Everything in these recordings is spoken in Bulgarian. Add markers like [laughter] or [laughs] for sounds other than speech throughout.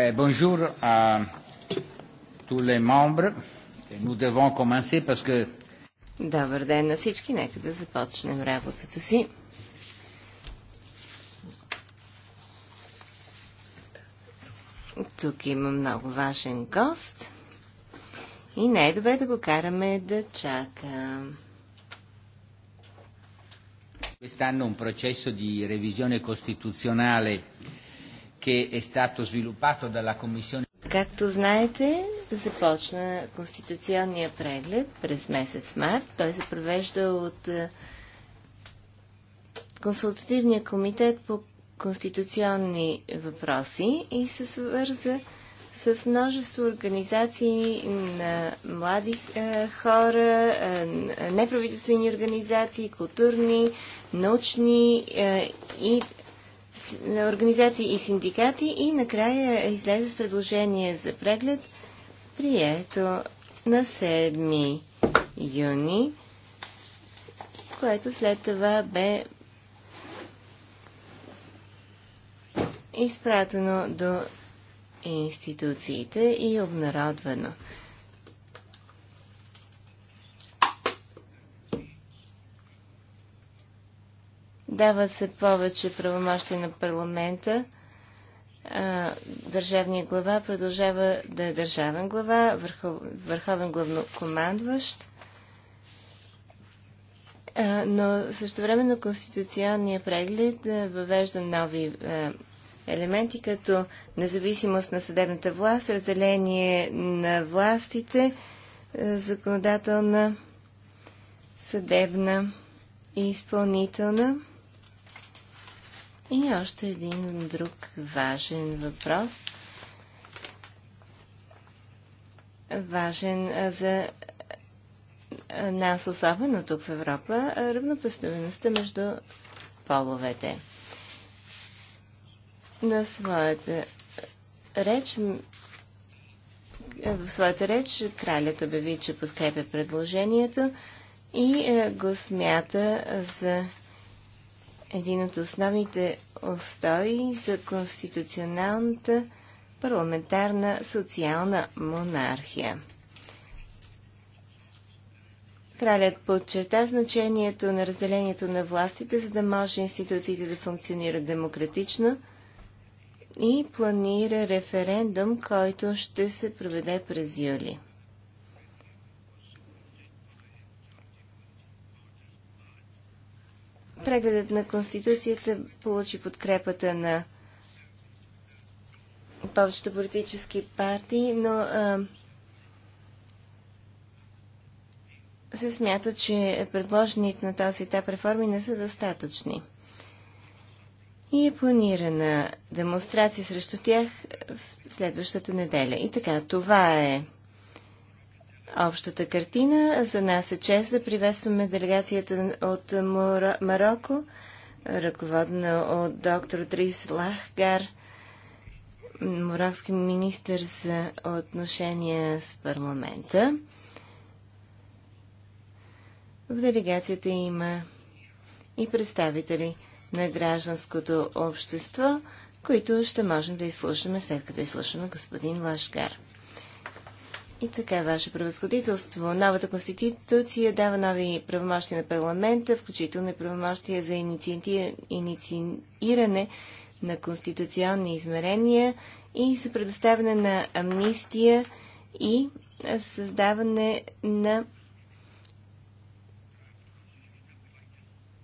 Eh, bonjour à tous les membres. Nous devons commencer parce que... Добър ден на всички. Нека да започнем работата си. Тук има много важен гост. И не е добре да го караме да чака. Quest'anno un processo di revisione costituzionale che è stato sviluppato dalla Commissione. Както знаете, започна конституционния преглед през месец март. Той се провежда от е, Консултативния комитет по конституционни въпроси и се свърза с множество организации на млади е, хора, е, неправителствени организации, културни, научни и на организации и синдикати и накрая излезе с предложение за преглед, прието на 7 юни, което след това бе изпратено до институциите и обнародвано. Дава се повече правомощи на парламента. Държавният глава продължава да е държавен глава, върхов, върховен главнокомандващ. Но също времено конституционния преглед въвежда нови елементи, като независимост на съдебната власт, разделение на властите, законодателна, съдебна и изпълнителна. И още един друг важен въпрос. Важен за нас, особено тук в Европа, равнопоставеността между половете. На своята реч в своята реч кралят обяви, че подкрепя предложението и го смята за един от основните устои за конституционалната парламентарна социална монархия. Кралят подчерта значението на разделението на властите, за да може институциите да функционират демократично и планира референдум, който ще се проведе през юли. Прегледът на Конституцията получи подкрепата на повечето политически партии, но а, се смята, че предложените на този етап реформи не са достатъчни. И е планирана демонстрация срещу тях в следващата неделя. И така, това е общата картина. За нас е чест да приветстваме делегацията от Марокко, ръководна от доктор Трис Лахгар, морокски министр за отношения с парламента. В делегацията има и представители на гражданското общество, които ще можем да изслушаме след като изслушаме господин Лашгар. И така, Ваше превъзходителство, новата конституция дава нови правомощи на парламента, включително и правомощия за иницииране на конституционни измерения и за предоставяне на амнистия и създаване на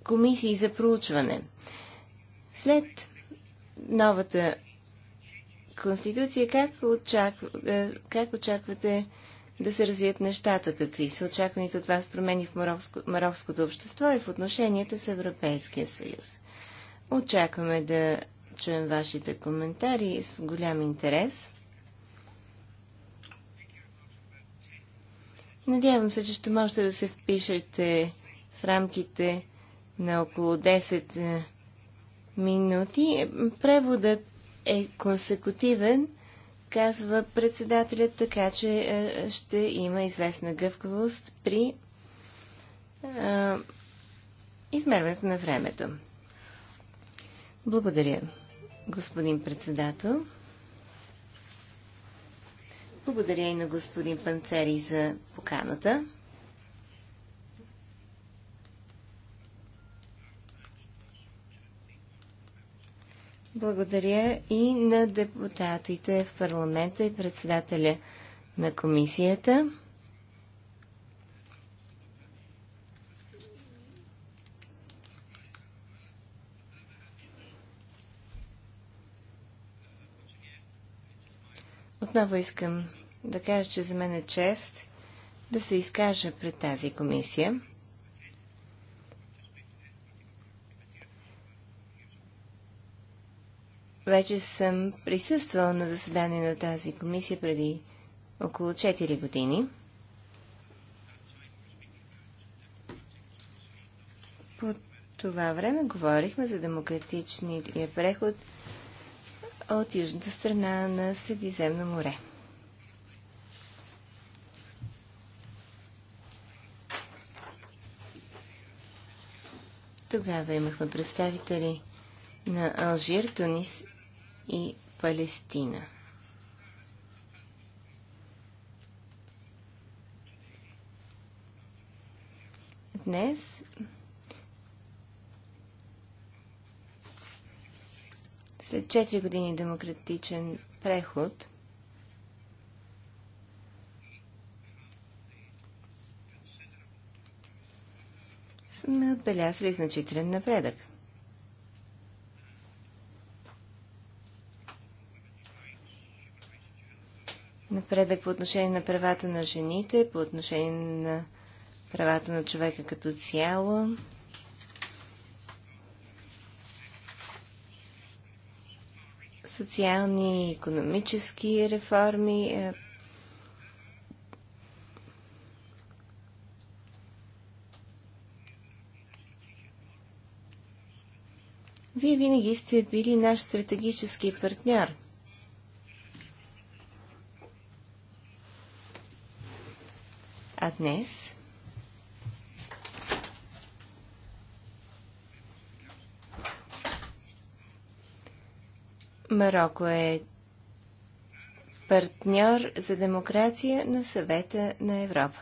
комисии за проучване. След новата конституция, как, очаква, е, как очаквате да се развият нещата? Какви са очакваните от вас промени в марокско, марокското общество и в отношенията с Европейския съюз? Очакваме да чуем вашите коментари с голям интерес. Надявам се, че ще можете да се впишете в рамките на около 10 е, минути. Преводът е консекутивен, казва председателят, така че е, ще има известна гъвкавост при а, е, измерването на времето. Благодаря, господин председател. Благодаря и на господин Панцери за поканата. Благодаря и на депутатите в парламента и председателя на комисията. Отново искам да кажа, че за мен е чест да се изкажа пред тази комисия. Вече съм присъствал на заседание на тази комисия преди около 4 години. По това време говорихме за демократичния преход от южната страна на Средиземно море. Тогава имахме представители на Алжир, Тунис и Палестина. Днес след 4 години демократичен преход сме отбелязали значителен напредък – напредък по отношение на правата на жените, по отношение на правата на човека като цяло. Социални и економически реформи. Е, Вие винаги сте били наш стратегически партньор – А днес Марокко е партньор за демокрация на съвета на Европа.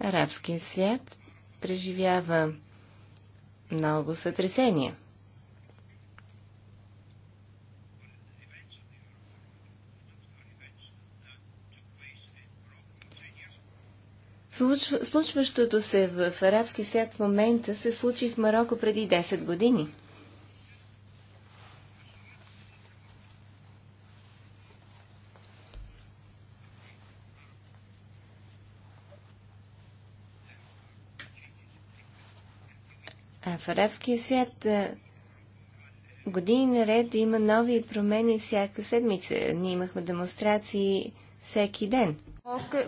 Арабският свят преживява много сътресения. случващото се в арабски свят в момента се случи в Марокко преди 10 години. А в арабския свят години наред има нови промени всяка седмица. Ние имахме демонстрации всеки ден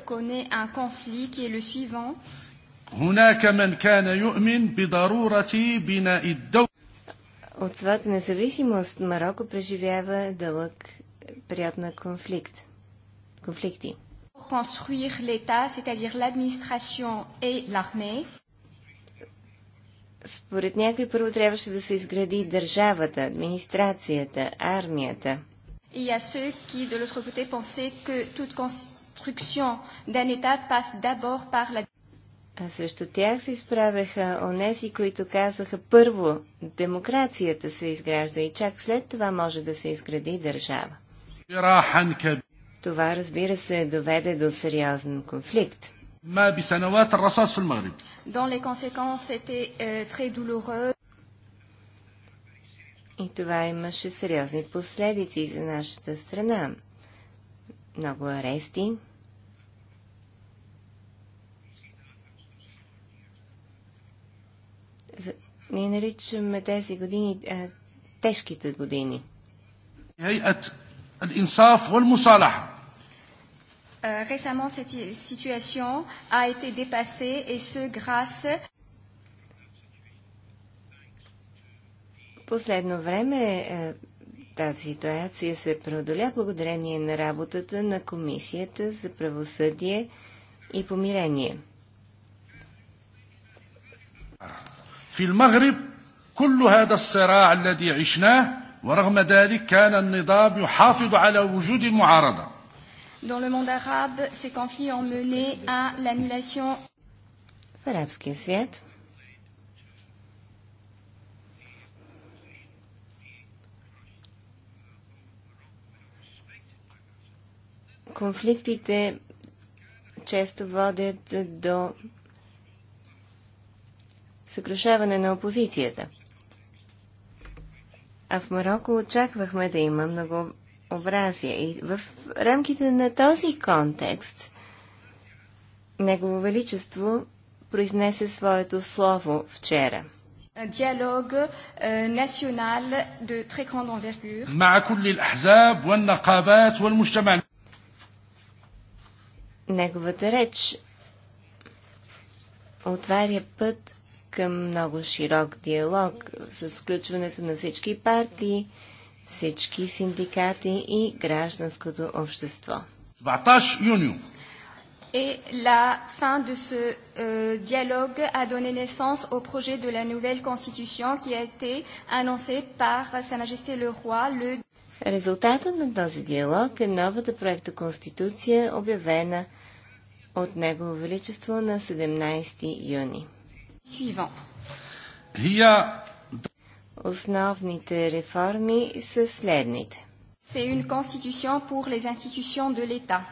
connaît un conflit qui est le suivant. هناك من كان يؤمن بضرورة بناء الدولة От своята независимост Марокко преживява дълъг период на конфликт. Конфликти. Pour construire l'État, c'est-à-dire l'administration et l'armée. Според някой първо трябваше да се изгради държавата, администрацията, армията. И à ceux qui, de l'autre côté, pensaient que toute construction на État passe дабор пар ла... а срещу тях се изправяха онези, които казаха първо демокрацията се изгражда и чак след това може да се изгради държава. Това, разбира се, доведе до сериозен конфликт. Euh, и това имаше сериозни последици за нашата страна много арести. За... Ние наричаме тези години а, тежките години. Récemment, cette situation a été dépassée et ce grâce последно време е, тази ситуация се преодоля благодарение на работата на Комисията за правосъдие и помирение. في المغرب كل هذا الصراع الذي عشناه ورغم ذلك كان النظام يحافظ على وجود المعارضة. Dans le monde arabe, ces conflits ont mené à l'annulation. В арабския свят конфликтите често водят до съкрушаване на опозицията. А в Марокко очаквахме да има многообразие. И в рамките на този контекст Негово Величество произнесе своето слово вчера. Диалог национал euh, de très grande envergure. مع كل الأحزاب والنقابات والمجتمع Неговата реч отваря път към много широк диалог с включването на всички партии, всички синдикати и гражданското общество. Ваташ юни. Et la fin de ce euh, dialogue a donné naissance au projet de la nouvelle constitution qui a été annoncé par Sa Majesté le Roi le Резултата на този диалог е новата проекта Конституция, обявена от Негово Величество на 17 юни. Основните реформи са следните. C'est une constitution pour les institutions de l'État.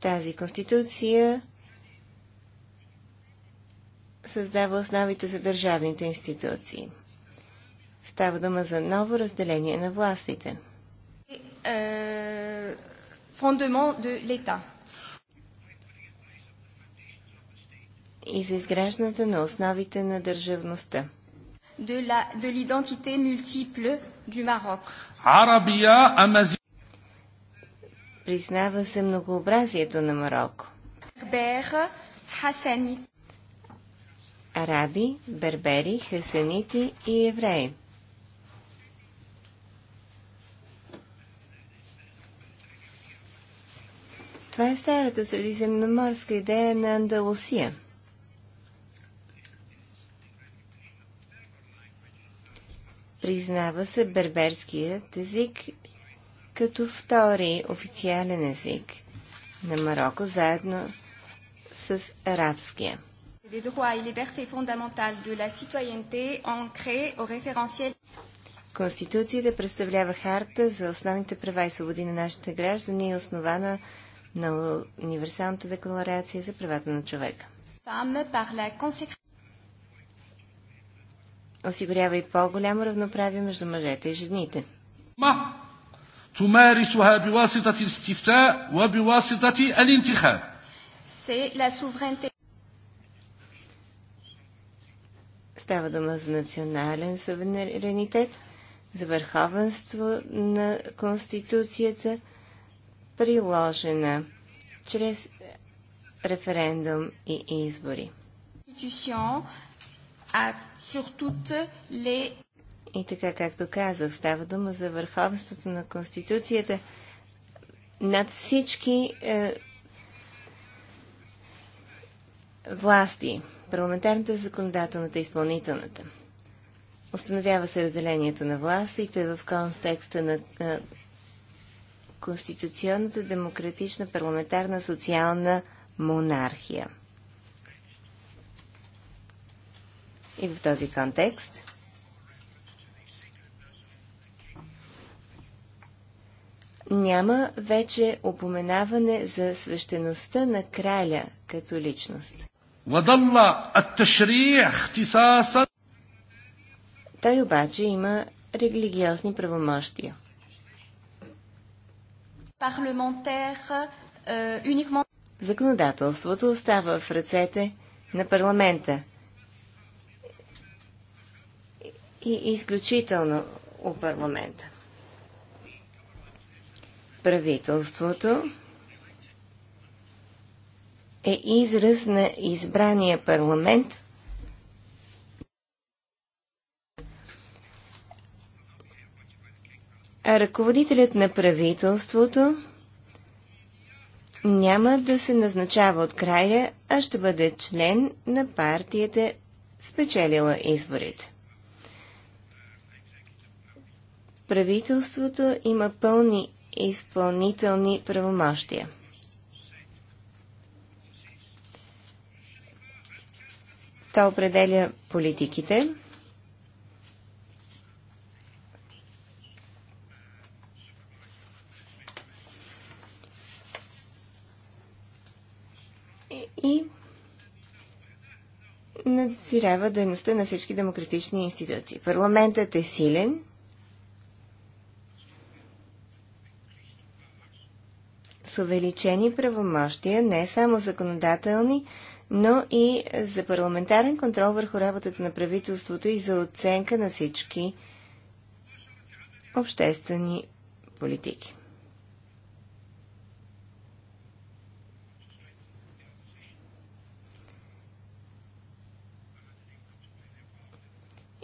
Тази конституция създава основите за държавните институции. Става дума за ново разделение на властите. Е, и за изграждането на основите на държавността. De, la, de multiple du Maroc. Арабия, Амази... Признава се многообразието на Марокко. Хасани. Араби, бербери, хасанити и евреи. Това е старата средиземноморска идея на Андалусия. Признава се берберският език като втори официален език на Марокко, заедно с арабския. Les droits et libertés fondamentales de la citoyenneté au référentiel. Конституцията представлява харта за основните права и свободи на нашите граждани и основана на Универсалната декларация за правата на човека. Осигурява и по-голямо равноправие между мъжете и жените. Е е Става дума за национален суверенитет, за върховенство на Конституцията – приложена чрез референдум и избори. И така, както казах, става дума за върховенството на Конституцията над всички е, власти парламентарната, законодателната и изпълнителната. Установява се разделението на властите в контекста на е, конституционната демократична парламентарна социална монархия. И в този контекст няма вече упоменаване за свещеността на краля като личност. Той обаче има религиозни правомощия. Euh, Законодателството остава в ръцете на парламента. И изключително у парламента. Правителството е израз на избрания парламент ръководителят на правителството няма да се назначава от края, а ще бъде член на партията, спечелила изборите. Правителството има пълни изпълнителни правомощия. Та определя политиките, и надзирава дейността на всички демократични институции. Парламентът е силен, с увеличени правомощия, не само законодателни, но и за парламентарен контрол върху работата на правителството и за оценка на всички обществени политики.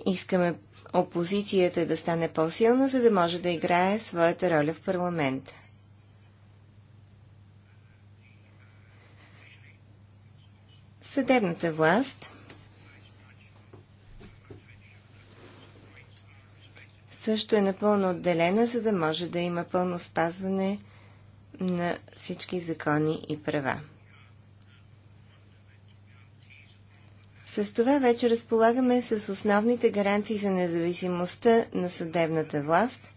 Искаме опозицията да стане по-силна, за да може да играе своята роля в парламента. Съдебната власт също е напълно отделена, за да може да има пълно спазване на всички закони и права. С това вече разполагаме с основните гаранции за независимостта на съдебната власт.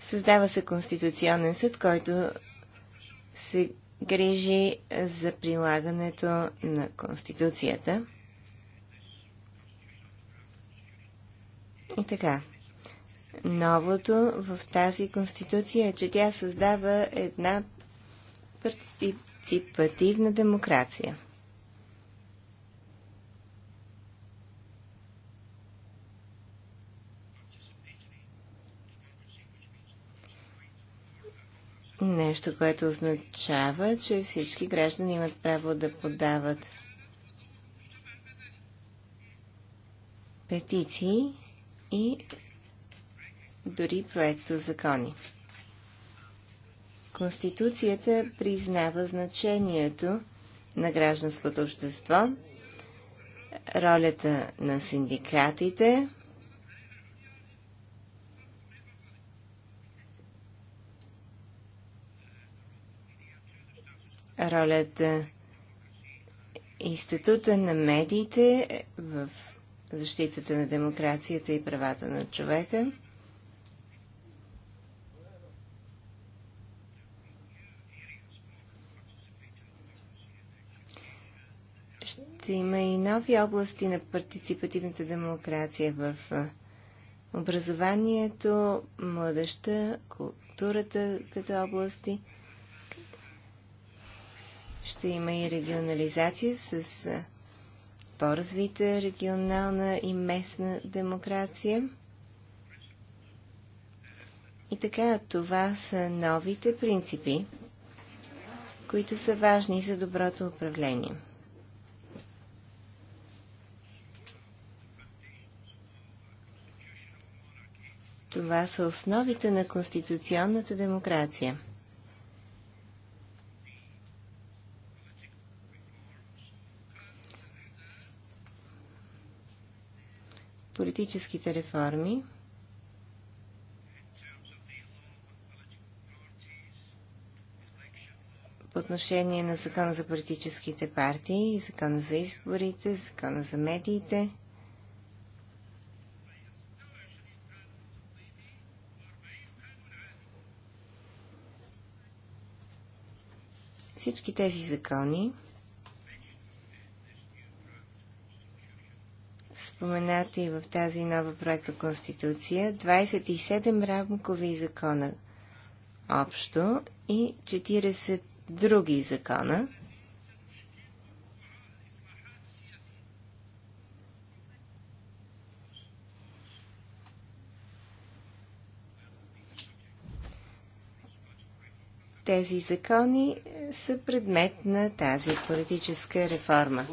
Създава се Конституционен съд, който се грижи за прилагането на Конституцията. И така, новото в тази Конституция е, че тя създава една партиципативна демокрация. Нещо, което означава, че всички граждани имат право да подават петиции и дори проекто закони. Конституцията признава значението на гражданското общество, ролята на синдикатите ролята Института на медиите в защитата на демокрацията и правата на човека. Ще има и нови области на партиципативната демокрация в образованието, младеща, културата като области – ще има и регионализация с по-развита регионална и местна демокрация. И така, това са новите принципи, които са важни за доброто управление. Това са основите на конституционната демокрация. политическите реформи. по отношение на закона за политическите партии, закона за изборите, закона за медиите. Всички тези закони спомената и в тази нова проекта Конституция, 27 рамкови закона общо и 40 други закона. Тези закони са предмет на тази политическа реформа.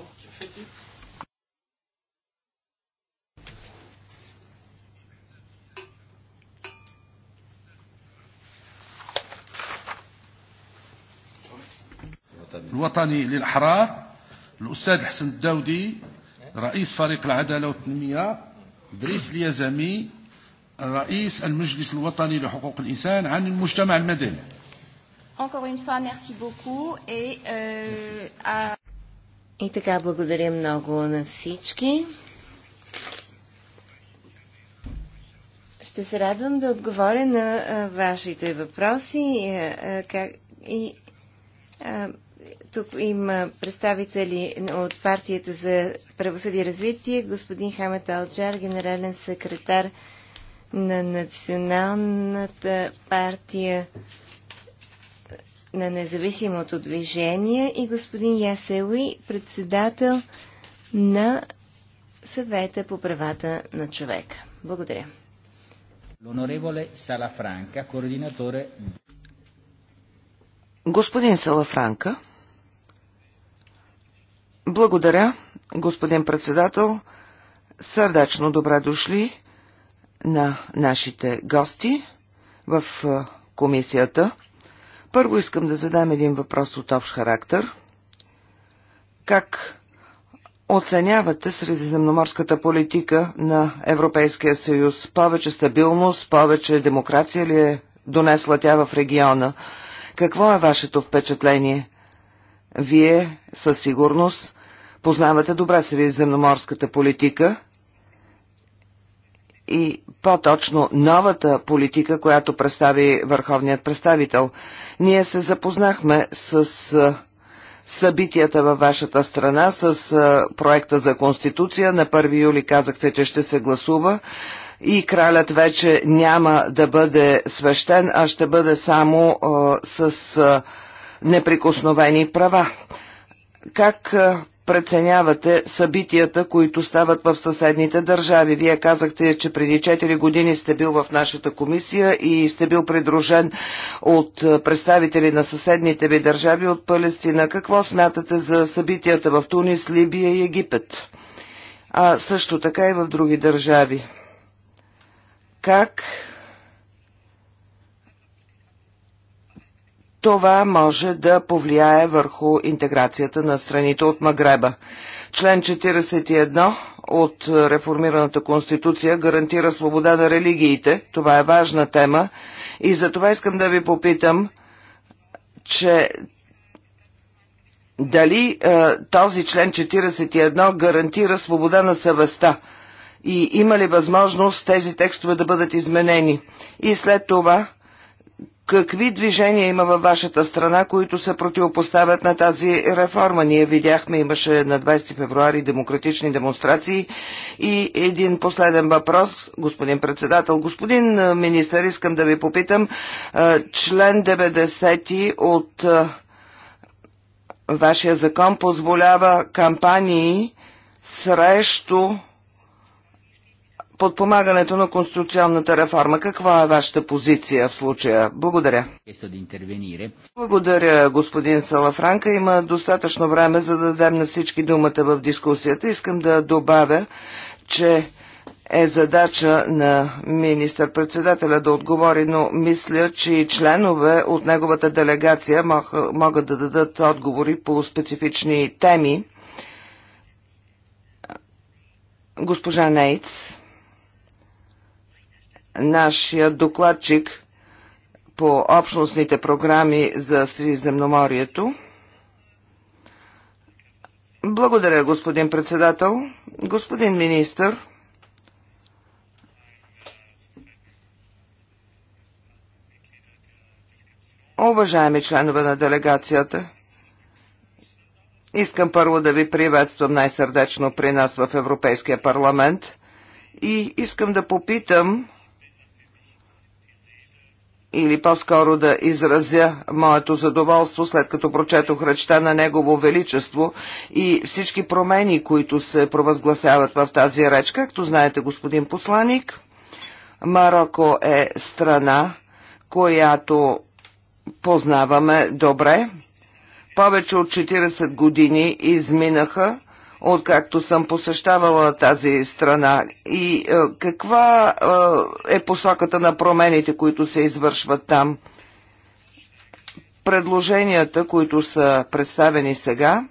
الوطني للأحرار الأستاذ حسن الداودي رئيس فريق العدالة والتنمية دريس اليزمي رئيس المجلس الوطني لحقوق الإنسان عن المجتمع المدني Encore une fois, merci beaucoup et euh, à... И така, благодаря много на всички. Ще се радвам да отговоря на а, вашите въпроси. А, как, и, а, тук има представители от партията за правосъдие и развитие, господин Хамет Алджар, генерален секретар на Националната партия на независимото движение и господин Ясеуи, председател на съвета по правата на човека. Благодаря. Господин Салафранка, благодаря, господин председател. Сърдечно добре дошли на нашите гости в е, комисията. Първо искам да задам един въпрос от общ характер. Как оценявате средиземноморската политика на Европейския съюз? Повече стабилност, повече демокрация ли е донесла тя в региона? Какво е вашето впечатление? Вие със сигурност познавате добре средиземноморската политика и по-точно новата политика, която представи върховният представител. Ние се запознахме с събитията във вашата страна, с проекта за Конституция. На 1 юли казахте, че ще се гласува и кралят вече няма да бъде свещен, а ще бъде само с неприкосновени права. Как преценявате събитията, които стават в съседните държави. Вие казахте, че преди 4 години сте бил в нашата комисия и сте бил придружен от представители на съседните ви държави от Палестина. Какво смятате за събитията в Тунис, Либия и Египет? А също така и в други държави. Как това може да повлияе върху интеграцията на страните от Магреба. Член 41 от реформираната конституция гарантира свобода на религиите. Това е важна тема и за това искам да ви попитам, че дали е, този член 41 гарантира свобода на съвестта и има ли възможност тези текстове да бъдат изменени. И след това Какви движения има във вашата страна, които се противопоставят на тази реформа? Ние видяхме, имаше на 20 февруари демократични демонстрации. И един последен въпрос, господин председател. Господин министър, искам да ви попитам. Член 90 от вашия закон позволява кампании срещу подпомагането на конституционната реформа. Каква е вашата позиция в случая? Благодаря. Благодаря, господин Салафранка. Има достатъчно време, за да дадем на всички думата в дискусията. Искам да добавя, че е задача на министър-председателя да отговори, но мисля, че и членове от неговата делегация могат да дадат отговори по специфични теми. Госпожа Нейц нашия докладчик по общностните програми за Средиземноморието. Благодаря, господин председател. Господин министър, уважаеми членове на делегацията, искам първо да ви приветствам най-сърдечно при нас в Европейския парламент и искам да попитам – или по-скоро да изразя моето задоволство, след като прочетох речта на Негово Величество и всички промени, които се провъзгласяват в тази реч. Както знаете, господин посланик, Марокко е страна, която познаваме добре. Повече от 40 години изминаха откакто съм посещавала тази страна и е, каква е, е посоката на промените, които се извършват там? Предложенията, които са представени сега,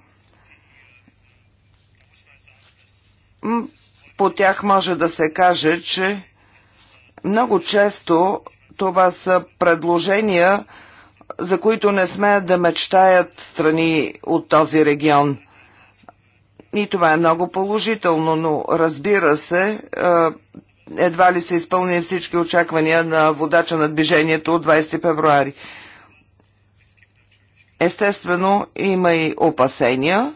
по тях може да се каже, че много често това са предложения, за които не смеят да мечтаят страни от този регион – и това е много положително, но разбира се, едва ли са изпълнени всички очаквания на водача на движението от 20 февруари. Естествено, има и опасения.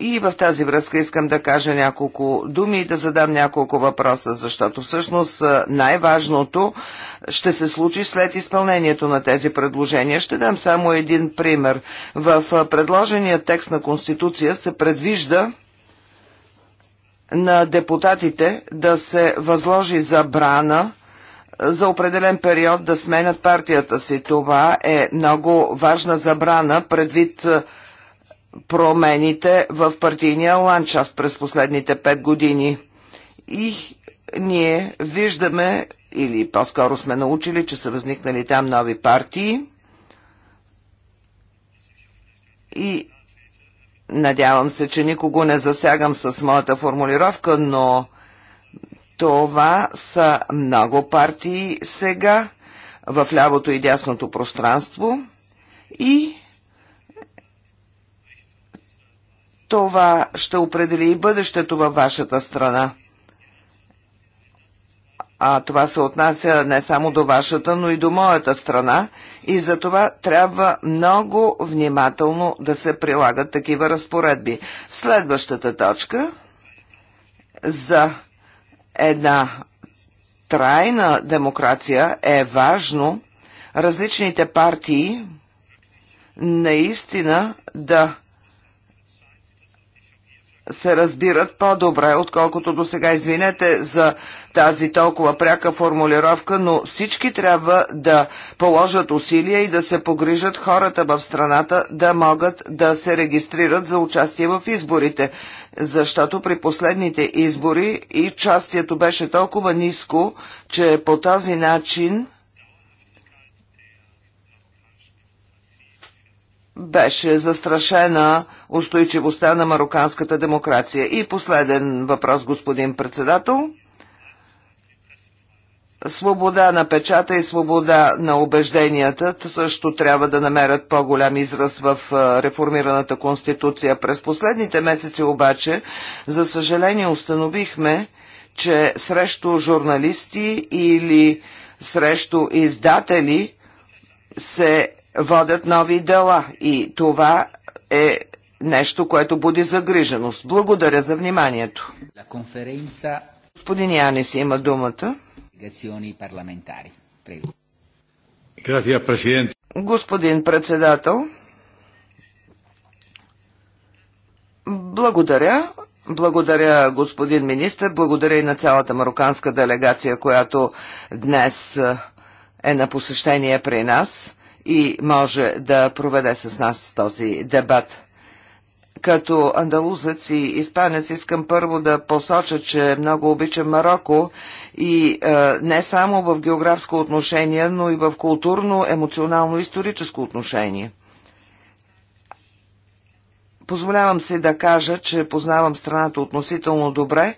И в тази връзка искам да кажа няколко думи и да задам няколко въпроса, защото всъщност най-важното е ще се случи след изпълнението на тези предложения. Ще дам само един пример. В предложения текст на Конституция се предвижда на депутатите да се възложи забрана за определен период да сменят партията си. Това е много важна забрана предвид промените в партийния ландшафт през последните пет години. И ние виждаме или по-скоро сме научили, че са възникнали там нови партии и надявам се, че никого не засягам с моята формулировка, но това са много партии сега в лявото и дясното пространство и това ще определи и бъдещето във вашата страна а това се отнася не само до вашата, но и до моята страна и за това трябва много внимателно да се прилагат такива разпоредби. Следващата точка за една трайна демокрация е важно различните партии наистина да се разбират по-добре, отколкото до сега. Извинете за тази толкова пряка формулировка, но всички трябва да положат усилия и да се погрижат хората в страната да могат да се регистрират за участие в изборите защото при последните избори и частието беше толкова ниско, че по този начин беше застрашена устойчивостта на мароканската демокрация. И последен въпрос, господин председател. Свобода на печата и свобода на убежденията също трябва да намерят по-голям израз в реформираната конституция. През последните месеци обаче, за съжаление, установихме, че срещу журналисти или срещу издатели се водят нови дела и това е нещо, което буди загриженост. Благодаря за вниманието. Господин Янис има думата. Господин председател, благодаря. Благодаря, господин министр. Благодаря и на цялата мароканска делегация, която днес е, е на посещение при нас и може да проведе с нас този дебат. Като андалузец и испанец искам първо да посоча, че много обичам Марокко и е, не само в географско отношение, но и в културно, емоционално и историческо отношение. Позволявам си да кажа, че познавам страната относително добре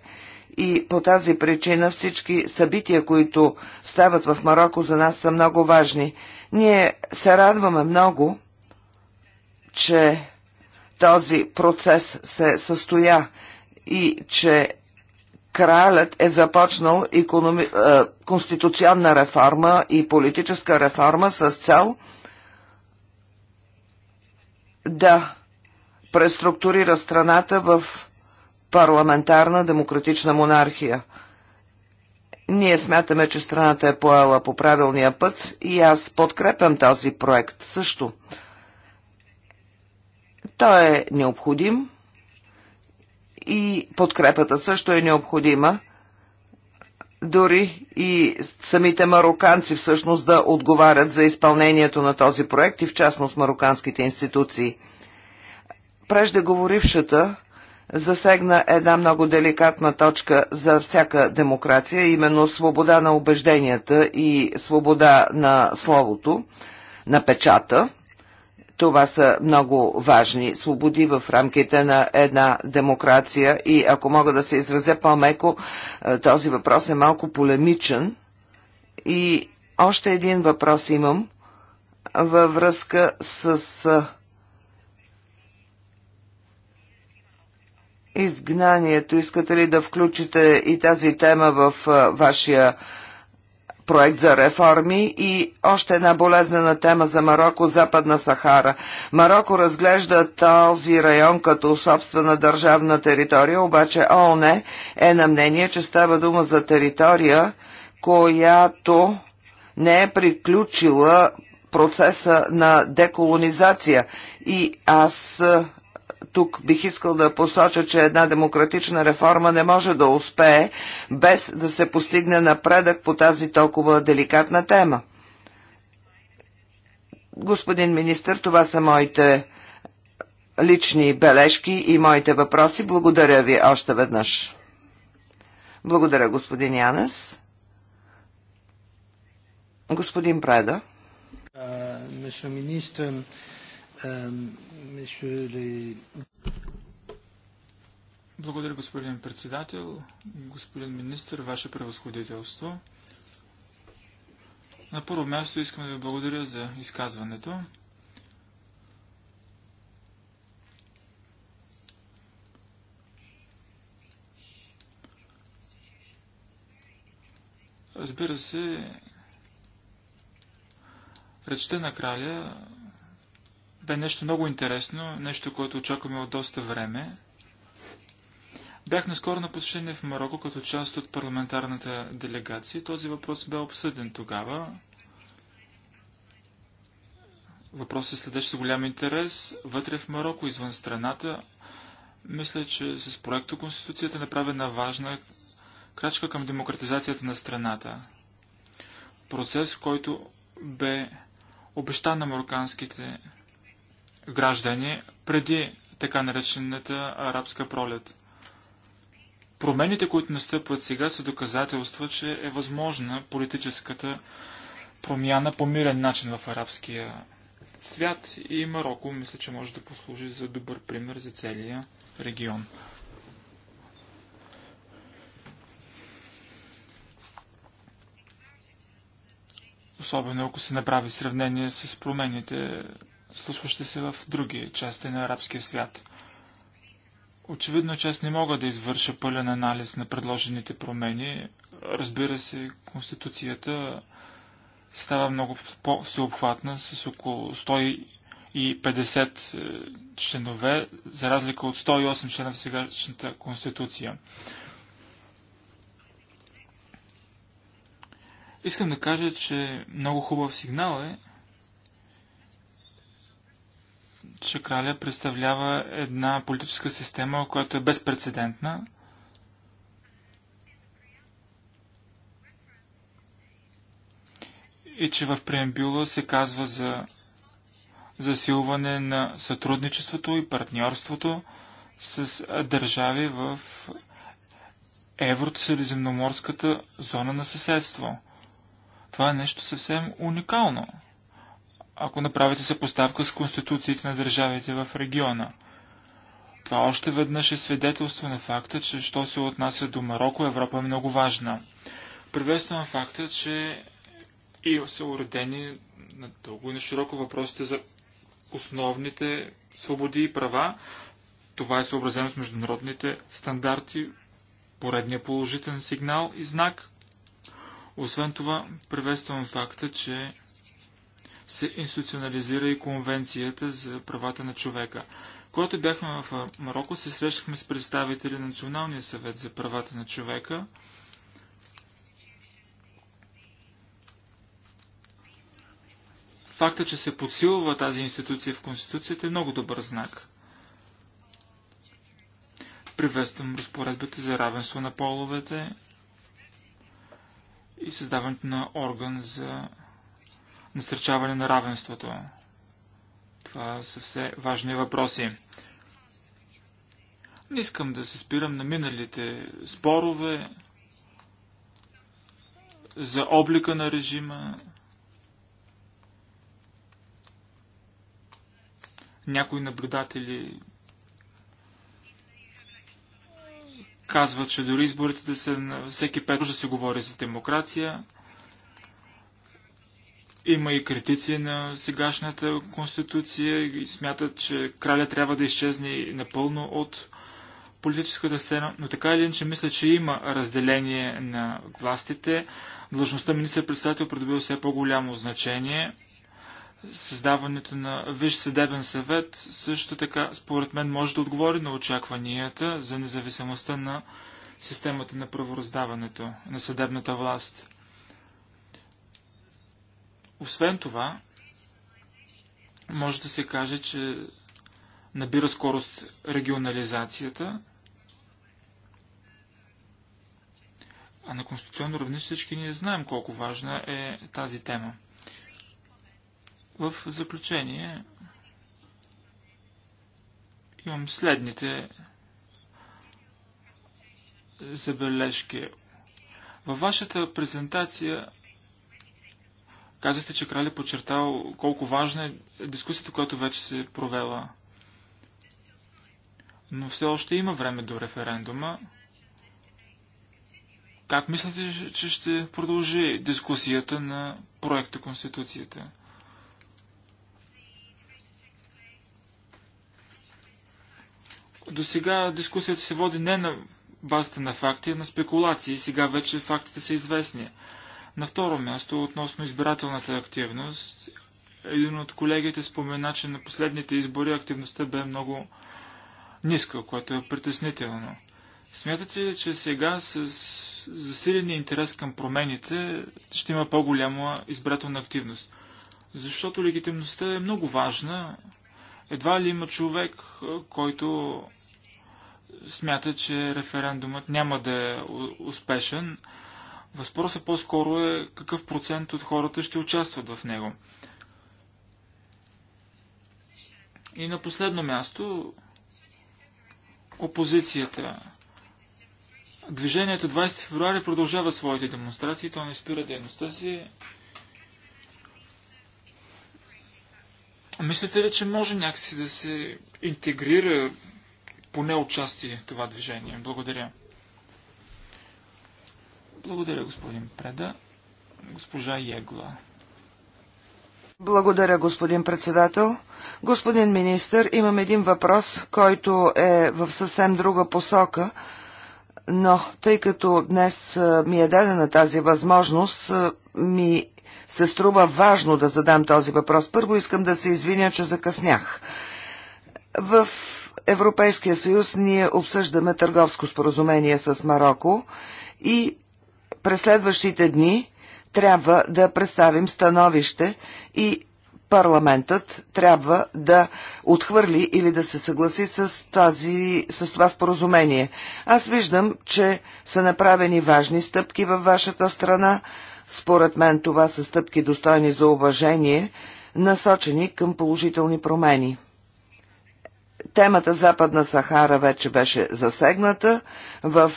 и по тази причина всички събития, които стават в Марокко за нас са много важни. Ние се радваме много, че този процес се състоя и че кралят е започнал економи... Е, конституционна реформа и политическа реформа с цел да преструктурира страната в парламентарна демократична монархия. Ние смятаме, че страната е поела по правилния път и аз подкрепям този проект също. Той е необходим и подкрепата също е необходима. Дори и самите мароканци всъщност да отговарят за изпълнението на този проект и в частност мароканските институции. Преждеговорившата засегна една много деликатна точка за всяка демокрация, именно свобода на убежденията и свобода на словото, на печата – това са много важни свободи в рамките на една демокрация и ако мога да се изразя по-меко, е, този въпрос е малко полемичен. И още един въпрос имам във връзка с е, изгнанието. Искате ли да включите и тази тема в е, вашия проект за реформи и още една болезнена тема за Марокко – Западна Сахара. Марокко разглежда този район като собствена държавна територия, обаче ООН е на мнение, че става дума за територия, която не е приключила процеса на деколонизация. И аз тук бих искал да посоча, че една демократична реформа не може да успее без да се постигне напредък по тази толкова деликатна тема. Господин министр, това са моите лични бележки и моите въпроси. Благодаря ви още веднъж. Благодаря, господин Янес. Господин Преда. Uh, благодаря, господин председател, господин министр, ваше превъзходителство. На първо място искам да ви благодаря за изказването. Разбира се, речта на краля бе нещо много интересно, нещо, което очакваме от доста време. Бях наскоро на посещение в Марокко като част от парламентарната делегация. Този въпрос бе обсъден тогава. Въпросът се следеше с голям интерес вътре в Марокко, извън страната. Мисля, че с проекта Конституцията е направена важна крачка към демократизацията на страната. Процес, който бе обещан на мароканските граждани преди така наречената арабска пролет. Промените, които настъпват сега, са доказателства, че е възможна политическата промяна по мирен начин в арабския свят и Марокко мисля, че може да послужи за добър пример за целия регион. Особено ако се направи сравнение с промените случващи се в други части на арабския свят. Очевидно, че аз не мога да извърша пълен анализ на предложените промени. Разбира се, Конституцията става много по-всеобхватна с около 150 е, членове, за разлика от 108 члена в сегашната Конституция. Искам да кажа, че много хубав сигнал е, че краля представлява една политическа система, която е безпредседентна. И че в преембюла се казва за засилване на сътрудничеството и партньорството с държави в еврото зона на съседство. Това е нещо съвсем уникално ако направите съпоставка с конституциите на държавите в региона. Това още веднъж е свидетелство на факта, че що се отнася до Марокко, Европа е много важна. Приветствам факта, че и са уредени на дълго и на широко въпросите за основните свободи и права. Това е съобразено с международните стандарти, поредния положителен сигнал и знак. Освен това, приветствам факта, че се институционализира и Конвенцията за правата на човека. Когато бяхме в Марокко, се срещахме с представители на Националния съвет за правата на човека. Факта, че се подсилва тази институция в Конституцията е много добър знак. Приветствам разпоредбите за равенство на половете и създаването на орган за насърчаване на равенството. Това са все важни въпроси. Не искам да се спирам на миналите спорове за облика на режима. Някои наблюдатели казват, че дори изборите да се на всеки пет да се говори за демокрация. Има и критици на сегашната конституция и смятат, че краля трябва да изчезне напълно от политическата сцена, но така или иначе мисля, че има разделение на властите. Длъжността министър-председател придобива все по-голямо значение. Създаването на Висш съдебен съвет също така, според мен, може да отговори на очакванията за независимостта на системата на правораздаването, на съдебната власт. Освен това, може да се каже, че набира скорост регионализацията, а на конституционно равнище всички ние знаем колко важна е тази тема. В заключение имам следните забележки. Във вашата презентация Казахте, че крали е подчертал колко важна е дискусията, която вече се провела. Но все още има време до референдума. Как мислите, че ще продължи дискусията на проекта Конституцията? До сега дискусията се води не на базата на факти, а на спекулации. Сега вече фактите са известни. На второ място, относно избирателната активност, един от колегите спомена, че на последните избори активността бе много ниска, което е притеснително. Смятате ли, че сега с засиления интерес към промените ще има по-голяма избирателна активност? Защото легитимността е много важна. Едва ли има човек, който смята, че референдумът няма да е успешен, Въпросът по-скоро е какъв процент от хората ще участват в него. И на последно място, опозицията. Движението 20 февруари продължава своите демонстрации, то не спира дейността си. Мислите ли, че може някакси да се интегрира поне участие това движение? Благодаря. Благодаря, господин Преда. Госпожа Егла. Благодаря, господин председател. Господин министр, имам един въпрос, който е в съвсем друга посока, но тъй като днес ми е дадена тази възможност, ми се струва важно да задам този въпрос. Първо искам да се извиня, че закъснях. В Европейския съюз ние обсъждаме търговско споразумение с Марокко и през следващите дни трябва да представим становище и парламентът трябва да отхвърли или да се съгласи с, тази, с това споразумение. Аз виждам, че са направени важни стъпки във вашата страна. Според мен това са стъпки достойни за уважение, насочени към положителни промени. Темата Западна Сахара вече беше засегната. В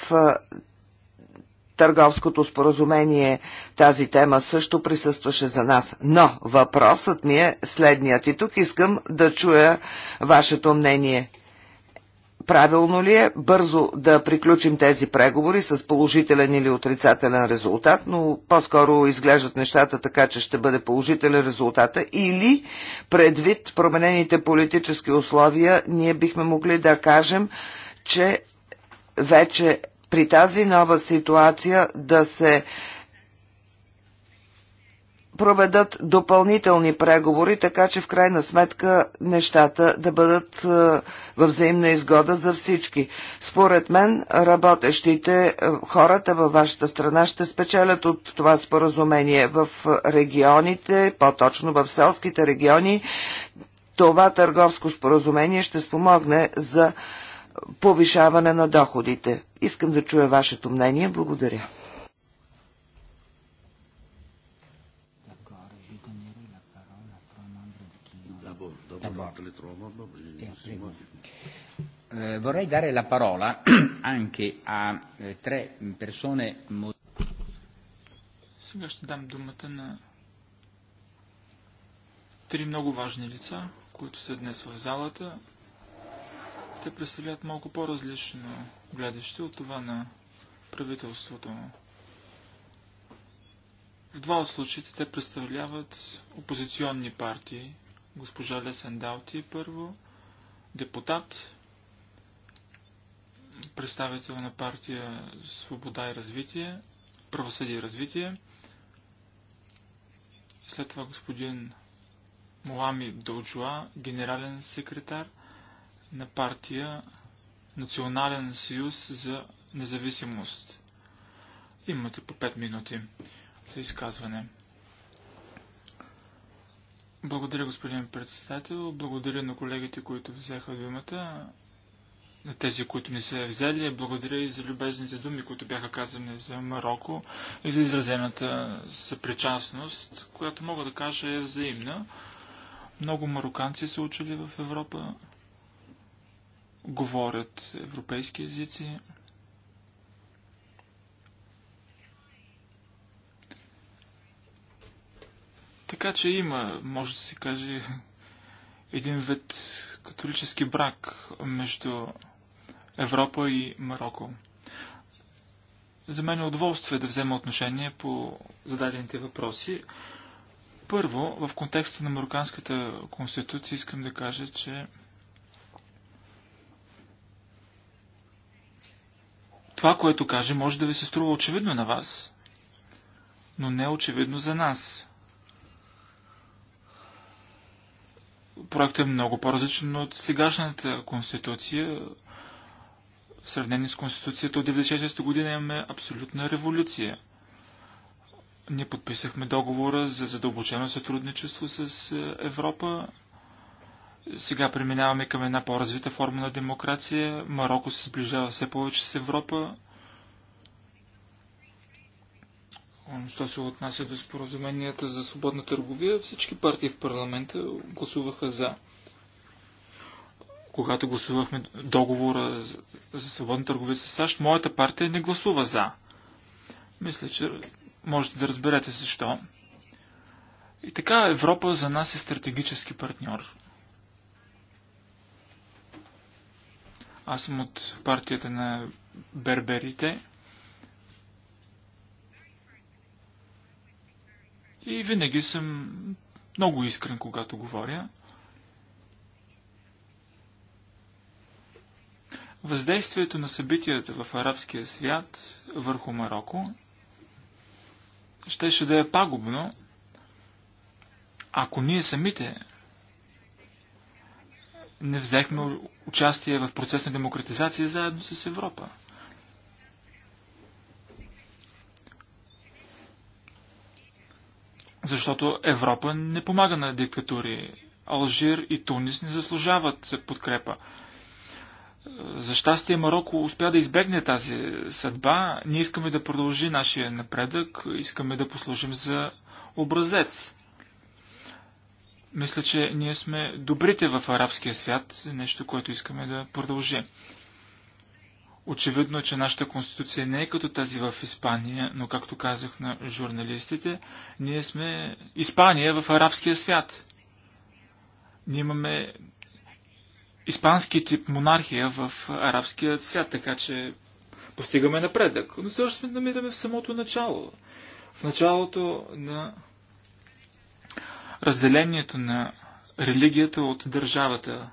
търговското споразумение тази тема също присъстваше за нас. Но въпросът ми е следният и тук искам да чуя вашето мнение. Правилно ли е бързо да приключим тези преговори с положителен или отрицателен резултат, но по-скоро изглеждат нещата така, че ще бъде положителен резултат. или предвид променените политически условия ние бихме могли да кажем, че вече при тази нова ситуация да се проведат допълнителни преговори, така че в крайна сметка нещата да бъдат е, във взаимна изгода за всички. Според мен, работещите е, хората във вашата страна ще спечелят от това споразумение в е, регионите, по-точно в селските региони. Това търговско споразумение ще спомогне за повишаване на доходите. Искам да чуя вашето мнение. Благодаря. Eh, vorrei dare la parola [clears throat] anche a eh, tre persone Сега ще дам думата на три много важни лица, които са днес в залата те представляват малко по-различно гледаще от това на правителството. В два от случаите те представляват опозиционни партии. Госпожа Лесен Далти е първо, депутат, представител на партия Свобода и развитие, правосъдие и развитие. След това господин Муами Дълджуа, генерален секретар на партия Национален съюз за независимост. Имате по 5 минути за изказване. Благодаря, господин председател. Благодаря на колегите, които взеха думата, на тези, които не се взели. Благодаря и за любезните думи, които бяха казани за Марокко и за изразената съпричастност, която мога да кажа е взаимна. Много мароканци са учили в Европа говорят европейски езици. Така че има, може да се каже, един вид католически брак между Европа и Марокко. За мен е удоволствие да взема отношение по зададените въпроси. Първо, в контекста на Марокканската конституция искам да кажа, че Това, което каже, може да ви се струва очевидно на вас, но не очевидно за нас. Проектът е много по-различен от сегашната конституция. В сравнение с конституцията от 96-та година имаме абсолютна революция. Ние подписахме договора за задълбочено сътрудничество с е, Европа сега преминаваме към една по-развита форма на демокрация. Марокко се сближава все повече с Европа. Що се отнася до споразуменията за свободна търговия, всички партии в парламента гласуваха за. Когато гласувахме договора за свободна търговия с САЩ, моята партия не гласува за. Мисля, че можете да разберете защо. И така Европа за нас е стратегически партньор. Аз съм от партията на берберите. И винаги съм много искрен, когато говоря. Въздействието на събитията в арабския свят върху Марокко щеше да е пагубно, ако ние самите не взехме участие в процес на демократизация заедно с Европа. Защото Европа не помага на диктатури. Алжир и Тунис не заслужават подкрепа. За щастие Марокко успя да избегне тази съдба. Ние искаме да продължи нашия напредък, искаме да послужим за образец. Мисля, че ние сме добрите в арабския свят, нещо, което искаме да продължи. Очевидно, че нашата конституция не е като тази в Испания, но както казах на журналистите, ние сме Испания в арабския свят. Ние имаме испански тип монархия в арабския свят, така че постигаме напредък. Но също сме намираме в самото начало. В началото на разделението на религията от държавата.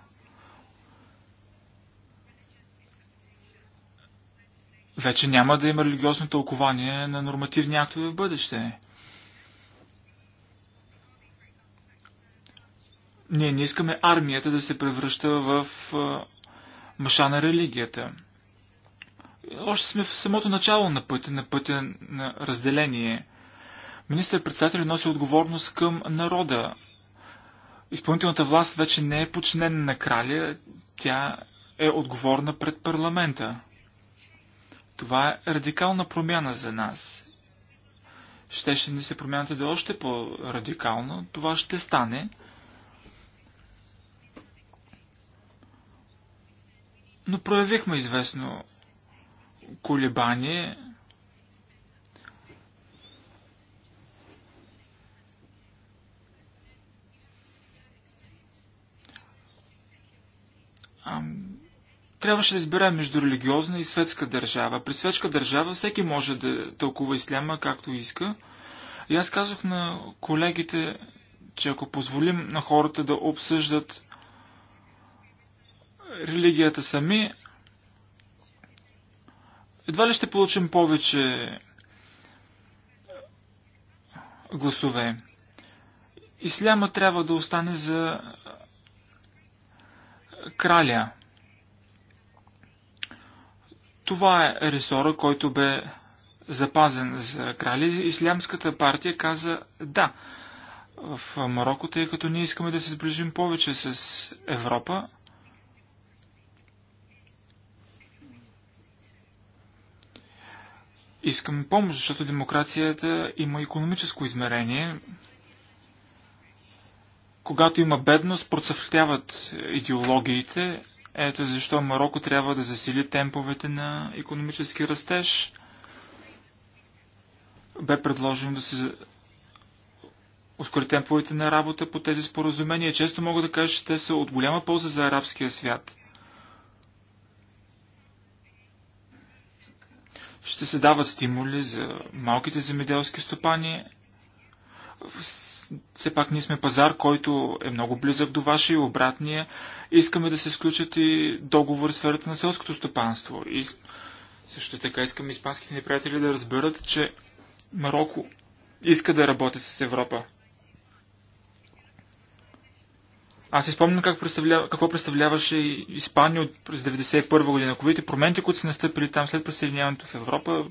Вече няма да има религиозно тълкование на нормативни актове в бъдеще. Ние не искаме армията да се превръща в маша на религията. Още сме в самото начало на пътя, на пътя на разделение – Министър-председателят носи отговорност към народа. Изпълнителната власт вече не е подчинена на краля, тя е отговорна пред парламента. Това е радикална промяна за нас. Щеше ни се промяната да е още по-радикално. Това ще стане. Но проявихме известно колебание. трябваше да избира между религиозна и светска държава. При светска държава всеки може да тълкува исляма както иска. И аз казах на колегите, че ако позволим на хората да обсъждат религията сами, едва ли ще получим повече гласове. Исляма трябва да остане за краля. Това е ресора, който бе запазен за краля. Ислямската партия каза да в Марокко, тъй като ние искаме да се сближим повече с Европа. Искаме помощ, защото демокрацията има економическо измерение, когато има бедност, процъфтяват идеологиите. Ето защо Марокко трябва да засили темповете на економически растеж. Бе предложено да се ускори темповете на работа по тези споразумения. Често мога да кажа, че те са от голяма полза за арабския свят. Ще се дават стимули за малките земеделски стопани все пак ние сме пазар, който е много близък до вашия и обратния. Искаме да се сключат и договори в сферата на селското стопанство. И също така искаме испанските ни приятели да разберат, че Марокко иска да работи с Европа. Аз си спомням как представля... какво представляваше Испания от през 1991 година. Ковите промените, които са настъпили там след присъединяването в Европа,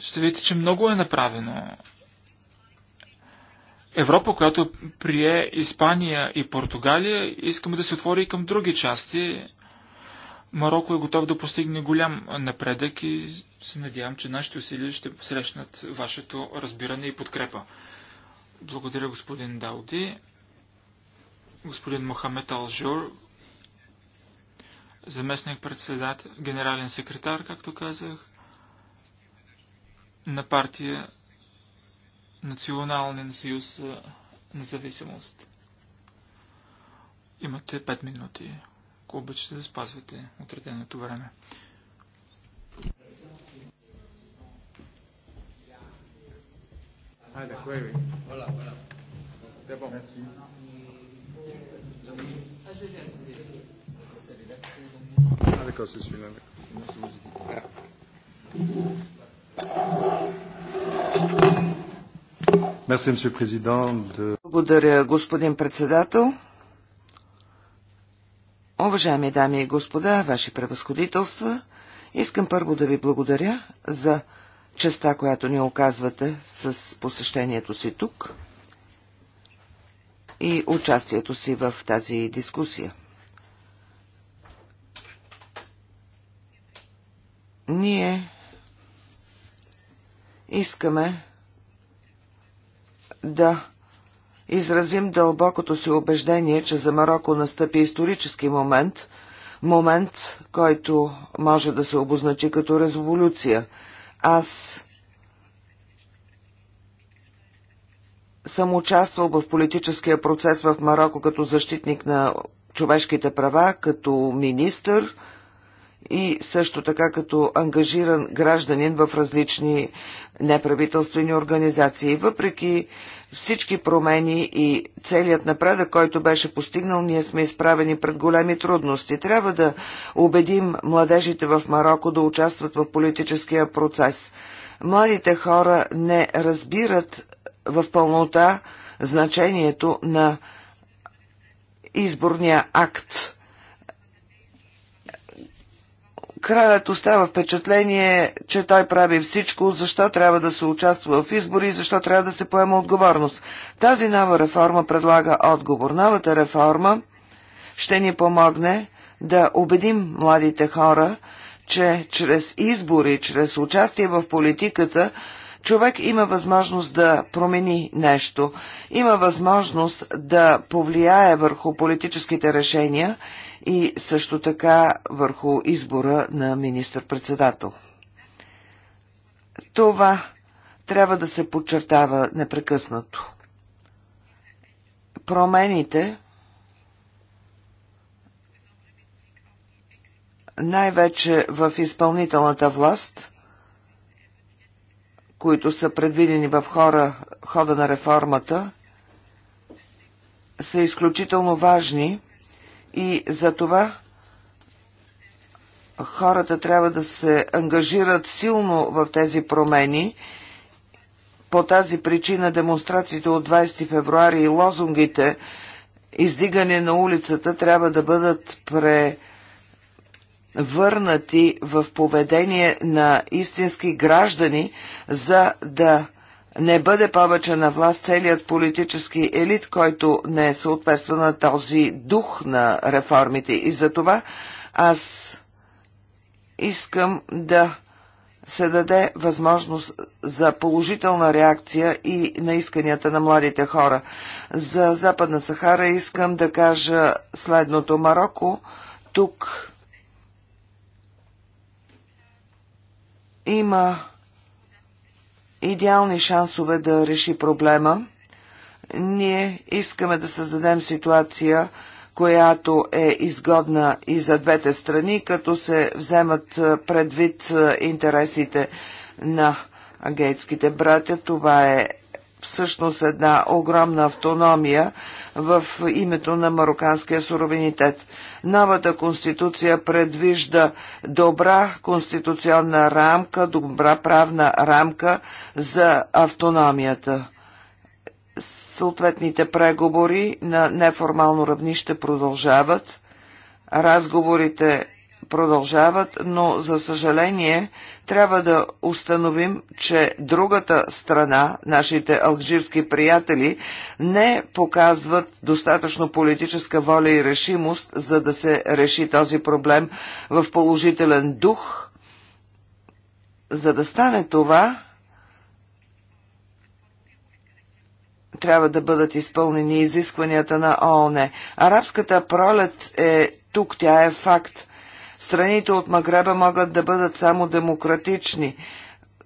ще видите, че много е направено. Европа, която прие Испания и Португалия, искаме да се отвори и към други части. Марокко е готов да постигне голям напредък и се надявам, че нашите усилия ще срещнат вашето разбиране и подкрепа. Благодаря, господин Дауди. Господин Мохамед Алжур, заместник председател, генерален секретар, както казах, на партия Национален съюз за независимост. Имате 5 минути, ако обичате да спазвате отреденото време. Ah, d'accord, oui. bon. Merci. Ah, d'accord, c'est celui-là. D'accord. Благодаря, господин председател. Уважаеми дами и господа, ваши превъзходителства, искам първо да ви благодаря за честа, която ни оказвате с посещението си тук и участието си в тази дискусия. Ние искаме да изразим дълбокото си убеждение, че за Марокко настъпи исторически момент, момент, който може да се обозначи като резолюция. Аз съм участвал в политическия процес в Марокко като защитник на човешките права, като министър – и също така като ангажиран гражданин в различни неправителствени организации. Въпреки всички промени и целият напредък, който беше постигнал, ние сме изправени пред големи трудности. Трябва да убедим младежите в Марокко да участват в политическия процес. Младите хора не разбират в пълнота значението на изборния акт Кралят остава впечатление, че той прави всичко, защо трябва да се участва в избори и защо трябва да се поема отговорност. Тази нова реформа предлага отговор. Новата реформа ще ни помогне да убедим младите хора, че чрез избори, чрез участие в политиката, човек има възможност да промени нещо, има възможност да повлияе върху политическите решения – и също така върху избора на министър-председател. Това трябва да се подчертава непрекъснато. Промените най-вече в изпълнителната власт, които са предвидени в хора, хода на реформата, са изключително важни и за това хората трябва да се ангажират силно в тези промени. По тази причина демонстрациите от 20 февруари и лозунгите издигане на улицата трябва да бъдат пре върнати в поведение на истински граждани, за да не бъде повече на власт целият политически елит, който не съответства на този дух на реформите. И за това аз искам да се даде възможност за положителна реакция и на исканията на младите хора. За Западна Сахара искам да кажа следното. Марокко тук има идеални шансове да реши проблема. Ние искаме да създадем ситуация, която е изгодна и за двете страни, като се вземат предвид интересите на гейтските братя. Това е всъщност една огромна автономия в името на мароканския суровенитет. Новата конституция предвижда добра конституционна рамка, добра правна рамка за автономията. Съответните преговори на неформално равнище продължават. Разговорите продължават, но за съжаление трябва да установим, че другата страна, нашите алжирски приятели, не показват достатъчно политическа воля и решимост, за да се реши този проблем в положителен дух. За да стане това, трябва да бъдат изпълнени изискванията на ООН. Арабската пролет е тук, тя е факт. Страните от Магреба могат да бъдат само демократични.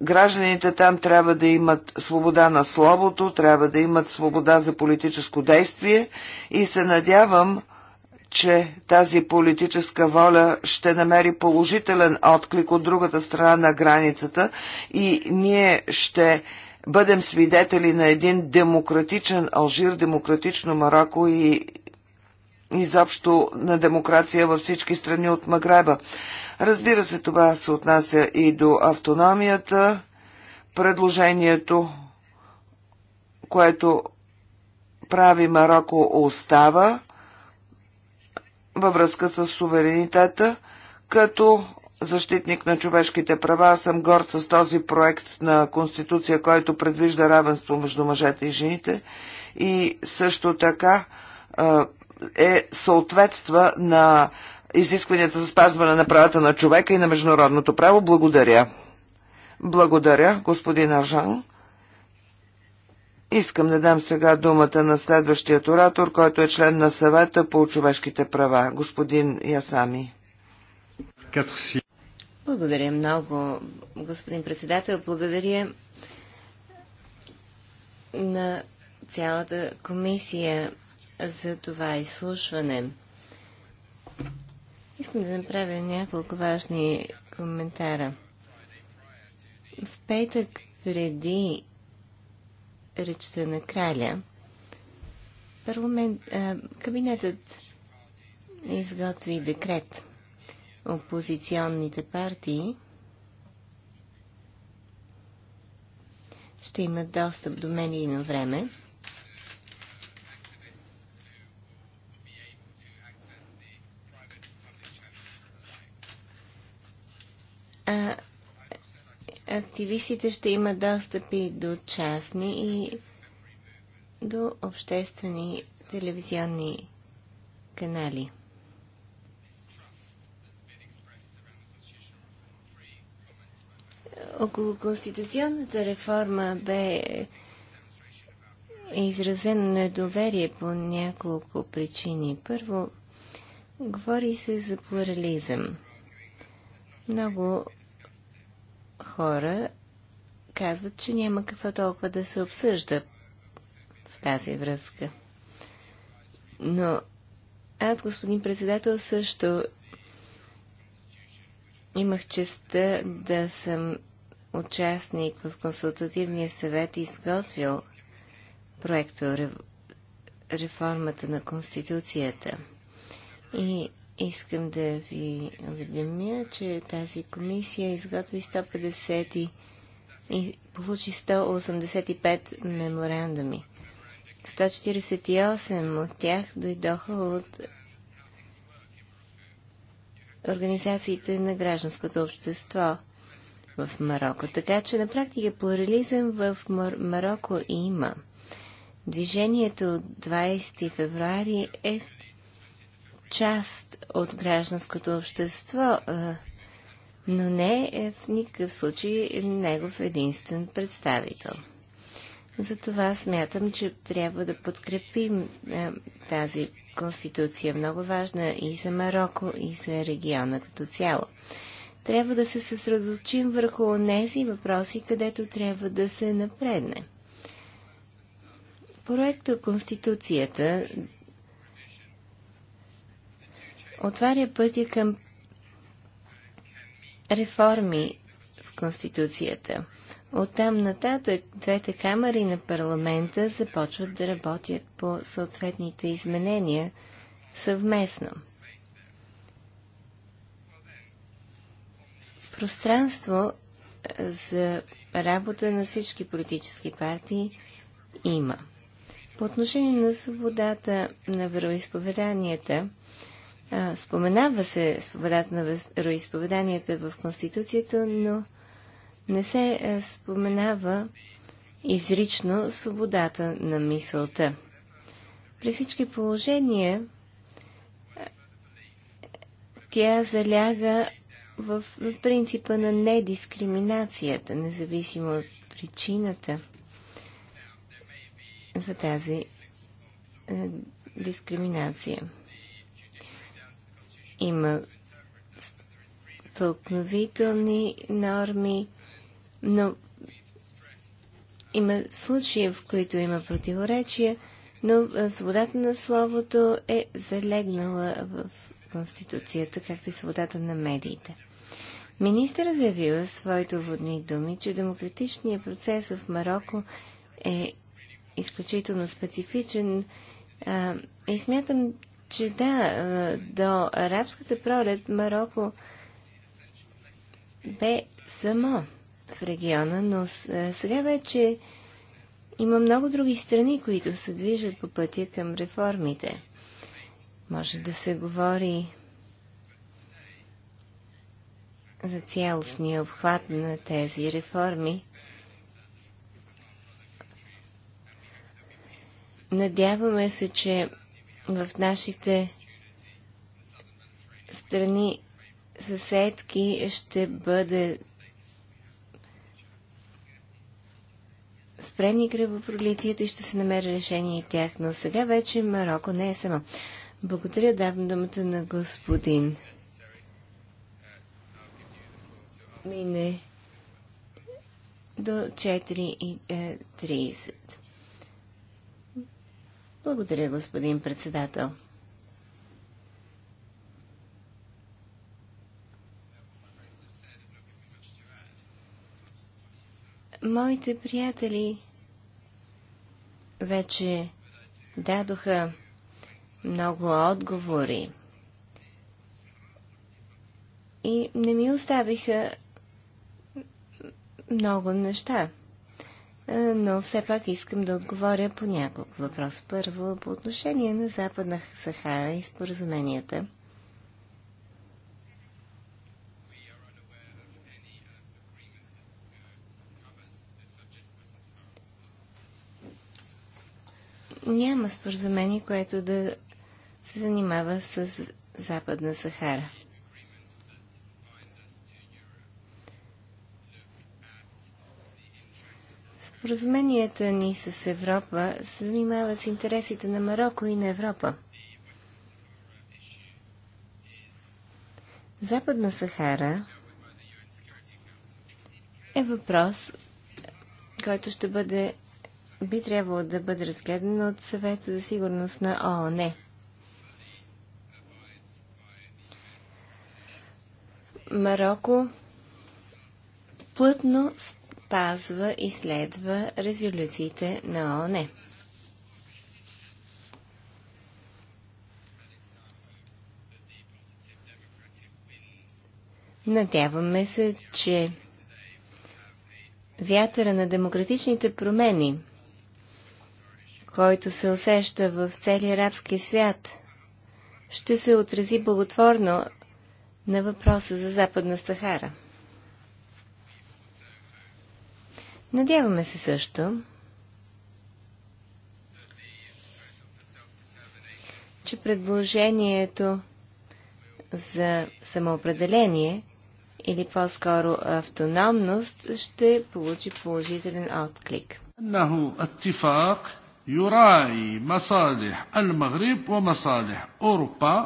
Гражданите там трябва да имат свобода на словото, трябва да имат свобода за политическо действие и се надявам, че тази политическа воля ще намери положителен отклик от другата страна на границата и ние ще бъдем свидетели на един демократичен Алжир, демократично Марокко и изобщо на демокрация във всички страни от Магреба. Разбира се, това се отнася и до автономията. Предложението, което прави Марокко, остава във връзка с суверенитета, като защитник на човешките права, съм горд с този проект на Конституция, който предвижда равенство между мъжете и жените и също така е съответства на изискванията за спазване на правата на човека и на международното право. Благодаря. Благодаря, господин Аржан. Искам да дам сега думата на следващия оратор, който е член на съвета по човешките права, господин Ясами. Благодаря много, господин председател. Благодаря на цялата комисия за това изслушване. Искам да направя няколко важни коментара. В петък преди речта на краля, парламент, а, кабинетът изготви декрет. Опозиционните партии ще имат достъп до медийно време. а, активистите ще имат достъпи до частни и до обществени телевизионни канали. Около конституционната реформа бе изразено недоверие по няколко причини. Първо, говори се за плурализъм. Много хора казват, че няма какво толкова да се обсъжда в тази връзка. Но аз, господин председател, също имах честа да съм участник в консултативния съвет и изготвил проекта реформата на Конституцията. И Искам да ви уведомя, че тази комисия изготви 150 и получи 185 меморандуми. 148 от тях дойдоха от организациите на гражданското общество в Марокко. Така че на практика плурализъм в Мар- Марокко има. Движението от 20 февруари е част от гражданското общество, но не е в никакъв случай негов единствен представител. Затова смятам, че трябва да подкрепим тази конституция. Много важна и за Марокко, и за региона като цяло. Трябва да се съсредоточим върху тези въпроси, където трябва да се напредне. Проекта Конституцията отваря пътя към реформи в Конституцията. Оттам нататък двете камери на парламента започват да работят по съответните изменения съвместно. Пространство за работа на всички политически партии има. По отношение на свободата на вероисповеданията, Споменава се свободата на вероисповеданията в Конституцията, но не се споменава изрично свободата на мисълта. При всички положения тя заляга в принципа на недискриминацията, независимо от причината за тази дискриминация. Има тълкновителни норми, но има случаи, в които има противоречия, но свободата на словото е залегнала в Конституцията, както и свободата на медиите. Министър заявила своите водни думи, че демократичният процес в Марокко е изключително специфичен а, и смятам, че да, до арабската пролет Марокко бе само в региона, но сега вече има много други страни, които се движат по пътя към реформите. Може да се говори за цялостния обхват на тези реформи. Надяваме се, че в нашите страни съседки ще бъде спрени кръвопролитията и ще се намери решение и тях. Но сега вече Марокко не е само. Благодаря, давам думата на господин. Мине до 4.30. Благодаря, господин председател. Моите приятели вече дадоха много отговори и не ми оставиха много неща. Е, но все пак искам да отговоря по няколко въпроса. Първо, по отношение на Западна Сахара и споразуменията. Няма споразумение, което да се занимава с Западна Сахара. Споразуменията ни с Европа се занимават с интересите на Марокко и на Европа. Западна Сахара е въпрос, който ще бъде, би трябвало да бъде разгледан от съвета за сигурност на ООН. Марокко плътно спазва и следва резолюциите на ООН. Надяваме се, че вятъра на демократичните промени, който се усеща в целия арабски свят, ще се отрази благотворно на въпроса за Западна Сахара. Надяваме се също, че предложението за самоопределение или по-скоро автономност ще получи положителен отклик. يراعي مصالح المغرب ومصالح أوروبا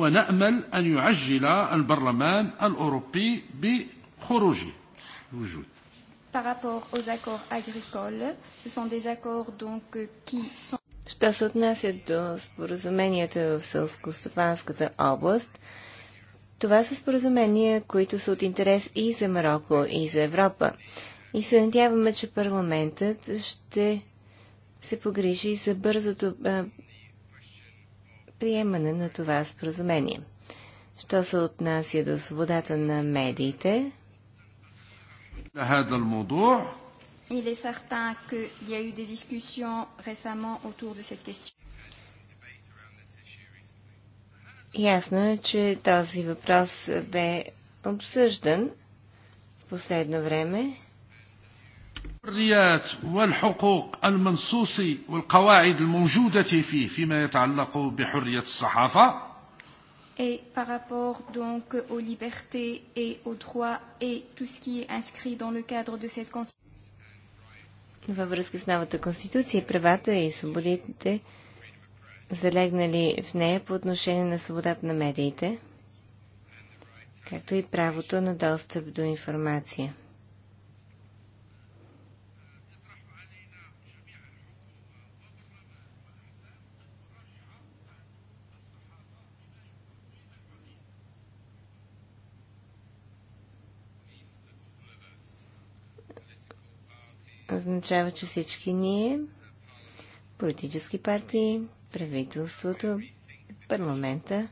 ونأمل أن يعجل البرلمان الأوروبي الوجود par rapport aux accords agricoles. Ce sont des accords donc qui sont... Що се отнася до споразуменията в Сълско-Стопанската област, това са споразумения, които са от интерес и за Марокко, и за Европа. И се надяваме, че парламентът ще се погрижи за бързото а, приемане на това споразумение. Що се отнася до свободата на медиите, Il est certain qu'il y a eu des discussions récemment autour de cette question. Ясно е, че този въпрос бе обсъждан в последно време. الحريات والحقوق المنصوص والقواعد الموجودة فيه فيما يتعلق بحرية الصحافة et par rapport donc aux libertés et aux droits et tout ce qui est inscrit dans le cadre de cette Constitution. Във връзка с новата Конституция, правата и свободите, залегнали в нея по отношение на свободата на медиите, както и правото на достъп до информация. означава, че всички ние, политически партии, правителството, парламента,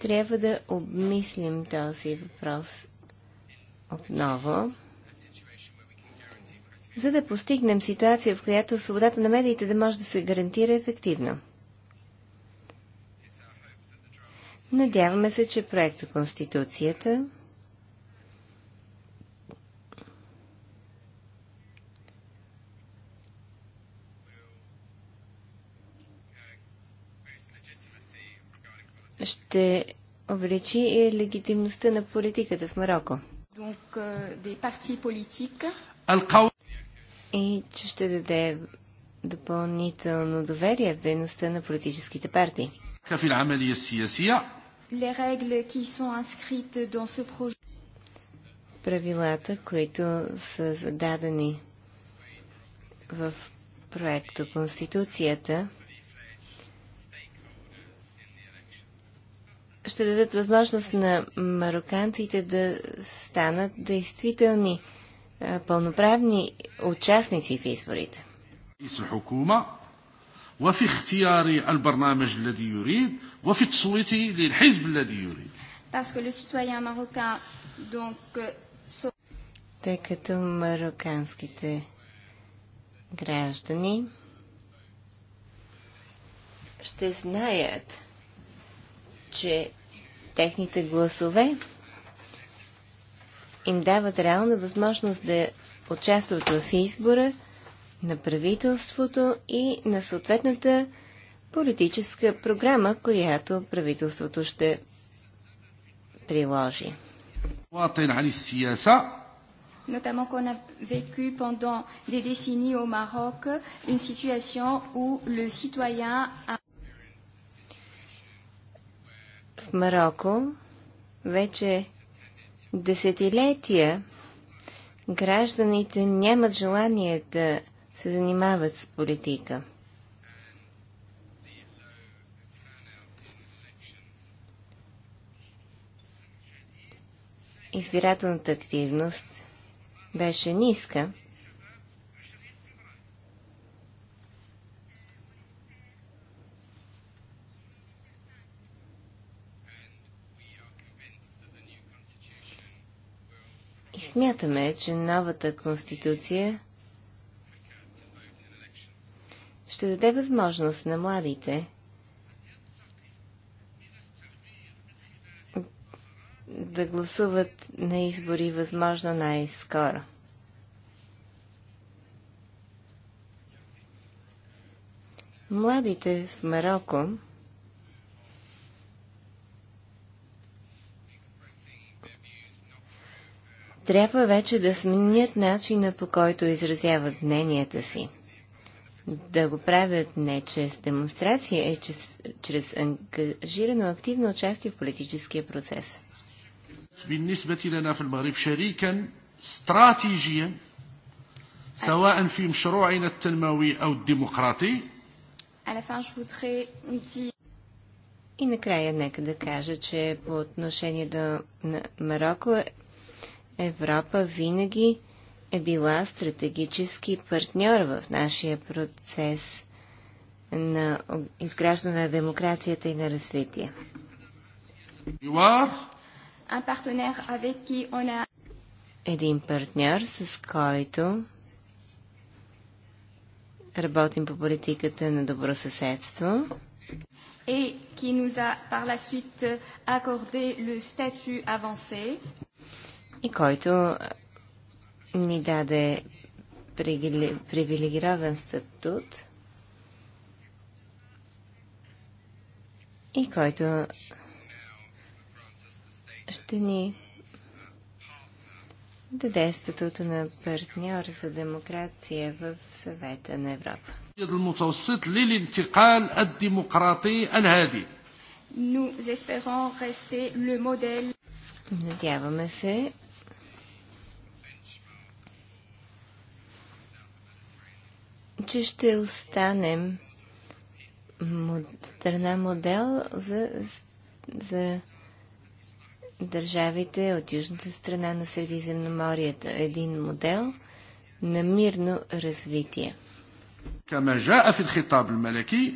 трябва да обмислим този въпрос отново, за да постигнем ситуация, в която свободата на медиите да може да се гарантира ефективно. Надяваме се, че проекта Конституцията ще увеличи и легитимността на политиката в Марокко. Euh, и че ще даде допълнително доверие в дейността на политическите партии. Е Правилата, които са зададени в проекта Конституцията, ще дадат възможност на мароканците да станат действителни пълноправни участници в изборите. Euh, тъй като мароканските граждани ще знаят че техните гласове им дават реална възможност да участват в избора на правителството и на съответната политическа програма, която правителството ще приложи. Notamment qu'on a vécu pendant des décennies au Maroc une situation où le citoyen a в Марокко вече десетилетия гражданите нямат желание да се занимават с политика. Избирателната активност беше ниска И смятаме, че новата конституция ще даде възможност на младите да гласуват на избори възможно най-скоро. Младите в Марокко трябва вече да сменят начина по който изразяват мненията си. Да го правят не чрез демонстрация, а чрез, чрез ангажирано активно участие в политическия процес. سواء في مشروعنا التنموي أو الديمقراطي И накрая нека да кажа, че по отношение до Марокко Европа винаги е била стратегически партньор в нашия процес на изграждане на демокрацията и на развитие. Един партньор, с който работим по политиката на добро Et qui nous a par la suite accordé le statut avancé и който ни даде привилегирован статут и който ще ни даде статута на партньор за демокрация в съвета на Европа. Надяваме се че ще останем страна модел за, за държавите от южната страна на Средиземноморието. Един модел на мирно развитие. كما جاء في الخطاب الملكي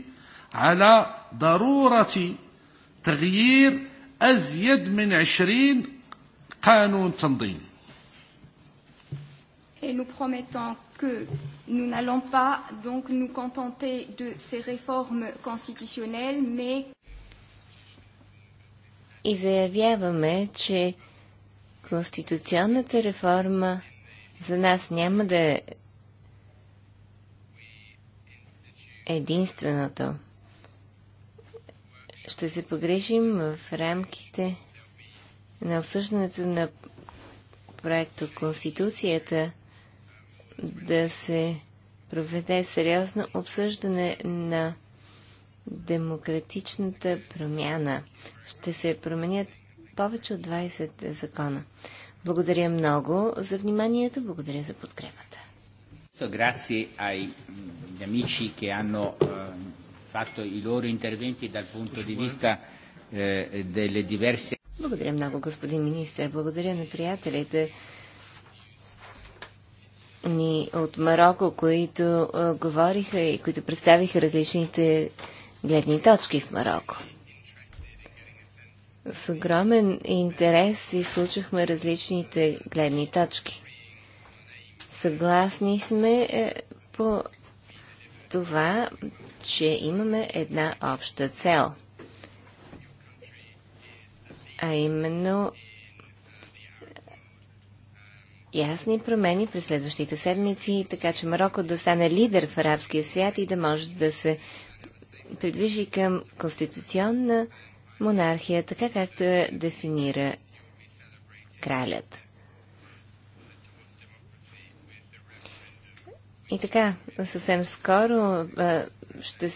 على ضرورة تغيير أزيد من عشرين قانون تنظيم. Et nous promettons que nous n'allons pas donc nous contenter de ces réformes constitutionnelles, mais и заявяваме, че конституционната реформа за нас няма да е единственото. Ще се погрежим в рамките на обсъждането на проекто Конституцията – да се проведе сериозно обсъждане на демократичната промяна. Ще се променят повече от 20 закона. Благодаря много за вниманието, благодаря за подкрепата. Grazie ai amici che hanno eh, fatto i loro interventi dal punto di vista eh, delle diverse. Благодаря много, господин министр. Благодаря на приятелите ни от Марокко, които а, говориха и които представиха различните гледни точки в Марокко. С огромен интерес случахме различните гледни точки. Съгласни сме е, по това, че имаме една обща цел, а именно ясни промени през следващите седмици, така че Марокко да стане лидер в арабския свят и да може да се придвижи към конституционна монархия, така както я дефинира кралят. И така, съвсем скоро ще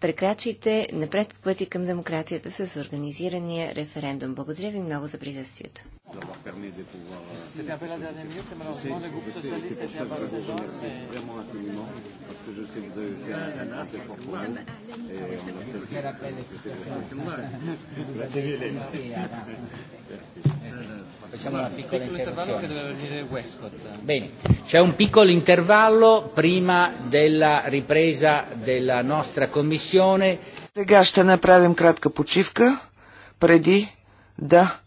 прекрачите напред по пъти към демокрацията с организирания референдум. Благодаря ви много за присъствието d'avoir permis de pouvoir. C'était un peu la dernière minute, malheureusement, le groupe socialiste était à base passé devant. Vraiment infiniment, parce que je sais que vous avez fait un grand effort pour nous. Et on a fait apprécie. Grazie mille. Facciamo un piccolo intervallo che doveva dire Westcott. Bene, c'è un piccolo intervallo prima della ripresa della nostra commissione. Сега ще направим кратка почивка преди да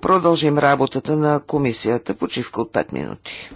продължим работата на комисията. Почивка от 5 минути.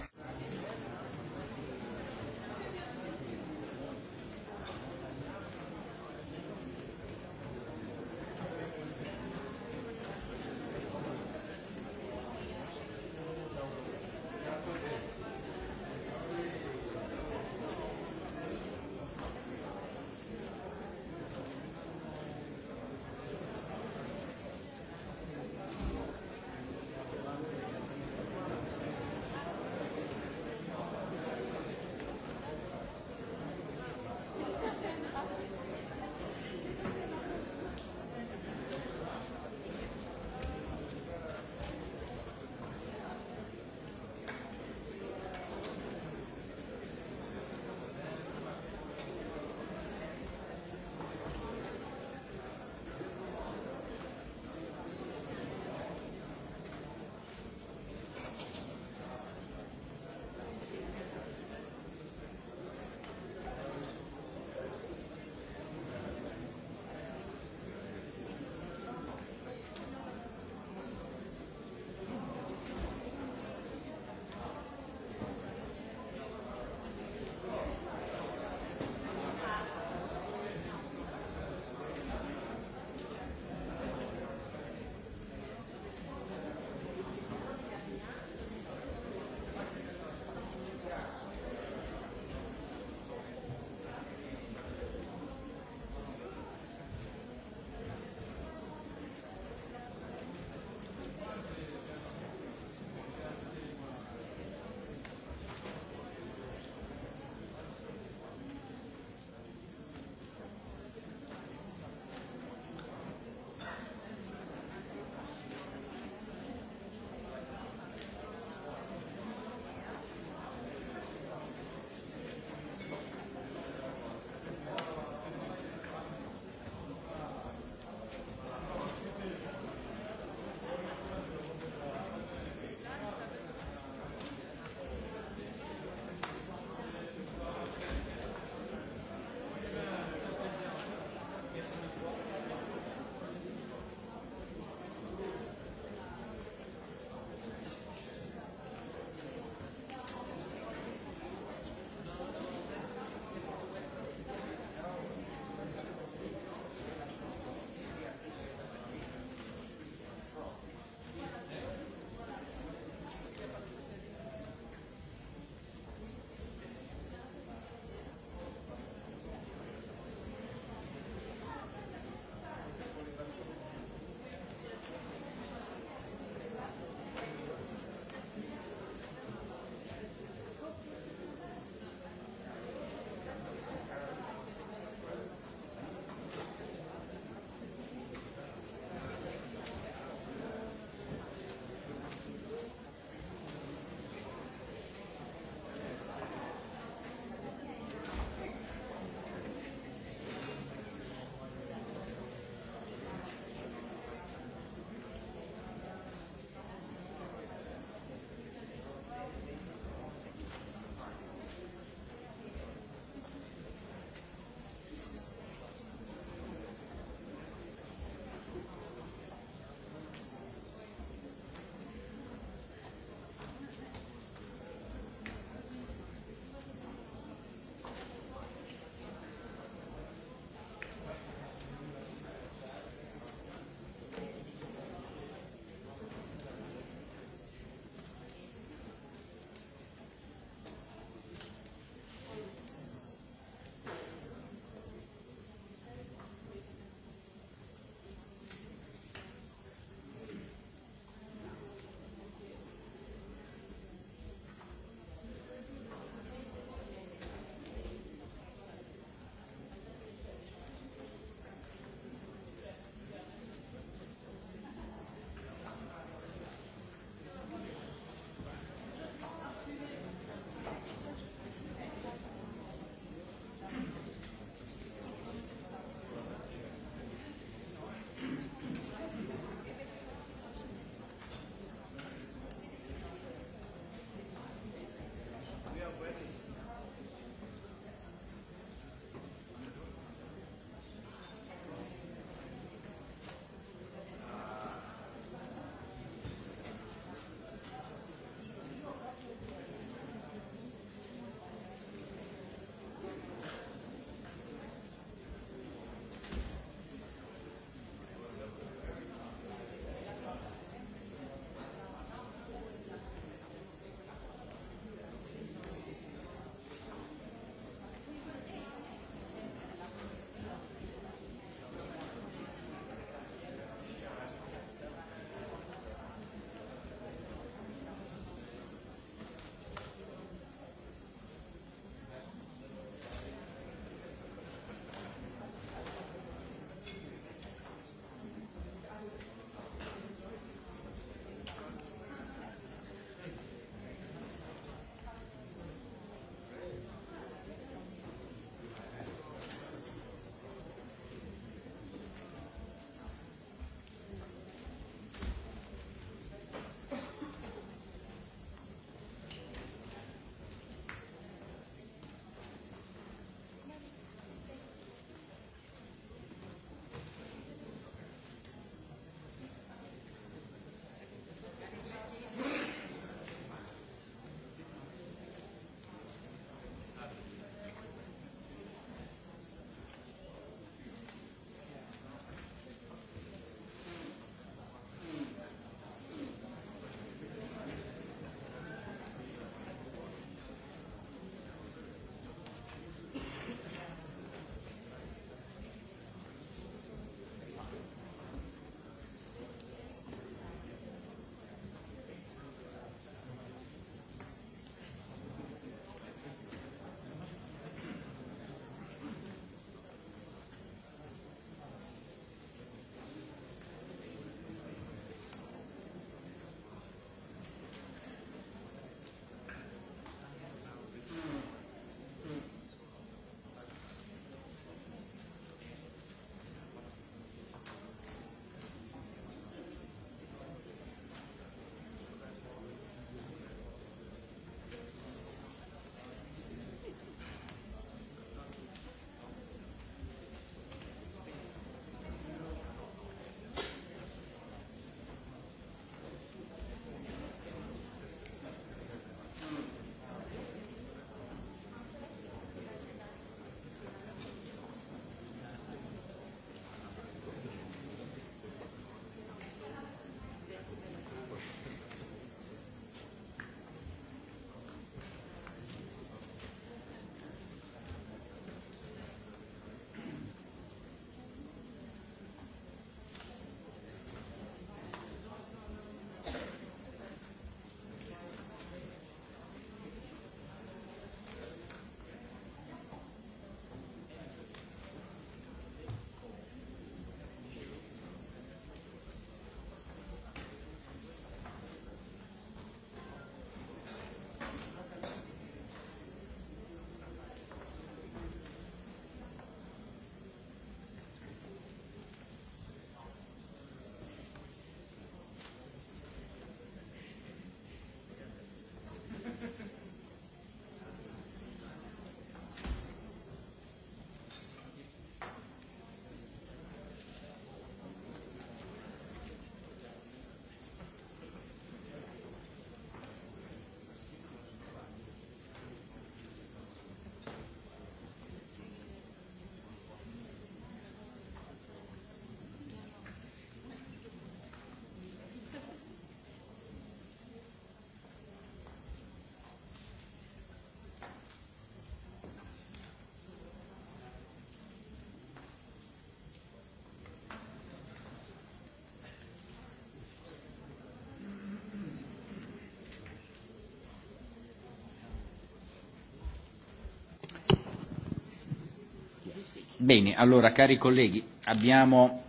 Bene, allora cari colleghi, abbiamo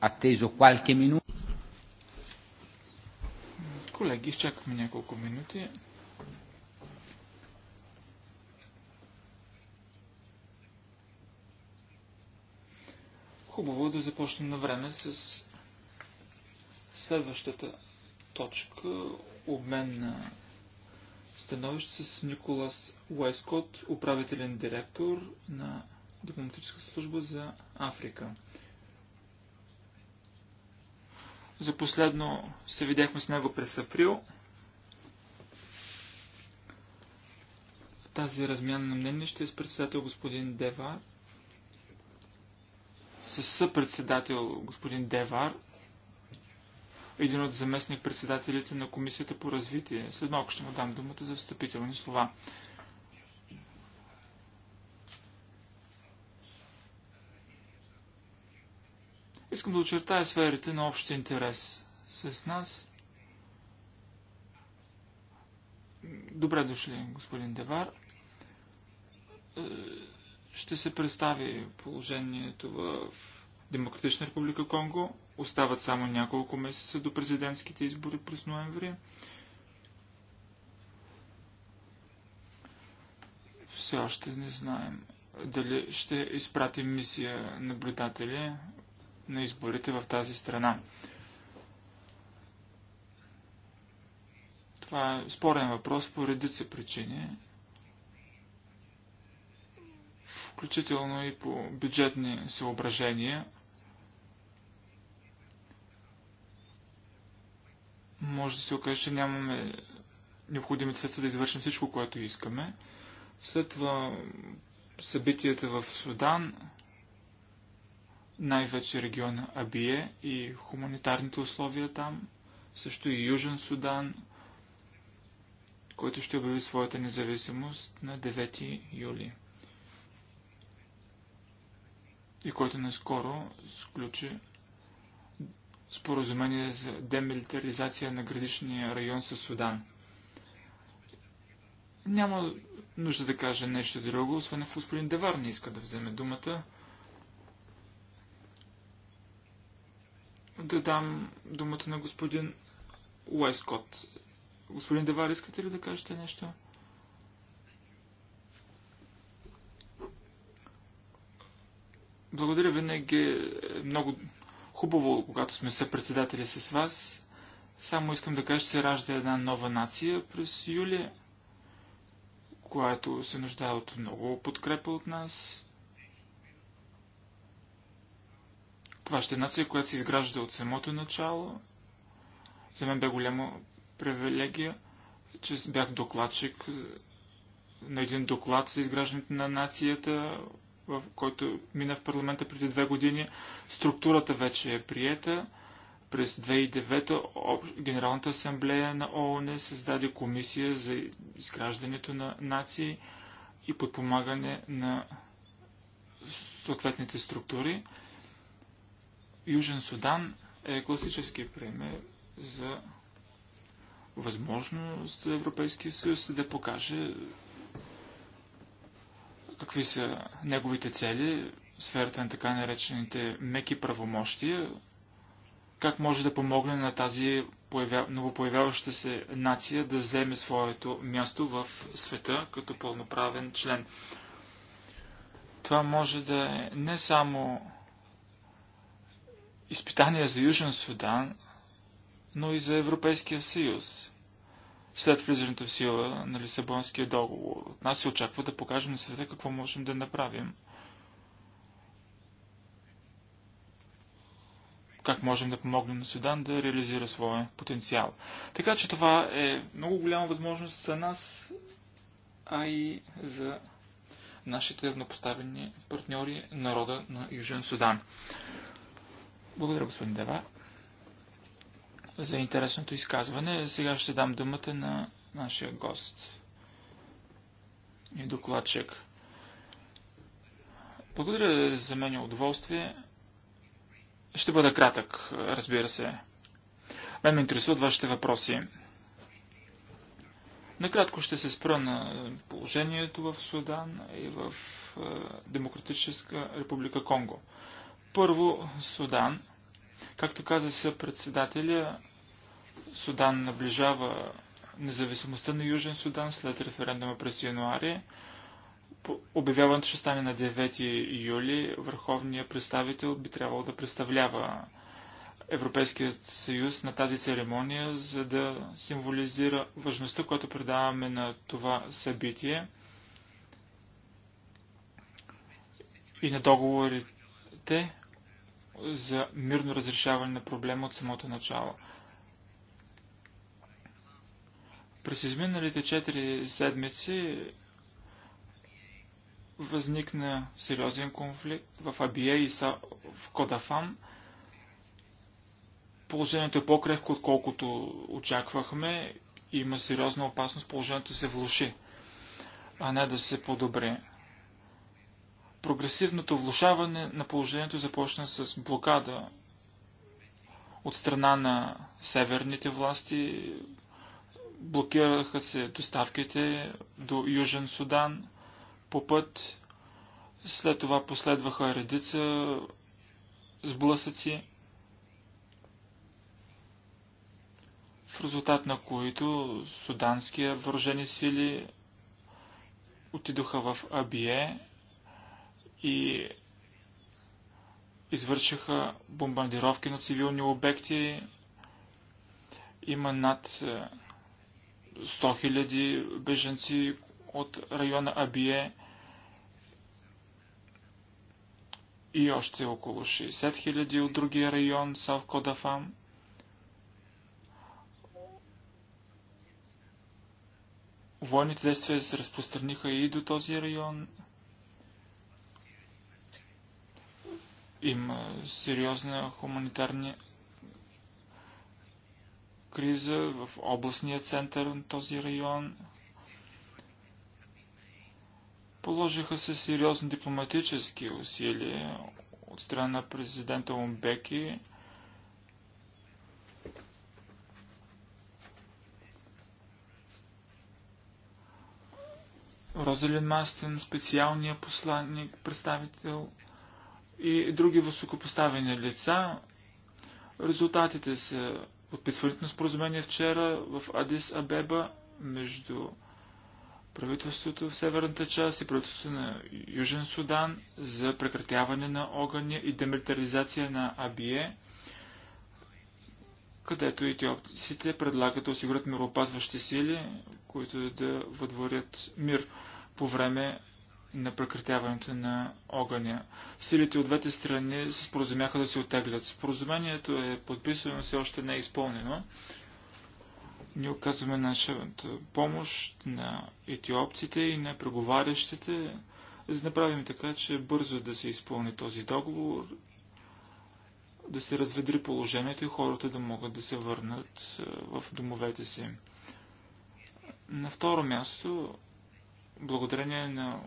atteso qualche minuto. Колеги, изчакахме няколко минути. Хубаво е да започнем на време с следващата точка обмен на становище с Николас Уайскот, управителен директор на дипломатическа служба за Африка. За последно се видяхме с него през април. Тази размяна на мнение ще е с председател господин Девар, с съпредседател господин Девар, един от заместник председателите на Комисията по развитие. След малко ще му дам думата за встъпителни слова. Искам да очертая сферите на общ интерес с нас. Добре дошли, господин Девар. Е, ще се представи положението в Демократична република Конго. Остават само няколко месеца до президентските избори през ноември. Все още не знаем дали ще изпратим мисия наблюдатели на изборите в тази страна. Това е спорен въпрос по редица причини, включително и по бюджетни съображения. Може да се окаже, че нямаме необходимите средства да извършим всичко, което искаме. След това събитията в Судан, най-вече региона Абие и хуманитарните условия там, също и Южен Судан, който ще обяви своята независимост на 9 юли и който наскоро сключи споразумение за демилитаризация на градичния район със Судан. Няма нужда да кажа нещо друго, освен ако господин Девар не иска да вземе думата. да дам думата на господин Уескот. Господин Девар, искате ли да кажете нещо? Благодаря винаги. Е много хубаво, когато сме съпредседатели с вас. Само искам да кажа, че се ражда една нова нация през юли, която се нуждае от много подкрепа от нас. Това ще е нация, която се изгражда от самото начало. За мен бе голяма привилегия, че бях докладчик е, на един доклад за изграждането на нацията, в който мина в парламента преди две години. Структурата вече е приета. През 2009 Генералната асамблея на ООН създаде комисия за изграждането на нации и подпомагане на съответните структури. Южен Судан е класически пример за възможност за Европейския съюз да покаже какви са неговите цели в сферата на така наречените меки правомощия, как може да помогне на тази новопоявяваща се нация да вземе своето място в света като пълноправен член. Това може да е не само изпитания за Южен Судан, но и за Европейския съюз. След влизането в сила на Лисабонския договор, от нас се очаква да покажем на света какво можем да направим. Как можем да помогнем на Судан да реализира своя потенциал. Така че това е много голяма възможност за нас, а и за нашите равнопоставени партньори, народа на Южен Судан. Благодаря, господин Дева, за интересното изказване. Сега ще дам думата на нашия гост и докладчик. Благодаря за мен е удоволствие. Ще бъда кратък, разбира се. Мен ме интересуват вашите въпроси. Накратко ще се спра на положението в Судан и в е, Демократическа република Конго. Първо, Судан. Както каза се председателя, Судан наближава независимостта на Южен Судан след референдума през януари. Обявяването ще стане на 9 юли. Върховният представител би трябвало да представлява Европейският съюз на тази церемония, за да символизира важността, която предаваме на това събитие и на договорите, за мирно разрешаване на проблема от самото начало. През изминалите 4 седмици възникна сериозен конфликт в Абия и Са... в Кодафан. Положението е по-крехко, отколкото очаквахме. Има сериозна опасност положението да се влуши, а не да се подобри прогресивното влушаване на положението започна с блокада от страна на северните власти. Блокираха се доставките до Южен Судан по път. След това последваха редица сблъсъци, в резултат на които суданския въоръжени сили отидоха в Абие и извършиха бомбардировки на цивилни обекти. Има над 100 000 беженци от района Абие и още около 60 000 от другия район Савкодафам. Войните действия се разпространиха и до този район – Има сериозна хуманитарна криза в областния център на този район. Положиха се сериозни дипломатически усилия от страна на президента Умбеки. Розалин Мастен, специалния посланник, представител и други високопоставени лица. Резултатите са подписването на споразумение вчера в Адис Абеба между правителството в северната част и правителството на Южен Судан за прекратяване на огъня и демилитаризация на Абие, където етиопците предлагат да осигурят мироопазващи сили, които да въдворят мир по време на прекратяването на огъня. Силите от двете страни се споразумяха да се отеглят. Споразумението е подписано, все още не е изпълнено. Ние оказваме нашата помощ на етиопците и на преговарящите, за да направим така, че бързо да се изпълни този договор, да се разведри положението и хората да могат да се върнат в домовете си. На второ място, благодарение на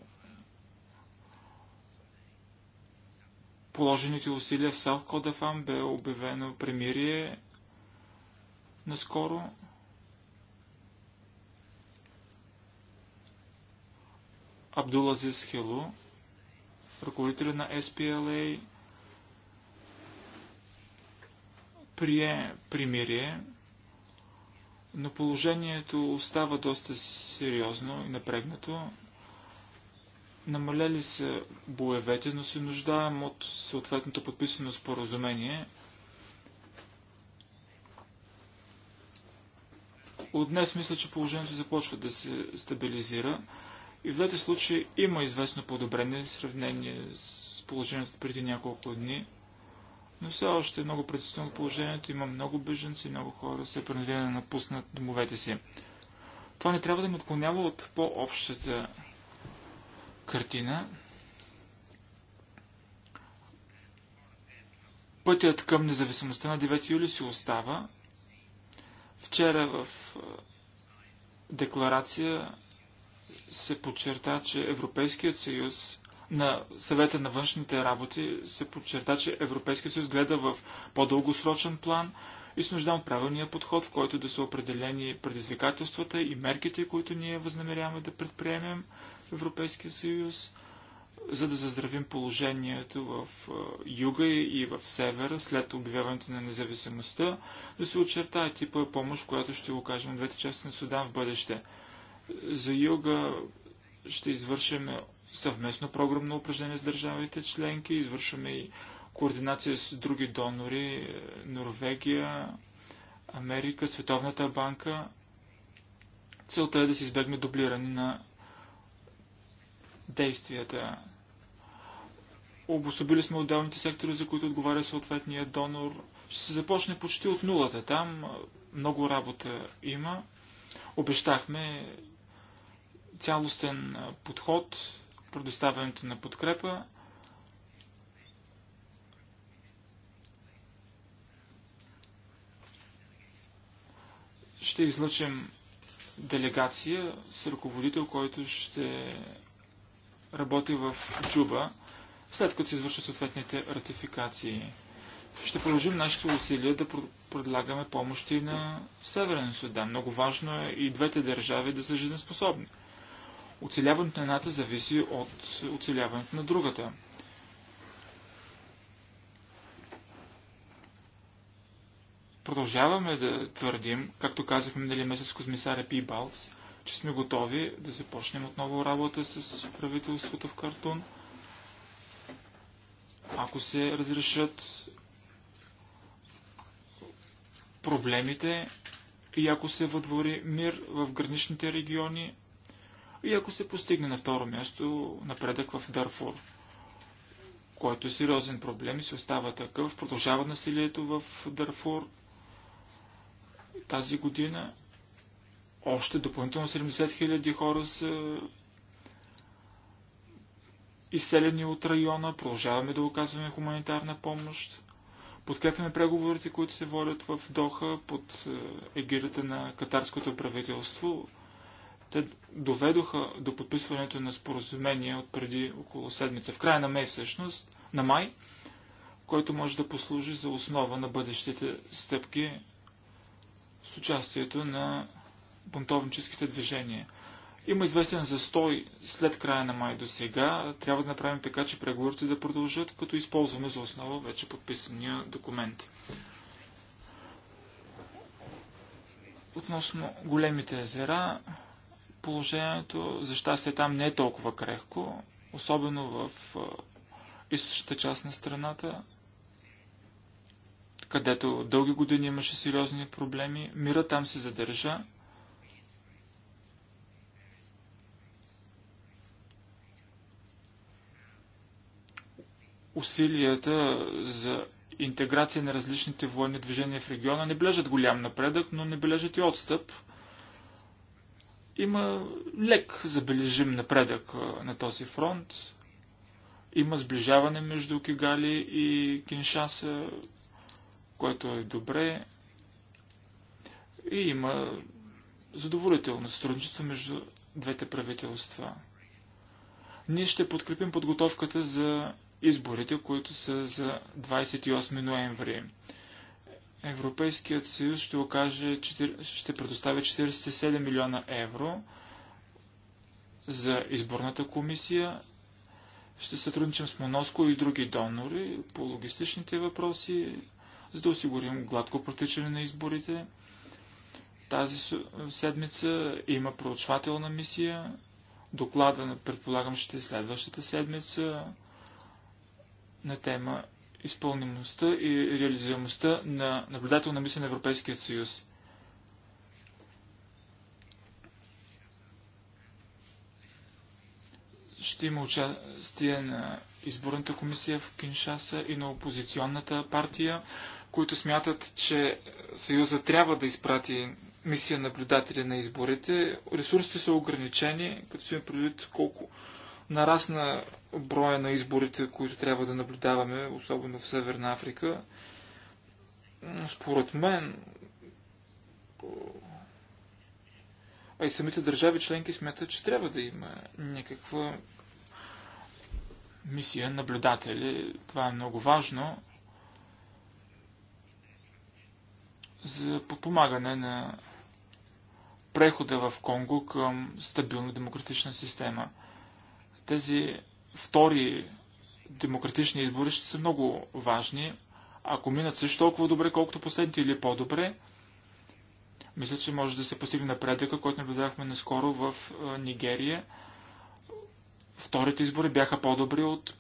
положените усилия в Саут Кодафан бе обявено премирие наскоро. Абдулазис Хелу, ръководителя на SPLA, прие примирие, но положението остава доста сериозно и напрегнато. Намаляли са боевете, но се нуждаем от съответното подписано споразумение. От днес мисля, че положението започва да се стабилизира и в двете случаи има известно подобрение в сравнение с положението преди няколко дни. Но все още е много предстоятелно положението, има много беженци, много хора се принудени да напуснат домовете си. Това не трябва да ме отклонява от по-общата картина. Пътят към независимостта на 9 юли си остава. Вчера в декларация се подчерта, че Европейският съюз на съвета на външните работи се подчерта, че Европейския съюз гледа в по-дългосрочен план и се нуждам правилния подход, в който да са определени предизвикателствата и мерките, които ние възнамеряваме да предприемем в Европейския съюз, за да заздравим положението в юга и в севера след обявяването на независимостта, да се очертая типа помощ, която ще го кажем двете части на Судан в бъдеще. За юга ще извършим съвместно програмно упражнение с държавите членки, извършваме и координация с други донори, е, Норвегия, Америка, Световната банка. Целта е да се избегне дублиране на действията. Обособили сме отделните сектори, за които отговаря съответния донор. Ще се започне почти от нулата. Там много работа има. Обещахме цялостен подход, предоставянето на подкрепа. Ще излъчим делегация с ръководител, който ще работи в Джуба, след като се извършат съответните ратификации. Ще продължим нашите усилия да предлагаме помощи на Северен Судан. Много важно е и двете държави да са жизнеспособни. Оцеляването на едната зависи от оцеляването на другата. Продължаваме да твърдим, както казахме минали месец с комисаря Пи Балкс, че сме готови да започнем отново работа с правителството в Картун. Ако се разрешат проблемите и ако се въдвори мир в граничните региони и ако се постигне на второ място напредък в Дарфур, който е сериозен проблем и се остава такъв. Продължава насилието в Дарфур тази година още допълнително 70 хиляди хора са изселени от района, продължаваме да оказваме хуманитарна помощ. Подкрепяме преговорите, които се водят в Доха под е, егирата на катарското правителство. Те доведоха до подписването на споразумение от преди около седмица, в края на май всъщност, на май, който може да послужи за основа на бъдещите стъпки с участието на бунтовническите движения. Има известен застой след края на май до сега. Трябва да направим така, че преговорите да продължат, като използваме за основа вече подписания документ. Относно големите езера, положението за щастие там не е толкова крехко, особено в източната част на страната, където дълги години имаше сериозни проблеми. Мира там се задържа. усилията за интеграция на различните военни движения в региона не бележат голям напредък, но не бележат и отстъп. Има лек забележим напредък на този фронт. Има сближаване между Кигали и Киншаса, което е добре. И има задоволително сътрудничество между двете правителства. Ние ще подкрепим подготовката за изборите, които са за 28 ноември. Европейският съюз ще, окаже, ще предоставя 47 милиона евро за изборната комисия. Ще сътрудничам с Моноско и други донори по логистичните въпроси, за да осигурим гладко протичане на изборите. Тази седмица има проучвателна мисия. Доклада, предполагам, ще е следващата седмица на тема изпълнимостта и реализуемостта на наблюдателна мисия на Европейския съюз. Ще има участие на изборната комисия в Киншаса и на опозиционната партия, които смятат, че Съюза трябва да изпрати мисия наблюдатели на изборите. Ресурсите са ограничени, като си предвид колко нарасна броя на изборите, които трябва да наблюдаваме, особено в Северна Африка, според мен, а и самите държави членки смятат, че трябва да има някаква мисия наблюдатели. Това е много важно за подпомагане на прехода в Конго към стабилна демократична система. Тези втори демократични избори ще са много важни. Ако минат също толкова добре, колкото последните или по-добре, мисля, че може да се постигне напредъка, който наблюдахме наскоро в Нигерия. Вторите избори бяха по-добри от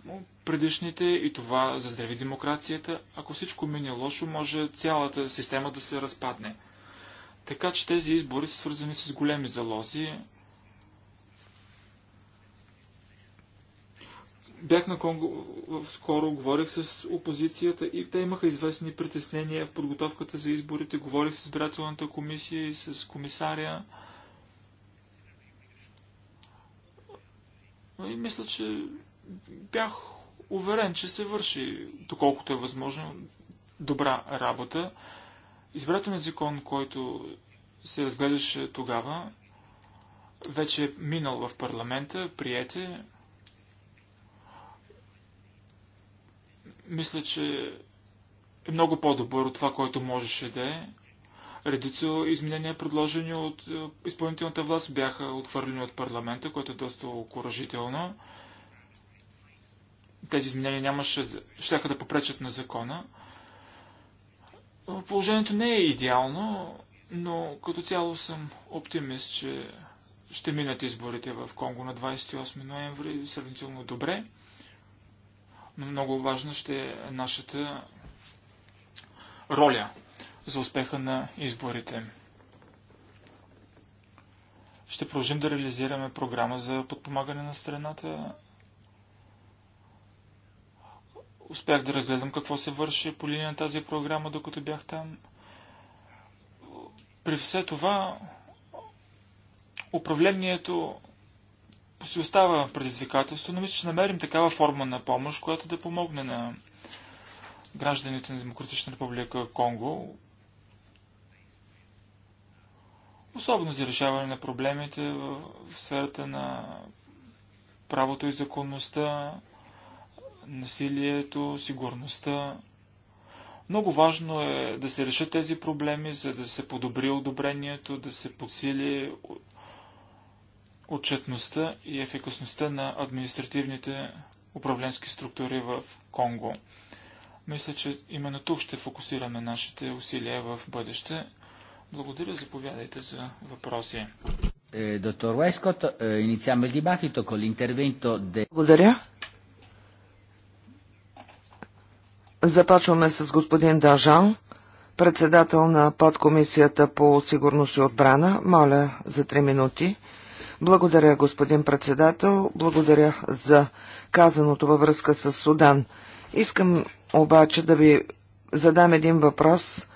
предишните и това заздрави демокрацията. Ако всичко мине лошо, може цялата система да се разпадне. Така че тези избори са свързани с големи залози, Бях на Конго скоро, говорих с опозицията и те имаха известни притеснения в подготовката за изборите. Говорих с избирателната комисия и с комисаря. И мисля, че бях уверен, че се върши, доколкото е възможно, добра работа. Избирателният закон, който се разгледаше тогава, вече е минал в парламента, приете, мисля, че е много по-добър от това, което можеше да е. Редица изменения, предложени от е, изпълнителната власт, бяха отхвърлени от парламента, което е доста окоръжително. Тези изменения нямаше, щяха да попречат на закона. Положението не е идеално, но като цяло съм оптимист, че ще минат изборите в Конго на 28 ноември сравнително добре но много важна ще е нашата роля за успеха на изборите. Ще продължим да реализираме програма за подпомагане на страната. Успях да разгледам какво се върши по линия на тази програма, докато бях там. При все това, управлението си остава предизвикателство, но мисля, че намерим такава форма на помощ, която да помогне на гражданите на Демократична република Конго, особено за решаване на проблемите в, в сферата на правото и законността, насилието, сигурността. Много важно е да се решат тези проблеми, за да се подобри одобрението, да се подсили отчетността и ефикасността на административните управленски структури в Конго. Мисля, че именно тук ще фокусираме нашите усилия в бъдеще. Благодаря, заповядайте за въпроси. Е, доктор Уескот, е, инициаме il dibattito con l'intervento Благодаря. Започваме с господин Дажан, председател на подкомисията по сигурност и отбрана. Моля за 3 минути. Благодаря, господин председател. Благодаря за казаното във връзка с Судан. Искам обаче да ви задам един въпрос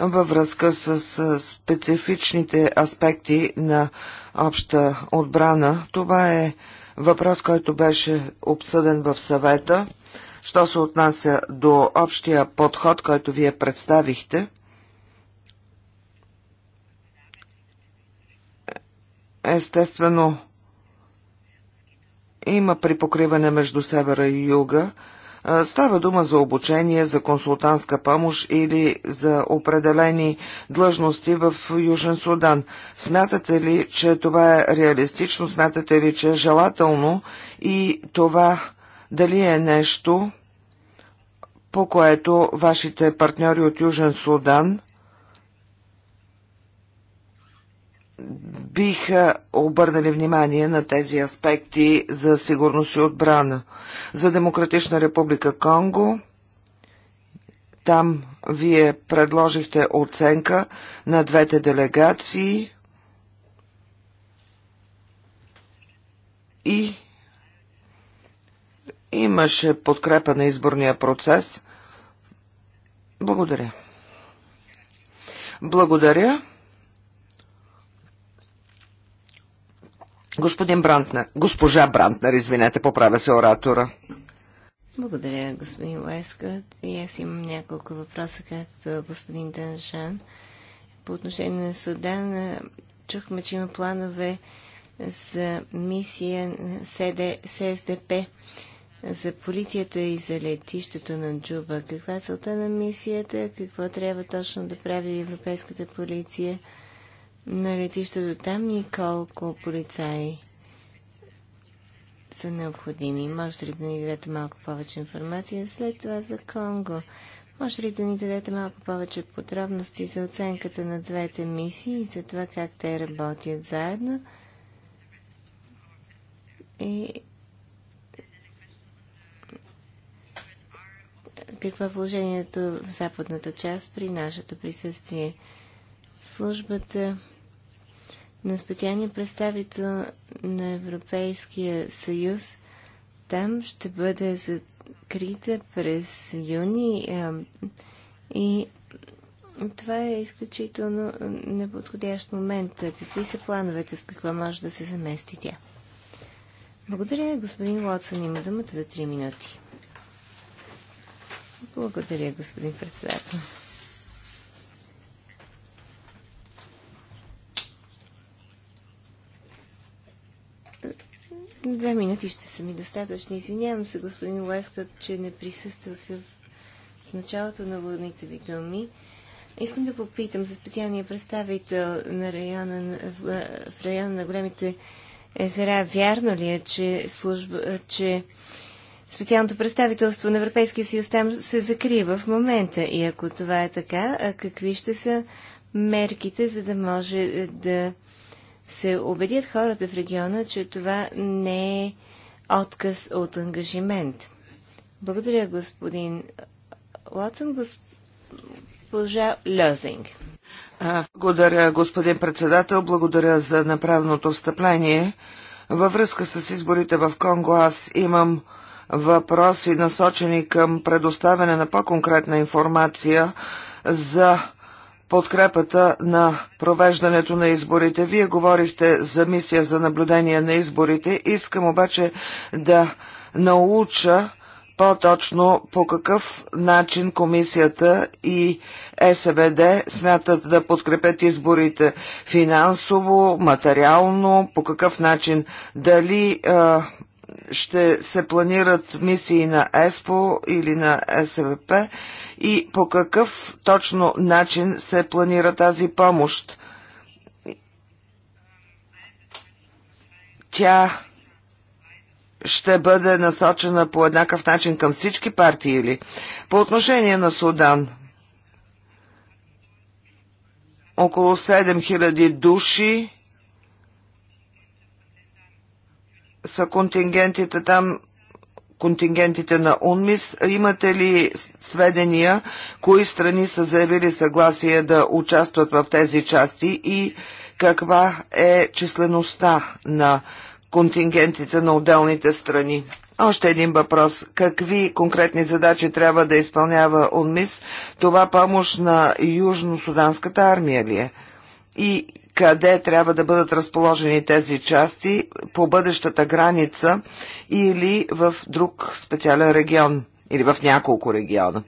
във връзка с специфичните аспекти на обща отбрана. Това е въпрос, който беше обсъден в съвета. Що се отнася до общия подход, който вие представихте – Естествено, има припокриване между севера и юга. Става дума за обучение, за консултантска помощ или за определени длъжности в Южен Судан. Смятате ли, че това е реалистично? Смятате ли, че е желателно? И това дали е нещо, по което вашите партньори от Южен Судан – биха обърнали внимание на тези аспекти за сигурност и отбрана. За Демократична република Конго, там вие предложихте оценка на двете делегации и имаше подкрепа на изборния процес. Благодаря. Благодаря. Господин Брантнер, госпожа Брантнер, извинете, поправя се оратора. Благодаря, господин Уайскът. И аз имам няколко въпроса, както господин Данжан. По отношение на Судан, чухме, че има планове за мисия СД, ССДП за полицията и за летището на Джуба. Каква е целта на мисията? Какво трябва точно да прави Европейската полиция? на летището там и колко полицаи са необходими. Може ли да ни дадете малко повече информация след това за Конго? Може ли да ни дадете малко повече подробности за оценката на двете мисии и за това как те работят заедно? И какво е положението в западната част при нашето присъствие? Службата на специалния представител на Европейския съюз. Там ще бъде закрита през юни а, и това е изключително неподходящ момент. Какви са плановете, с какво може да се замести тя? Благодаря, господин Лотсън. Има думата за 3 минути. Благодаря, господин председател. Две минути ще са ми достатъчни. Извинявам се, господин Лескот, че не присъствах в началото на водните ви думи. Искам да попитам за специалния представител на района, в, в района на големите езера. Вярно ли е, че, служба, че специалното представителство на Европейския съюз там се закрива в момента? И ако това е така, какви ще са мерките, за да може е, да се убедят хората в региона, че това не е отказ от ангажимент. Благодаря, господин Лоцън. Госпожа Лозинг. Благодаря, господин председател. Благодаря за направеното встъпление. Във връзка с изборите в Конго аз имам въпроси насочени към предоставяне на по-конкретна информация за подкрепата на провеждането на изборите. Вие говорихте за мисия за наблюдение на изборите. Искам обаче да науча по-точно по какъв начин комисията и СВД смятат да подкрепят изборите финансово, материално, по какъв начин, дали а, ще се планират мисии на ЕСПО или на СВП и по какъв точно начин се планира тази помощ. Тя ще бъде насочена по еднакъв начин към всички партии или по отношение на Судан. Около 7000 души са контингентите там контингентите на УНМИС. Имате ли сведения, кои страни са заявили съгласие да участват в тези части и каква е числеността на контингентите на отделните страни? Още един въпрос. Какви конкретни задачи трябва да изпълнява УНМИС? Това помощ на Южно-Суданската армия ли е? И къде трябва да бъдат разположени тези части по бъдещата граница или в друг специален регион или в няколко региона.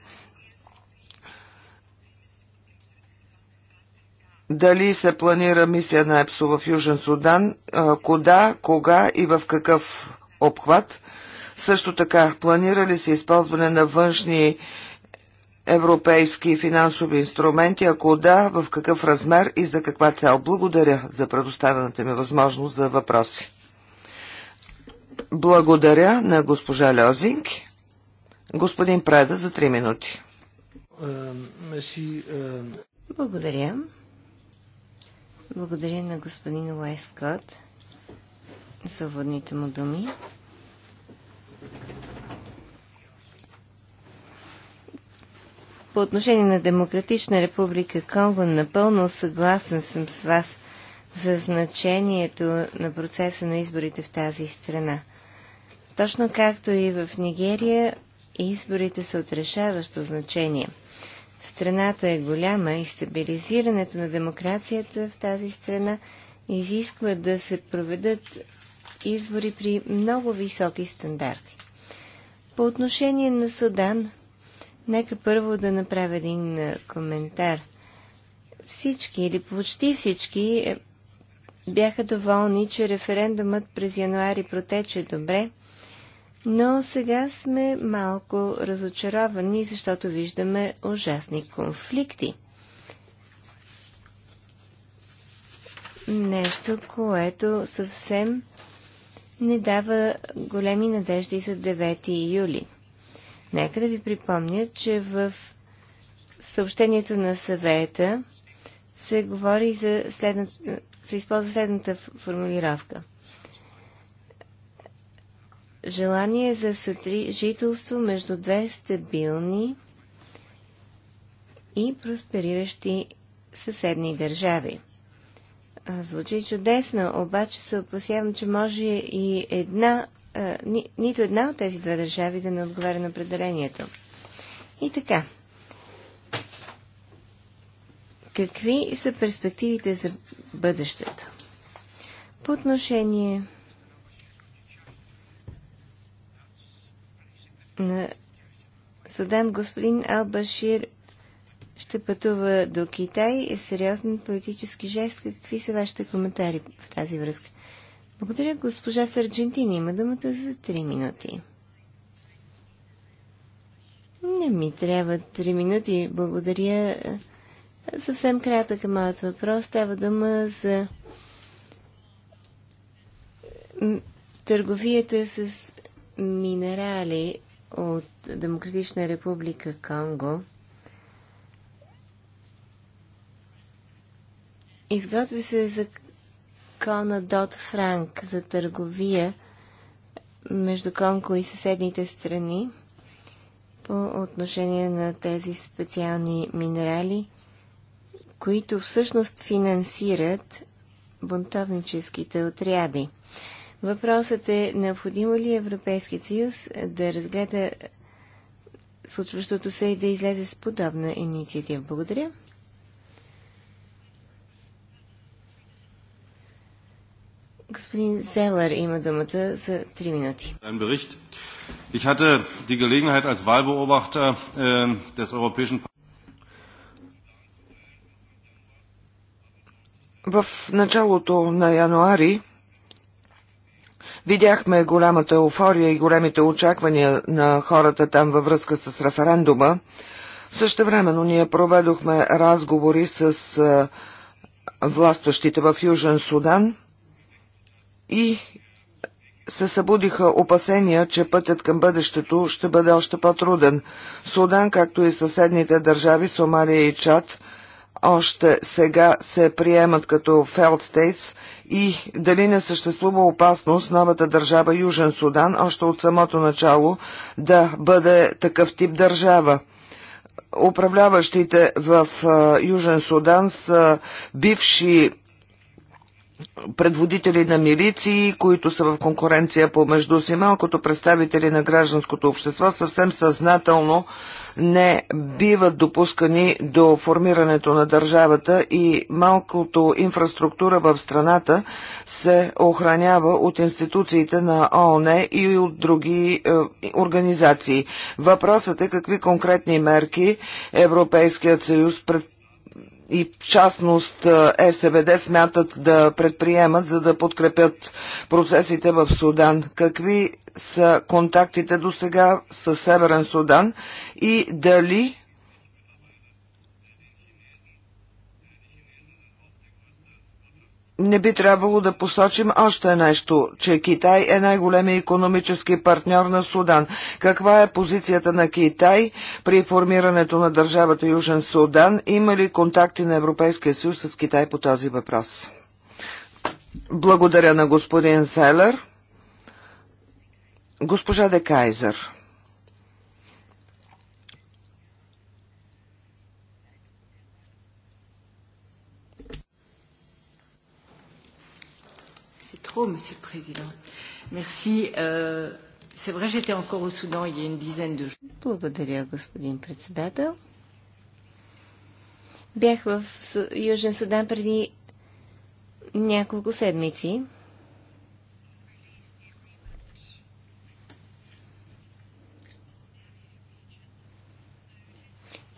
Дали се планира мисия на ЕПСО в Южен Судан, кода, кога и в какъв обхват? Също така, планира ли се използване на външни европейски финансови инструменти? Ако да, в какъв размер и за каква цел? Благодаря за предоставената ми възможност за въпроси. Благодаря на госпожа Льозинг. Господин Преда за 3 минути. Благодаря. Благодаря на господин Уайскот за водните му думи. По отношение на Демократична република Конго напълно съгласен съм с вас за значението на процеса на изборите в тази страна. Точно както и в Нигерия, изборите са от решаващо значение. Страната е голяма и стабилизирането на демокрацията в тази страна изисква да се проведат избори при много високи стандарти. По отношение на Судан – Нека първо да направя един е, коментар. Всички или почти всички е, бяха доволни, че референдумът през януари протече добре, но сега сме малко разочаровани, защото виждаме ужасни конфликти. Нещо, което съвсем не дава големи надежди за 9 юли. Нека да ви припомня, че в съобщението на съвета се говори за следната, се използва следната формулировка. Желание за жителство между две стабилни и проспериращи съседни държави. Звучи чудесно, обаче се опасявам, че може и една ни, нито една от тези две държави да не отговаря на определението. И така. Какви са перспективите за бъдещето? По отношение на Судан, господин Албашир ще пътува до Китай. Е сериозен политически жест. Какви са вашите коментари в тази връзка? Благодаря. Госпожа Сарджентини има думата за 3 минути. Не ми трябва 3 минути. Благодаря. Съвсем кратък е моят въпрос. Става дума за търговията с минерали от Демократична република Конго. Изготви се за. Кона Дот Франк за търговия между Конго и съседните страни по отношение на тези специални минерали, които всъщност финансират бунтовническите отряди. Въпросът е, необходимо ли Европейският съюз да разгледа случващото се и да излезе с подобна инициатива. Благодаря. Господин Зелер има думата за 3 минути. Ich hatte die Gelegenheit als Wahlbeobachter äh, des Europäischen В началото на януари видяхме голямата еуфория и големите очаквания на хората там във връзка с референдума. Също времено ние проведохме разговори с е, властващите в Южен Судан – и се събудиха опасения, че пътят към бъдещето ще бъде още по-труден. Судан, както и съседните държави Сомалия и Чад, още сега се приемат като Фелд Стейтс и дали не съществува опасност новата държава Южен Судан още от самото начало да бъде такъв тип държава управляващите в Южен Судан са бивши предводители на милиции, които са в конкуренция помежду си. Малкото представители на гражданското общество съвсем съзнателно не биват допускани до формирането на държавата и малкото инфраструктура в страната се охранява от институциите на ООН и от други е, организации. Въпросът е какви конкретни мерки Европейският съюз предприема и в частност СВД е смятат да предприемат, за да подкрепят процесите в Судан? Какви са контактите до сега с Северен Судан и дали не би трябвало да посочим още нещо, че Китай е най-големият економически партньор на Судан. Каква е позицията на Китай при формирането на държавата Южен Судан? Има ли контакти на Европейския съюз с Китай по този въпрос? Благодаря на господин Селер. Госпожа Декайзер. micro, Monsieur le Président. Merci. Euh, c'est vrai, j'étais encore au Soudan il y a une dizaine de jours. Благодаря, господин председател. Бях в Южен Судан преди няколко седмици.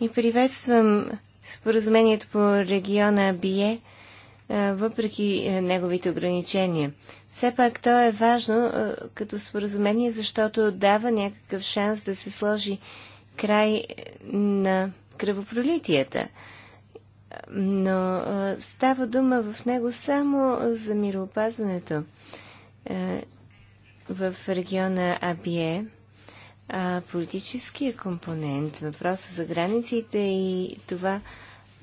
И приветствам споразумението по региона Бие – въпреки неговите ограничения. Все пак то е важно като споразумение, защото дава някакъв шанс да се сложи край на кръвопролитията. Но става дума в него само за мироопазването в региона Абие. А политическия компонент, въпроса за границите и това,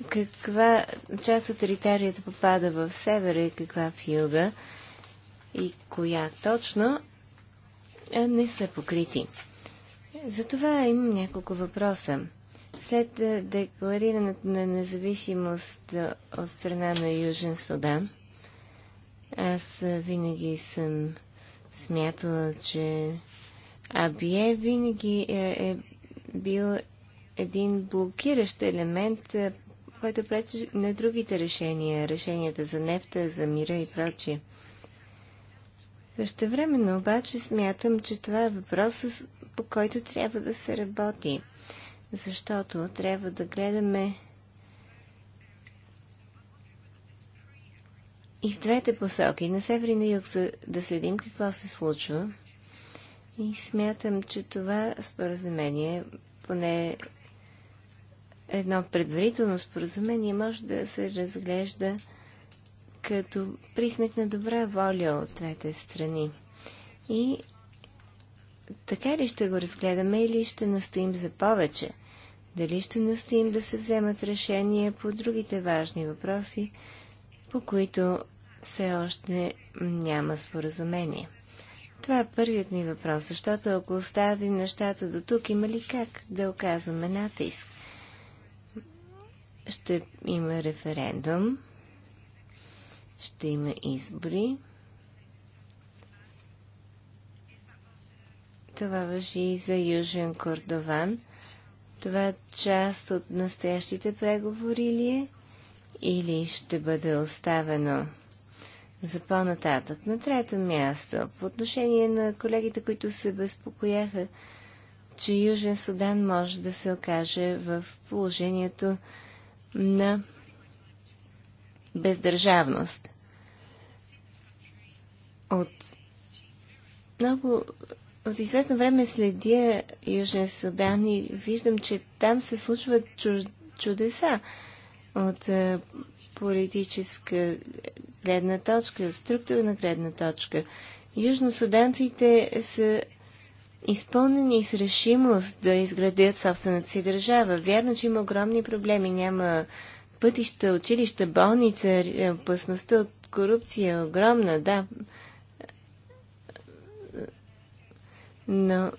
каква част от територията попада в севера и каква в юга и коя точно не са покрити. Затова имам няколко въпроса. След декларирането на независимост от страна на Южен Судан, аз винаги съм смятала, че Абие винаги е, е бил един блокиращ елемент който пречи на другите решения, решенията за нефта, за мира и прочие. времено обаче смятам, че това е въпросът, по който трябва да се работи, защото трябва да гледаме и в двете посоки, на север и на юг, за да следим какво се случва. И смятам, че това споразумение, поне едно предварително споразумение може да се разглежда като признак на добра воля от двете страни. И така ли ще го разгледаме или ще настоим за повече? Дали ще настоим да се вземат решения по другите важни въпроси, по които все още няма споразумение? Това е първият ми въпрос, защото ако оставим нещата до тук, има ли как да оказваме натиск? ще има референдум, ще има избори. Това въжи и за Южен Кордован. Това е част от настоящите преговори ли е? Или ще бъде оставено за по-нататък? На трето място, по отношение на колегите, които се безпокояха, че Южен Судан може да се окаже в положението на бездържавност. От много от известно време следя Южен Судан и виждам, че там се случват чудеса от е, политическа гледна точка, структурна гледна точка. Южносуданците са изпълнени с решимост да изградят собствената си държава. Вярно, че има огромни проблеми. Няма пътища, училища, болница, е, опасността от корупция е огромна, да. Но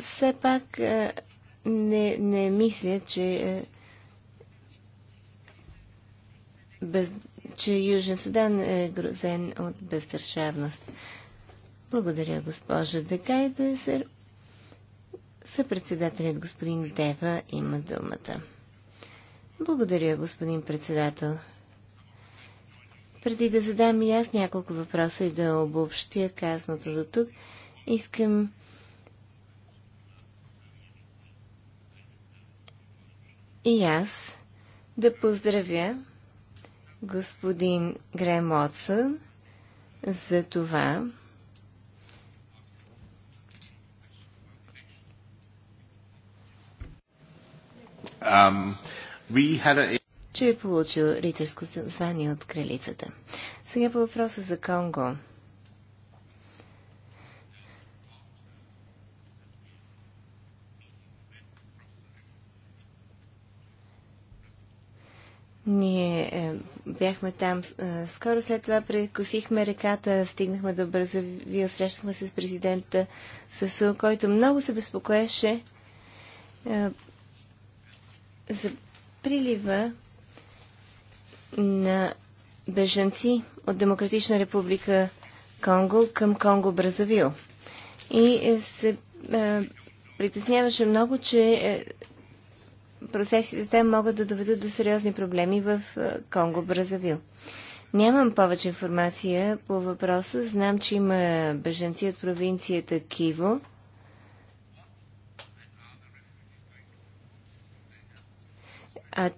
все пак е, не, не мисля, че, е, без, че Южен Судан е грозен от бездържавност. Благодаря, госпожа се. Съпредседателят господин Дева има думата. Благодаря, господин председател. Преди да задам и аз няколко въпроса и да обобщя казаното до тук, искам и аз да поздравя господин Грем Отсън за това, Um, че е получил рицарско звание от кралицата. Сега по въпроса за Конго. Ние е, бяхме там. Е, скоро след това прекосихме реката, стигнахме до Бразавия, срещахме се с президента Сасул, който много се безпокоеше е, за прилива на бежанци от Демократична република Конго към Конго Бразавил. И е, се е, притесняваше много, че е, процесите там могат да доведат до сериозни проблеми в е, Конго Бразавил. Нямам повече информация по въпроса. Знам, че има бежанци от провинцията Киво А,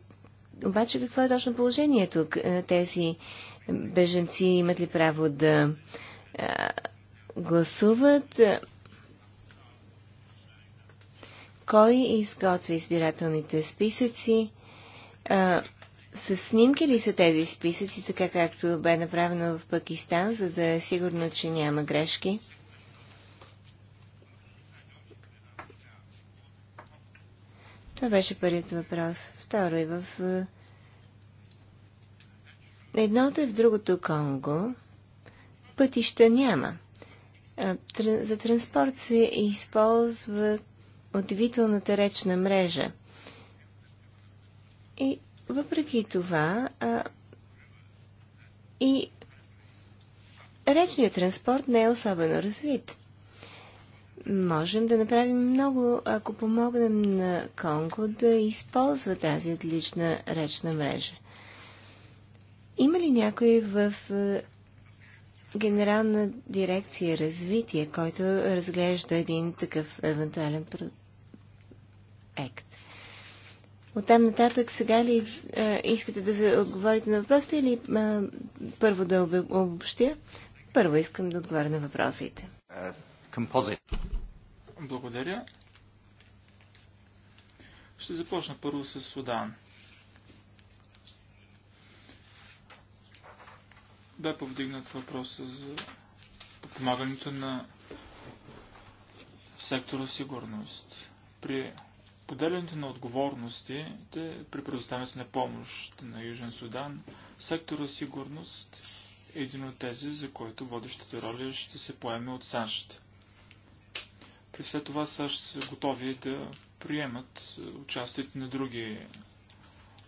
обаче какво е точно положението? Тези беженци имат ли право да а, гласуват? Кой изготвя избирателните списъци? с снимки ли са тези списъци, така както бе направено в Пакистан, за да е сигурно, че няма грешки? Това беше първият въпрос. Второ и е в е, едното и е в другото Конго пътища няма. За транспорт се използва удивителната речна мрежа. И въпреки това а, и речният транспорт не е особено развит можем да направим много, ако помогнем на Конго да използва тази отлична речна мрежа. Има ли някой в е, Генерална дирекция развитие, който разглежда един такъв евентуален проект? Оттам нататък сега ли а, е, искате да отговорите на въпросите или а, е, първо да обобщя? Първо искам да отговоря на въпросите. Благодаря. Ще започна първо с Судан. Бе повдигнат въпроса за подпомагането на сектора сигурност. При поделянето на отговорностите при предоставянето на помощ на Южен Судан, сектора сигурност е един от тези, за който водещата роля ще се поеме от САЩ и след това САЩ са готови да приемат участието на други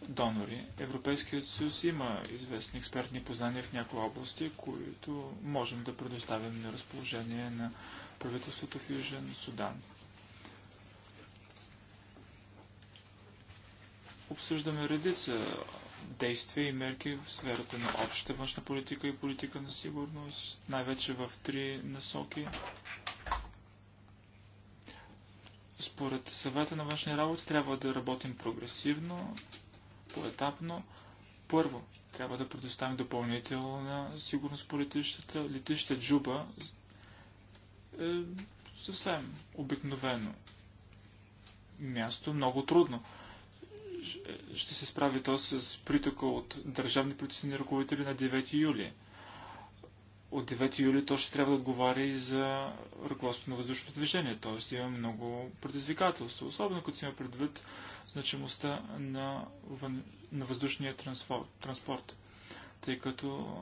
донори. Европейският съюз има известни експертни познания в някои области, които можем да предоставим на разположение на правителството в Южен Судан. Обсъждаме редица действия и мерки в сферата на общата външна политика и политика на сигурност, най-вече в три насоки според съвета на външни работи трябва да работим прогресивно, поетапно. Първо, трябва да предоставим допълнителна сигурност по летищата. Летище Джуба е съвсем обикновено място, много трудно. Ще се справи то с притока от държавни политични ръководители на 9 юли от 9 юли то ще трябва да отговаря и за ръководството на въздушното движение. Т.е. има много предизвикателства, особено като си има предвид значимостта на, вън... на въздушния транспорт, тъй като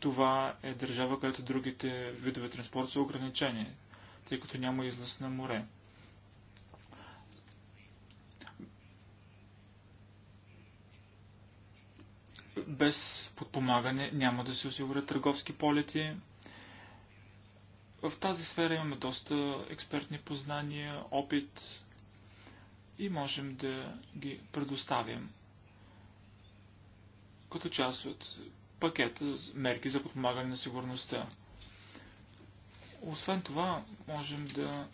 това е държава, където другите видове транспорт са ограничени, тъй като няма износ на море. Без подпомагане няма да се осигурят търговски полети. В тази сфера имаме доста експертни познания, опит и можем да ги предоставим като част от пакета с мерки за подпомагане на сигурността. Освен това, можем да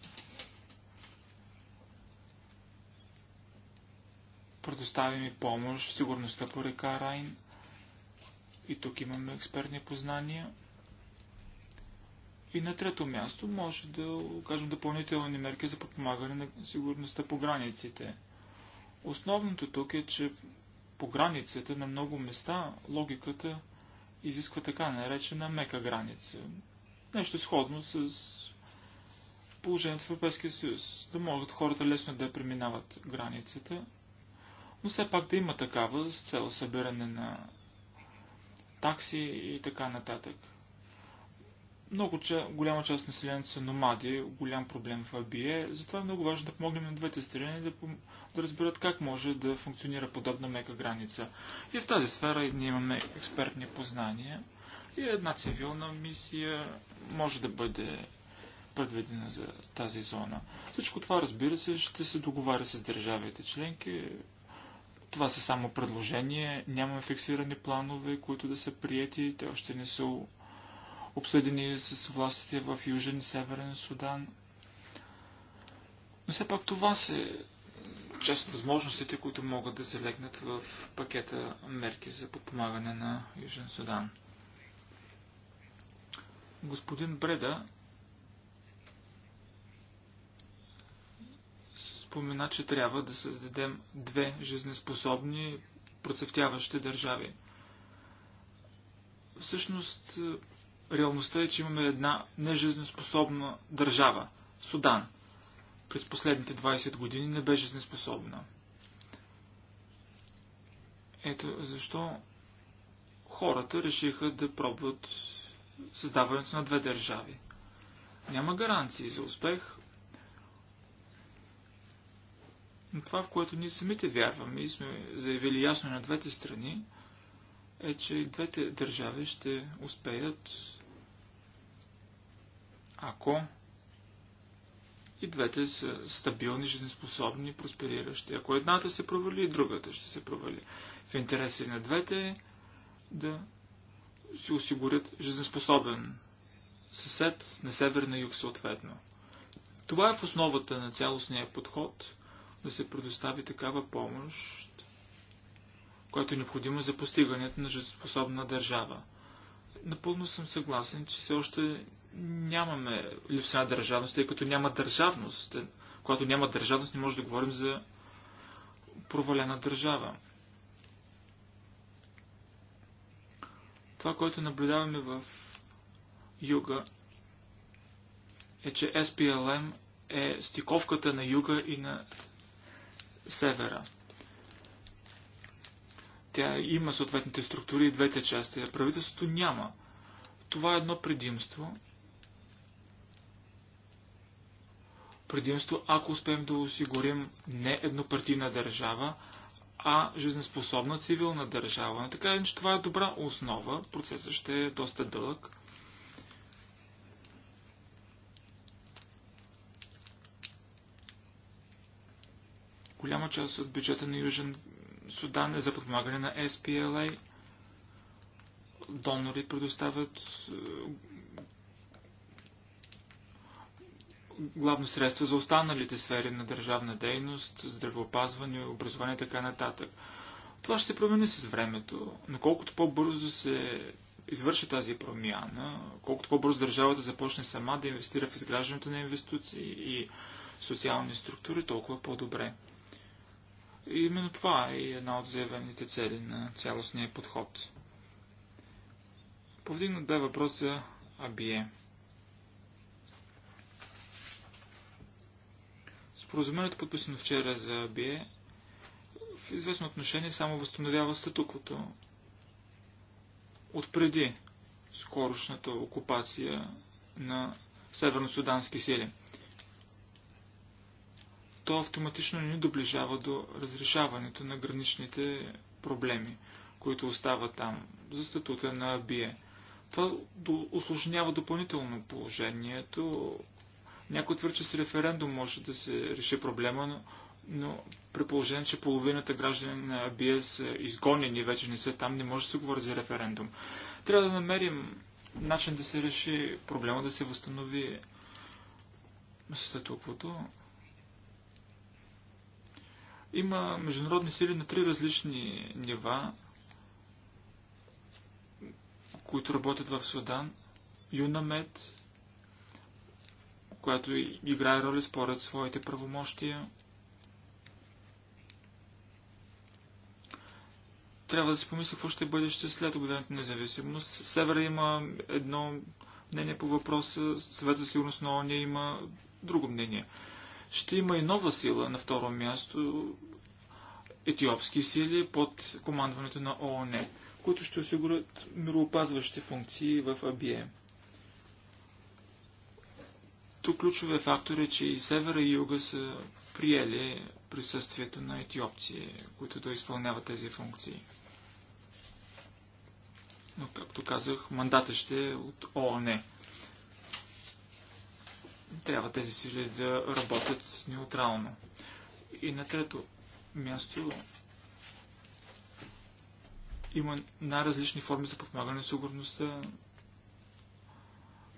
предоставим и помощ сигурността по река Райн. И тук имаме експертни познания. И на трето място може да окажем допълнителни мерки за подпомагане на сигурността по границите. Основното тук е, че по границата на много места логиката изисква така наречена мека граница. Нещо сходно с положението в Европейския съюз. Да могат хората лесно да преминават границата, но все пак да има такава с цел събиране на такси и така нататък. Много че, голяма част от населението са номади, голям проблем в АБИЕ, затова е много важно да помогнем на двете страни да, да разберат как може да функционира подобна мека граница. И в тази сфера ние имаме експертни познания и една цивилна мисия може да бъде предведена за тази зона. Всичко това, разбира се, ще се договаря с държавите членки това са само предложения, нямаме фиксирани планове, които да са приети, те още не са обсъдени с властите в Южен и Северен Судан. Но все пак това са част от възможностите, които могат да се легнат в пакета мерки за подпомагане на Южен Судан. Господин Бреда спомена, че трябва да създадем две жизнеспособни процъфтяващи държави. Всъщност, е, реалността е, че имаме една нежизнеспособна държава – Судан. През последните 20 години не бе жизнеспособна. Ето защо хората решиха да пробват създаването на две държави. Няма гаранции за успех, Но това, в което ние самите вярваме и сме заявили ясно на двете страни, е, че двете държави ще успеят, ако и двете са стабилни, жизнеспособни, проспериращи. Ако едната се провали, и другата ще се провали. В интереси на двете е да си осигурят жизнеспособен съсед на север на юг съответно. Това е в основата на цялостния подход – да се предостави такава помощ, която е необходима за постигането на жизнеспособна държава. Напълно съм съгласен, че все още нямаме липса на държавност, тъй като няма държавност. Когато няма държавност, не може да говорим за провалена държава. Това, което наблюдаваме в юга, е, че SPLM е стиковката на юга и на севера. Тя има съответните структури и двете части, а правителството няма. Това е едно предимство. Предимство, ако успеем да осигурим не еднопартийна държава, а жизнеспособна цивилна държава. Така че това е добра основа. Процесът ще е доста дълъг. Голяма част от бюджета на Южен Судан е за подпомагане на SPLA. Донори предоставят е, главно средства за останалите сфери на държавна дейност, здравеопазване, образование и така нататък. Това ще се промени с времето, но колкото по-бързо се извърши тази промяна, колкото по-бързо държавата започне сама да инвестира в изграждането на инвестиции и социални структури, толкова по-добре. И именно това е една от заявените цели на цялостния подход. Повдигнат бе въпроса АБИЕ. Споразумението, подписано вчера за АБИЕ, в известно отношение само възстановява статуквото от преди скорошната окупация на северно-судански сили – то автоматично не ни доближава до разрешаването на граничните проблеми, които остават там за статута на АБИЕ. Това осложнява допълнително положението. Някой твърди, че с референдум може да се реши проблема, но, но при положение, че половината граждани на АБИЕ са изгонени, вече не са там, не може да се говори за референдум. Трябва да намерим начин да се реши проблема, да се възстанови статуквото. Има международни сили на три различни нива, които работят в Судан. ЮНАМЕД, която играе роли според своите правомощия. Трябва да се помисли какво ще бъде ще след обявяването на независимост. Севера има едно мнение по въпроса, Съвет за сигурност на ОНИ има друго мнение. Ще има и нова сила на второ място, етиопски сили под командването на ООН, които ще осигурят мироопазващи функции в Абие. Тук ключове фактор е, че и севера и юга са приели присъствието на етиопци, които да изпълняват тези функции. Но, както казах, мандата ще е от ООН. Трябва тези сили да работят неутрално. И на трето място има най-различни форми за подпомагане на сигурността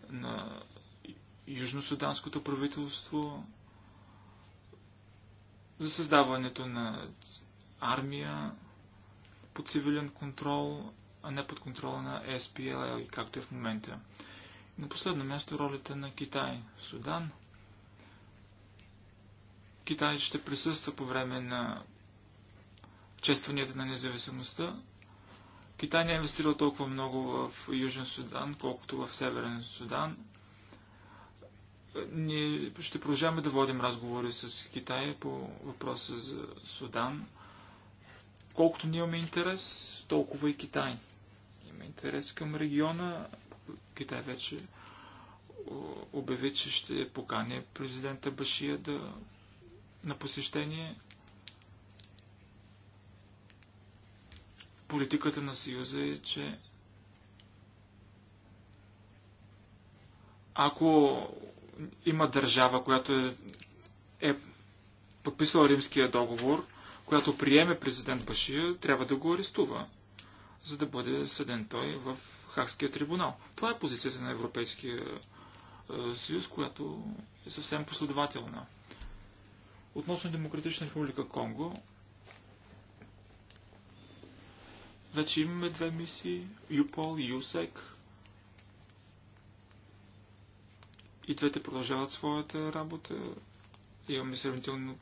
на Южно-Суданското правителство за създаването на армия под цивилен контрол, а не под контрола на SPLL, както е в момента. На последно място ролята на Китай в Судан – Китай ще присъства по време на честванията на независимостта. Китай не е инвестирал толкова много в Южен Судан, колкото в Северен Судан. Ние ще продължаваме да водим разговори с Китай по въпроса за Судан. Колкото ние имаме интерес, толкова и Китай. Има интерес към региона. Китай вече обяви, че ще покане президента Башия да на посещение. Политиката на Съюза е, че ако има държава, която е, е подписала римския договор, която приеме президент Башия, трябва да го арестува, за да бъде съден той в ХАКСкия трибунал. Това е позицията на Европейския е, съюз, която е съвсем последователна. Относно Демократична република Конго, вече имаме две мисии, ЮПОЛ и ЮСЕК. И двете продължават своята работа. Имаме сравнително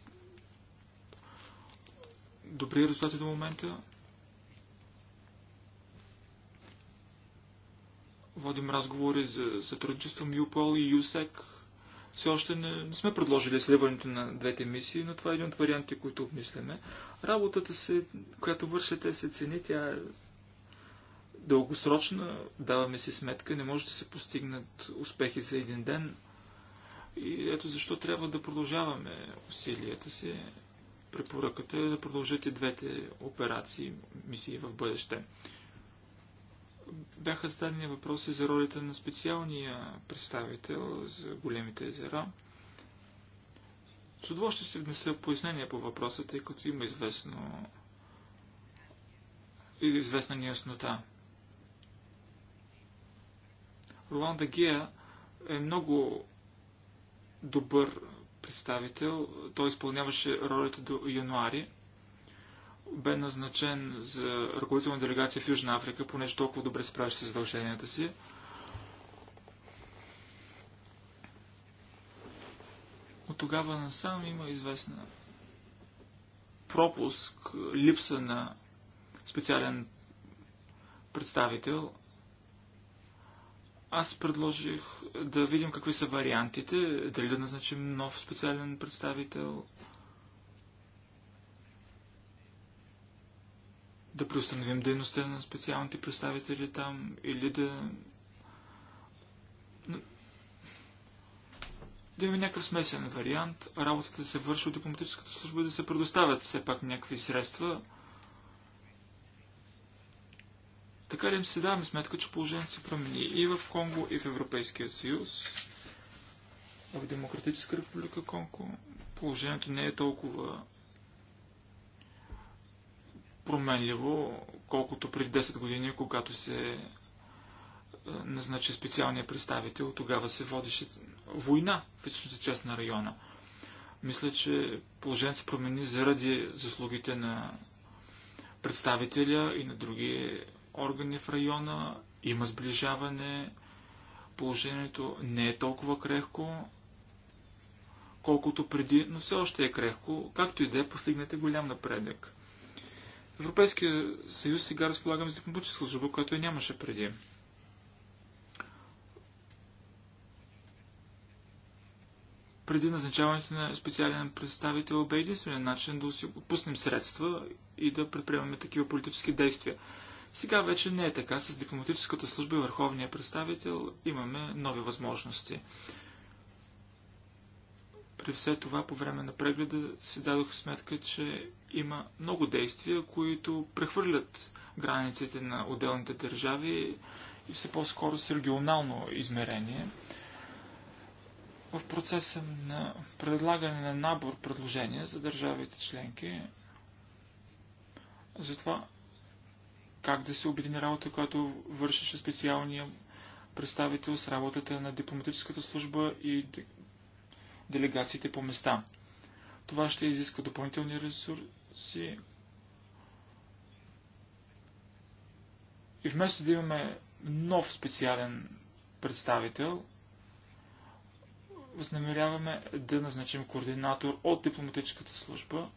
добри резултати до момента. Водим разговори за сътрудничество ЮПОЛ и ЮСЕК – все още не, не сме предложили сливането на двете мисии, но това е един от вариантите, които обмисляме. Работата, се, която вършите, се цени, тя е дългосрочна, даваме си сметка, не може да се постигнат успехи за един ден. И ето защо трябва да продължаваме усилията си. Препоръката е да продължите двете операции, мисии в бъдеще бяха зададени въпроси за ролята на специалния представител за големите езера. С удоволствие ще внеса пояснения по въпроса, тъй като има известно... известна неяснота. Руан Дагия е много добър представител. Той изпълняваше ролята до януари бе назначен за ръководител на делегация в Южна Африка, понеже толкова добре справяше с задълженията си. От тогава насам има известна пропуск, липса на специален представител. Аз предложих да видим какви са вариантите, дали да назначим нов специален представител, да преустановим дейността на специалните представители там или да да има някакъв смесен вариант, работата да се върши от дипломатическата служба и да се предоставят все пак някакви средства. Така ли им се даваме сметка, че положението се промени и в Конго, и в Европейския съюз, в Демократическа република Конго. Положението не е толкова променливо, колкото преди 10 години, когато се е, назначи специалния представител, тогава се водеше война в източната част на района. Мисля, че положението се промени заради заслугите на представителя и на други органи в района. Има сближаване, положението не е толкова крехко, колкото преди, но все още е крехко. Както и да е, постигнете голям напредък. Европейския съюз сега разполагаме с дипломатическа служба, която я нямаше преди. преди назначаването на специален представител бе единствения начин да си отпуснем средства и да предприемаме такива политически действия. Сега вече не е така. С дипломатическата служба и върховния представител имаме нови възможности. При все това, по време на прегледа си дадох сметка, че има много действия, които прехвърлят границите на отделните държави и са по-скоро с регионално измерение. В процеса на предлагане на набор предложения за държавите членки, за това как да се обедини работа, която вършеше специалния представител с работата на дипломатическата служба и делегациите по места. Това ще изисква допълнителни ресурси. И вместо да имаме нов специален представител, възнамеряваме да назначим координатор от дипломатическата служба,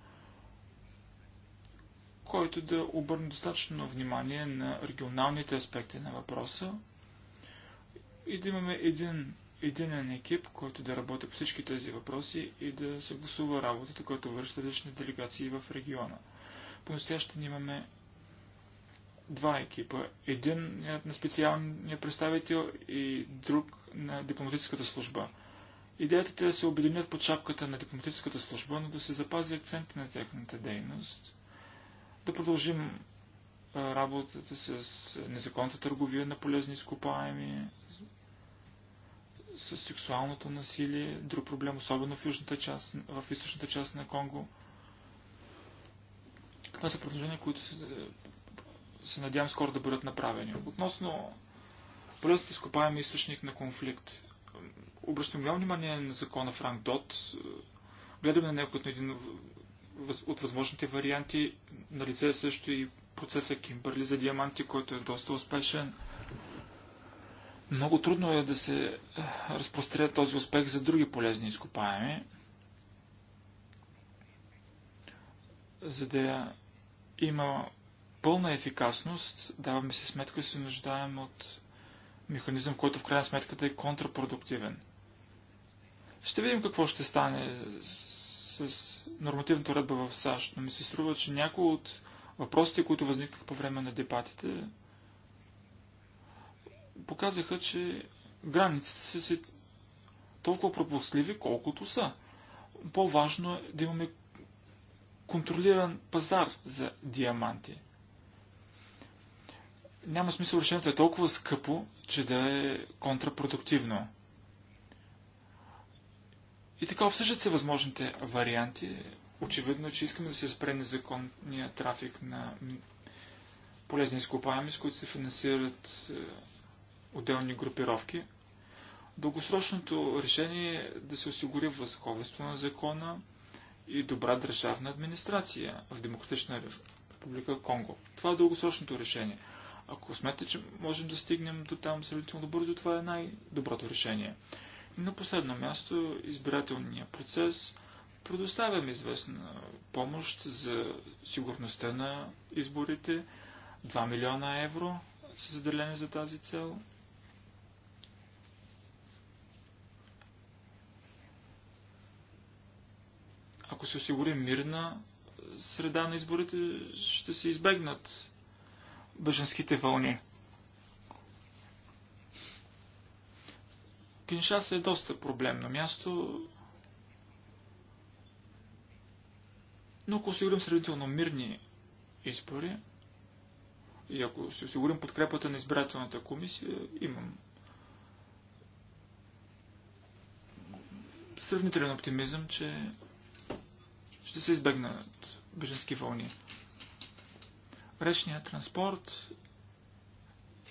който да обърне достатъчно внимание на регионалните аспекти на въпроса и да имаме един единен екип, който да работи по всички тези въпроси и да съгласува работата, която върши различни делегации в региона. По-настоящен имаме два екипа. Един на специалния представител и друг на дипломатическата служба. Идеята е да се объединят под шапката на дипломатическата служба, но да се запази акцент на тяхната дейност. Да продължим работата с незаконната търговия на полезни изкопаеми, с сексуалното насилие, друг проблем, особено в, южната част, в източната част на Конго. Това са предложения, които се, се надявам скоро да бъдат направени. Относно пръст изкопаем източник на конфликт. Обръщам голямо внимание на закона Франк Дот. Гледаме на някой от един от възможните варианти. На лице е също и процеса Кимбърли за диаманти, който е доста успешен. Много трудно е да се е, разпростре този успех за други полезни изкопаеми, за да има пълна ефикасност, даваме си сметка, и се нуждаем от механизъм, който в крайна сметка да е контрапродуктивен. Ще видим какво ще стане с, с нормативната редба в САЩ, но ми се струва, че някои от въпросите, които възникнаха по време на дебатите, показаха, че границите са си толкова пропускливи, колкото са. По-важно е да имаме контролиран пазар за диаманти. Няма смисъл решението е толкова скъпо, че да е контрапродуктивно. И така обсъждат се възможните варианти. Очевидно, е, че искаме да се спре незаконния трафик на полезни изкопаеми, с които се финансират е, отделни групировки. Дългосрочното решение е да се осигури възховество на закона и добра държавна администрация в Демократична република Конго. Това е дългосрочното решение. Ако смятате, че можем да стигнем до там сравнително бързо, това е най-доброто решение. И на последно място, избирателният процес предоставям известна помощ за сигурността на изборите. 2 милиона евро са заделени за тази цел. Ако се осигури мирна среда на изборите, ще се избегнат бъженските вълни. Киншаса е доста проблемно място, но ако осигурим сравнително мирни избори и ако се осигурим подкрепата на избирателната комисия, имам сравнителен оптимизъм, че ще се избегнат беженски вълни. Речният транспорт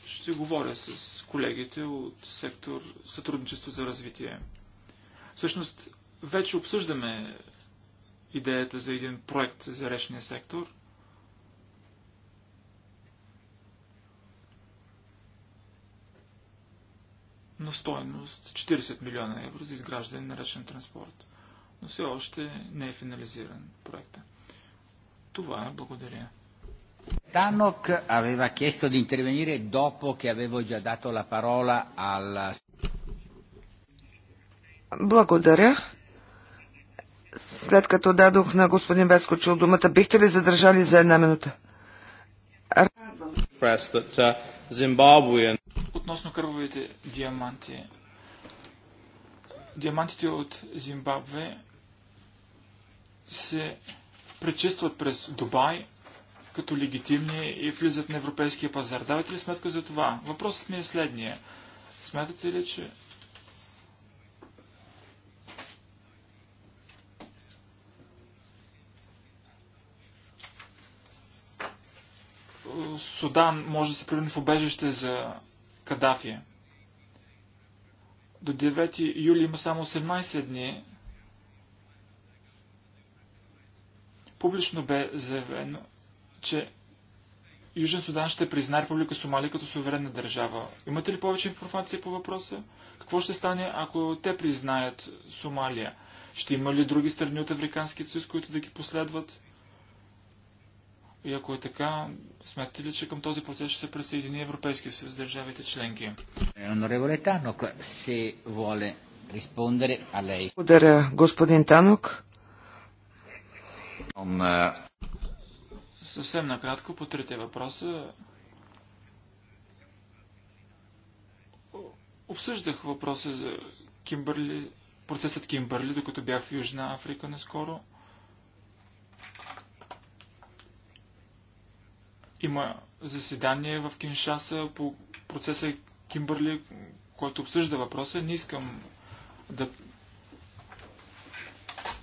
ще говоря с колегите от сектор Сътрудничество за развитие. Всъщност, вече обсъждаме идеята за един проект за речния сектор. на стоеност 40 милиона евро за изграждане на речен транспорт но все още не е финализиран проекта. Това е. Благодаря. Танок aveva chiesto di intervenire dopo che avevo già dato la parola al... Благодаря. След като дадох на господин Бескочил думата, бихте ли задържали за една минута? Uh, Относно кървовите диаманти. Диамантите от Зимбабве се пречистват през Дубай като легитимни и влизат на европейския пазар. Давате ли сметка за това? Въпросът ми е следния. Смятате ли, че Судан може да се превърне в обежище за Кадафи. До 9 юли има само 18 дни Публично бе заявено, че Южен Судан ще признае Република Сомалия като суверенна държава. Имате ли повече информация по въпроса? Какво ще стане, ако те признаят Сомалия? Ще има ли други страни от Африканския съюз, които да ги последват? И ако е така, смятате ли, че към този процес ще се присъедини Европейския съюз държавите членки? Благодаря, господин Танок. Е, Съвсем накратко по третия въпроса. Е, обсъждах въпроса за Кимбърли, процесът Кимбърли, докато бях в Южна Африка наскоро. Има заседание в Киншаса по процеса Кимбърли, който обсъжда въпроса. Не искам да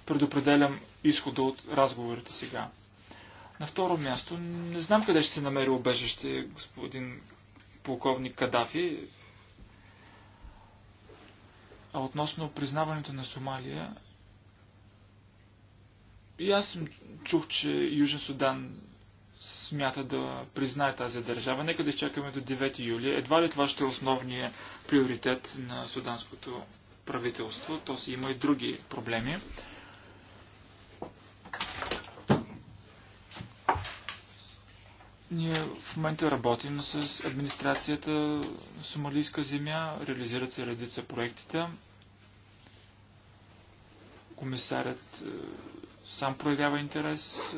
предопределям изхода от разговорите сега. На второ място, не знам къде ще се намери обежище господин полковник Кадафи. А относно признаването на Сомалия, и аз чух, че Южен Судан смята да признае тази държава. Нека да изчакаме до 9 юли. Едва ли това ще е основният приоритет на суданското правителство? То си има и други проблеми. Ние в момента работим с администрацията Сомалийска земя, реализират се редица проектите. Комисарят е, сам проявява интерес е,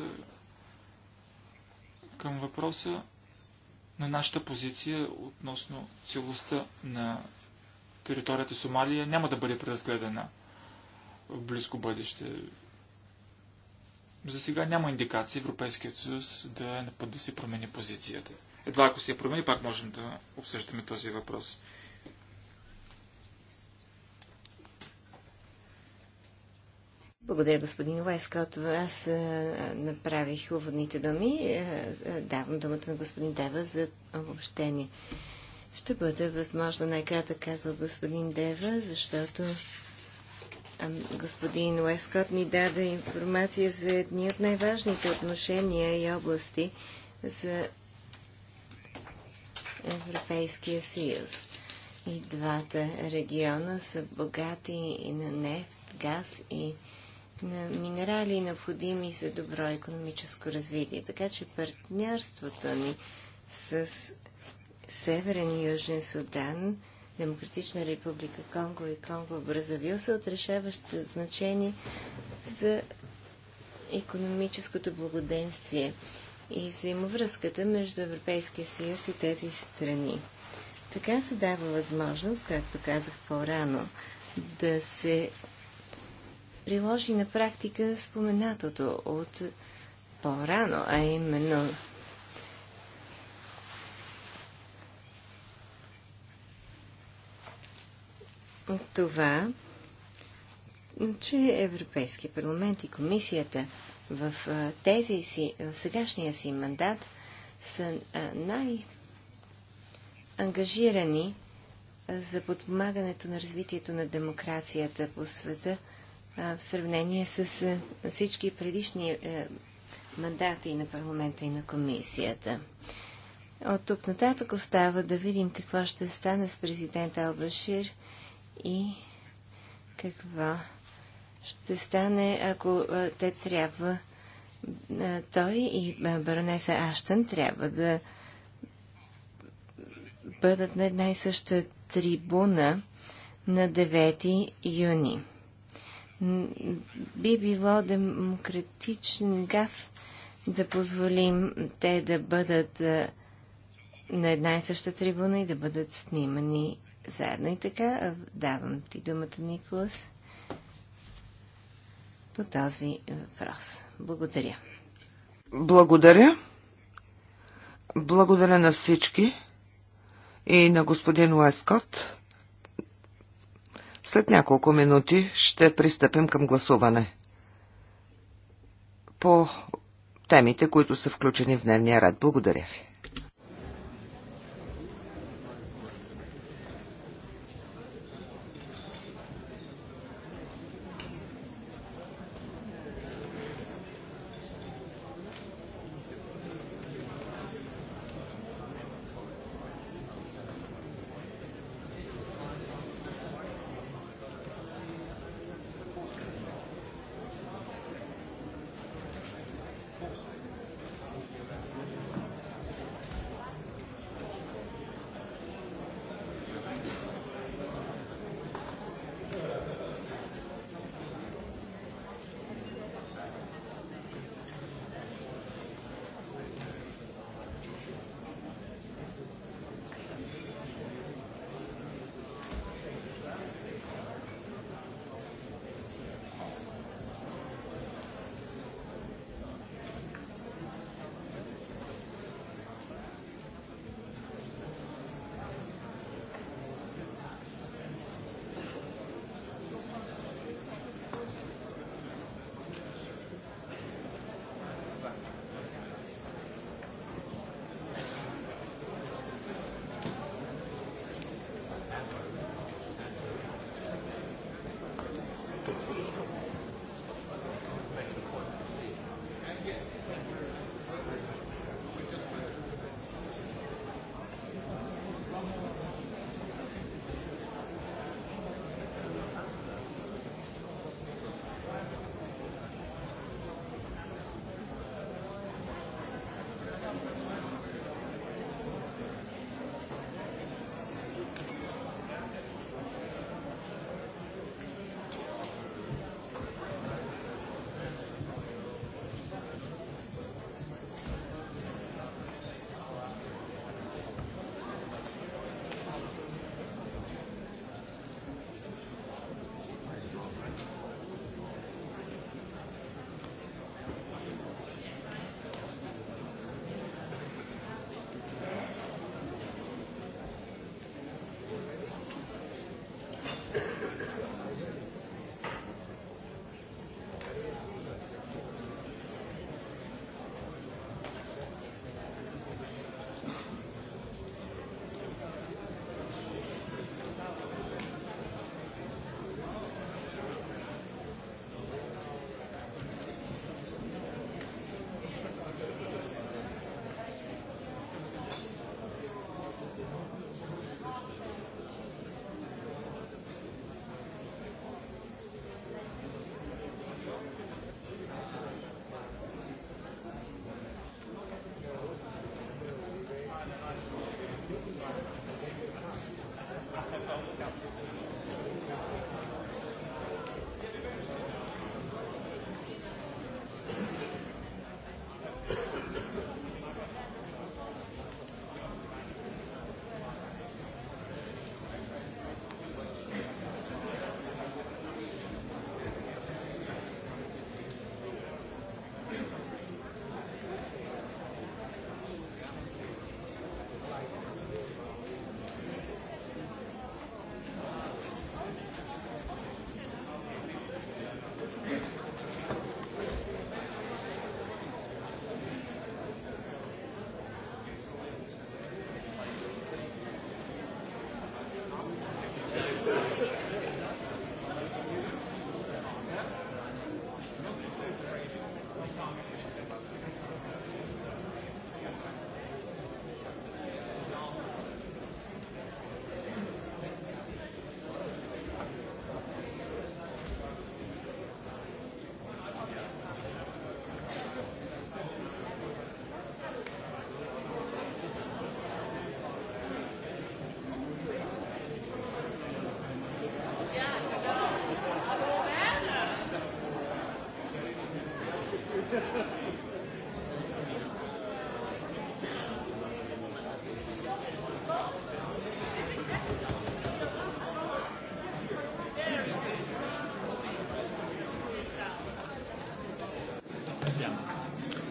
към въпроса на нашата позиция относно целостта на територията Сомалия няма да бъде преразгледана в близко бъдеще за сега няма индикации Европейският съюз да е на път да си промени позицията. Едва ако си я промени, пак можем да обсъждаме този въпрос. Благодаря, господин Вайскот. Аз направих уводните думи. давам думата на господин Дева за обобщение. Ще бъде възможно най-кратък, казва господин Дева, защото господин Уескот ни даде информация за едни от най-важните отношения и области за Европейския съюз. И двата региона са богати и на нефт, газ и на минерали, необходими за добро економическо развитие. Така че партньорството ни с Северен и Южен Судан – Демократична република Конго и Конго Бразавил са от решаващо значение за економическото благоденствие и взаимовръзката между Европейския съюз и тези страни. Така се дава възможност, както казах по-рано, да се приложи на практика споменатото от по-рано, а именно от това, че Европейския парламент и комисията в тези си, в сегашния си мандат са най-ангажирани за подпомагането на развитието на демокрацията по света в сравнение с всички предишни мандати на парламента и на комисията. От тук нататък остава да видим какво ще стане с президента Албашир и какво ще стане, ако те трябва, той и баронеса Аштън трябва да бъдат на една и съща трибуна на 9 юни. Би било демократичен гаф да позволим те да бъдат на една и съща трибуна и да бъдат снимани заедно и така. Давам ти думата, Николас, по този въпрос. Благодаря. Благодаря. Благодаря на всички и на господин Уескот. След няколко минути ще пристъпим към гласуване по темите, които са включени в дневния ред. Благодаря ви.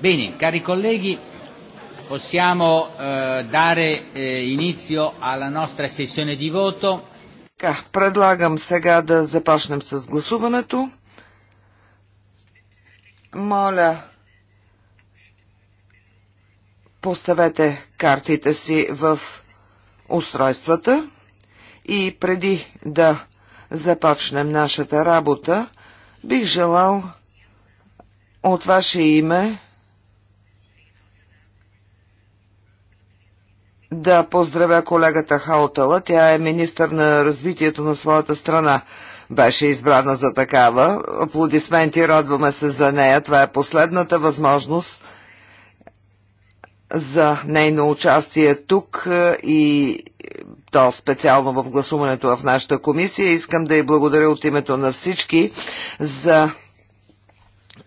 Bene, cari colleghi, possiamo eh, dare eh, inizio alla nostra sessione di voto. Така, предлагам сега да започнем с гласуването. Моля, поставете картите си в устройствата и преди да започнем нашата работа, бих желал от ваше име да поздравя колегата Хаутала. Тя е министър на развитието на своята страна. Беше избрана за такава. Аплодисменти, радваме се за нея. Това е последната възможност за нейно участие тук е, и то специално в гласуването в нашата комисия. Искам да й благодаря от името на всички за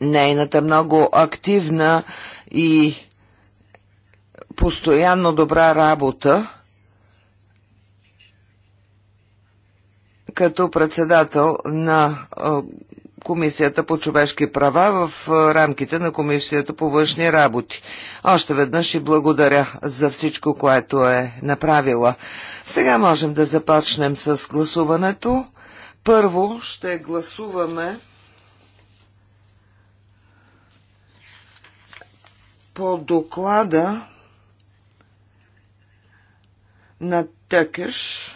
нейната много активна и постоянно добра работа като председател на Комисията по човешки права в рамките на Комисията по външни работи. Още веднъж и благодаря за всичко, което е направила. Сега можем да започнем с гласуването. Първо ще гласуваме по доклада на Тъкеш.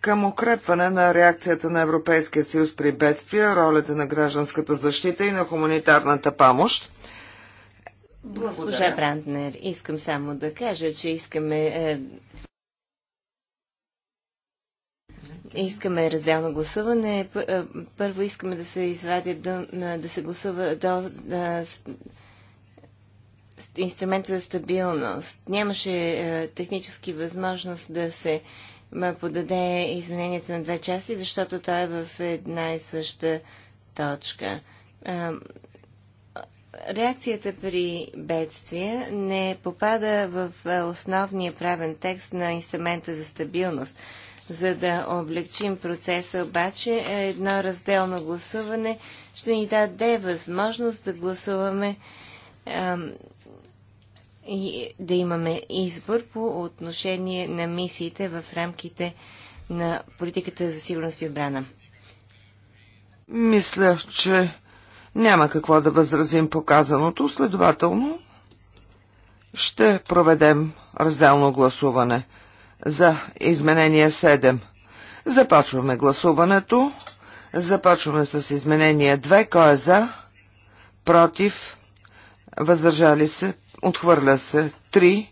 към укрепване на реакцията на Европейския съюз при бедствия, ролята на гражданската защита и на хуманитарната помощ. Благодаря. Госпожа Бранднер, искам само да кажа, че искаме е, искаме разделно гласуване. Първо искаме да се извади до, да се гласува до да, инструмента за стабилност. Нямаше технически възможност да се подаде изменението на две части, защото той е в една и съща точка. реакцията при бедствия не попада в основния правен текст на инструмента за стабилност. За да облегчим процеса обаче, е едно разделно гласуване ще ни даде възможност да гласуваме ам, и да имаме избор по отношение на мисиите в рамките на политиката за сигурност и отбрана. Мисля, че няма какво да възразим показаното, следователно ще проведем разделно гласуване за изменение 7. Започваме гласуването. Започваме с изменение 2. Кой е за? Против? Въздържали се? Отхвърля се. 3.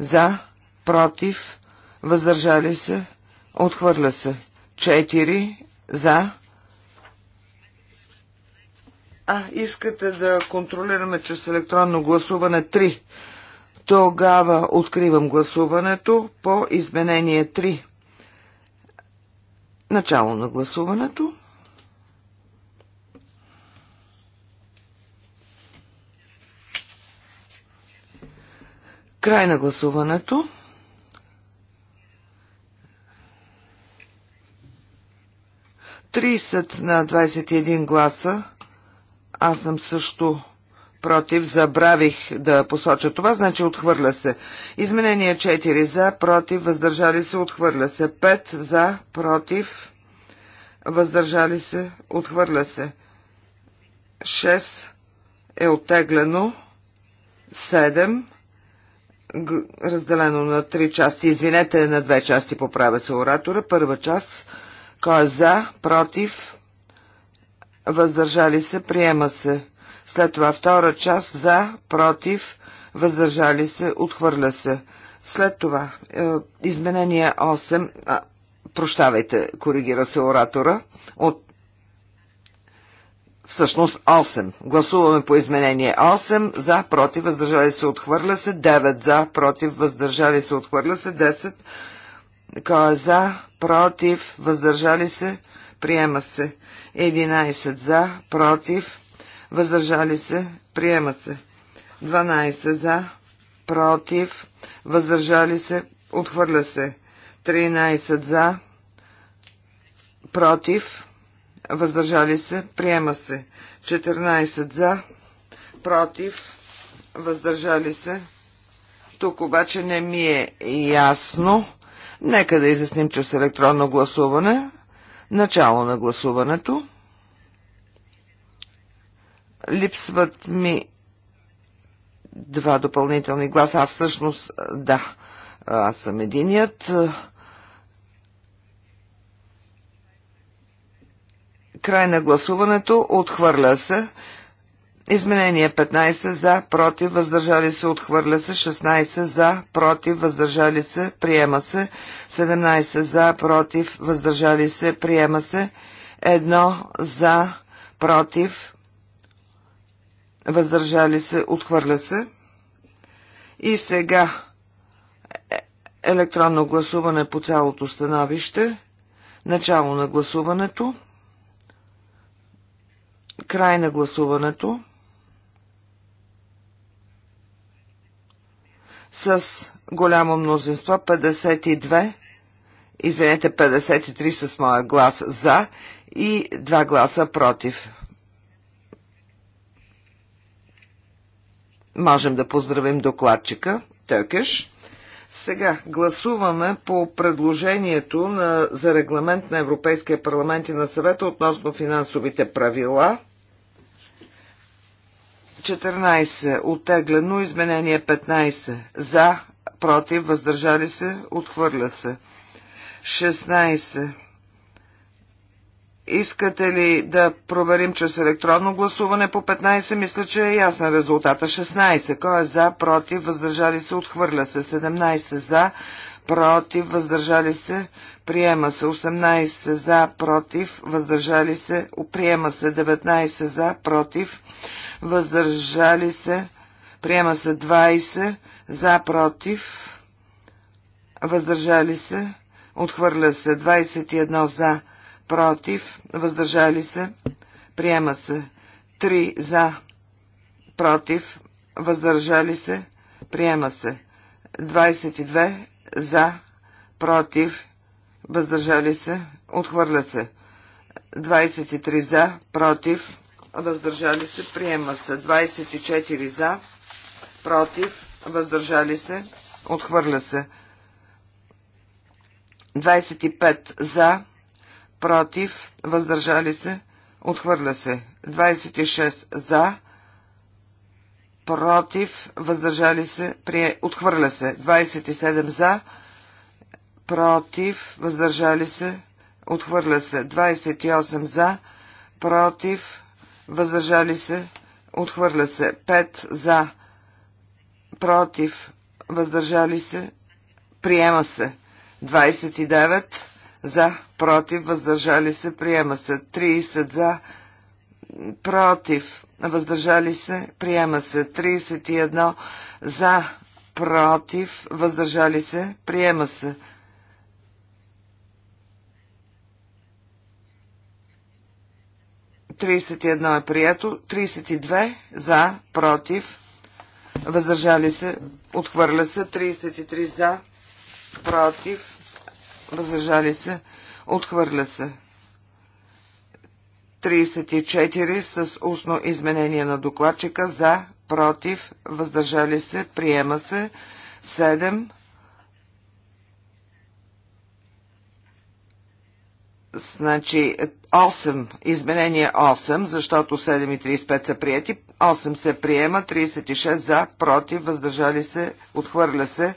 За? Против? Въздържали се? Отхвърля се. 4. За? А, искате да контролираме чрез електронно гласуване 3. Тогава откривам гласуването по изменение 3. Начало на гласуването. Край на гласуването. Трисът на 21 гласа. Аз съм също против, забравих да посоча това, значи отхвърля се. Изменение 4 за, против, въздържали се, отхвърля се. 5 за, против, въздържали се, отхвърля се. 6 е оттеглено. 7 разделено на 3 части. Извинете, на две части поправя се оратора. Първа част, кой е за, против, въздържали се, приема се. След това втора част за, против, въздържали се, отхвърля се. След това е, изменение 8, а, прощавайте, коригира се оратора, от всъщност 8. Гласуваме по изменение 8, за, против, въздържали се, отхвърля се, 9 за, против, въздържали се, отхвърля се, 10 кой е за, против, въздържали се, приема се. 11 за, против, въздържали се, приема се. 12 за, против, въздържали се, отхвърля се. 13 за, против, въздържали се, приема се. 14 за, против, въздържали се. Тук обаче не ми е ясно. Нека да изясним, че с електронно гласуване. Начало на гласуването. Липсват ми два допълнителни гласа, а всъщност да, аз съм единият. Край на гласуването, отхвърля се. Изменение 15 за, против, въздържали се, отхвърля се, 16 за, против, въздържали се, приема се, 17 за, против, въздържали се, приема се, 1 за, против, въздържали се, отхвърля се. И сега е, електронно гласуване по цялото становище, начало на гласуването, край на гласуването, с голямо мнозинство 52, извинете 53 с моя глас за и 2 гласа против. Можем да поздравим докладчика Тъкеш. Сега гласуваме по предложението на, за регламент на Европейския парламент и на съвета относно финансовите правила. 14. Оттеглено. Изменение 15. За. Против. Въздържали се. Отхвърля се. 16. Искате ли да проверим чрез електронно гласуване по 15? Мисля, че е ясен резултата. 16. Кой е за, против, въздържали се, отхвърля се. 17 за, против, въздържали се, приема се. 18 за, против, въздържали се, приема се. 19 за, против, въздържали се, приема се. 20 за, против, въздържали се, отхвърля се. 21 за, против против, въздържали се, приема се. 3 за, против, въздържали се, приема се. 22 за, против, въздържали се, отхвърля се. 23 за, против, въздържали се, приема се. 24 за, против, въздържали се, отхвърля се. 25 за, против, въздържали се, отхвърля се. 26 за, против, въздържали се, прие, отхвърля се. 27 за, против, въздържали се, отхвърля се. 28 за, против, въздържали се, отхвърля се. 5 за, против, въздържали се, приема се. 29 за, против, въздържали се, приема се. 30 за, против, въздържали се, приема се. 31 за, против, въздържали се, приема се. Тридесет едно е прието, 32 за, против, въздържали се, отхвърля се, 33 за, против, въздържали се, отхвърля се. 34 с устно изменение на докладчика за, против, въздържали се, приема се. 7 Значи 8, изменение 8, защото 7 и 35 са прияти, 8 се приема, 36 за, против, въздържали се, отхвърля се,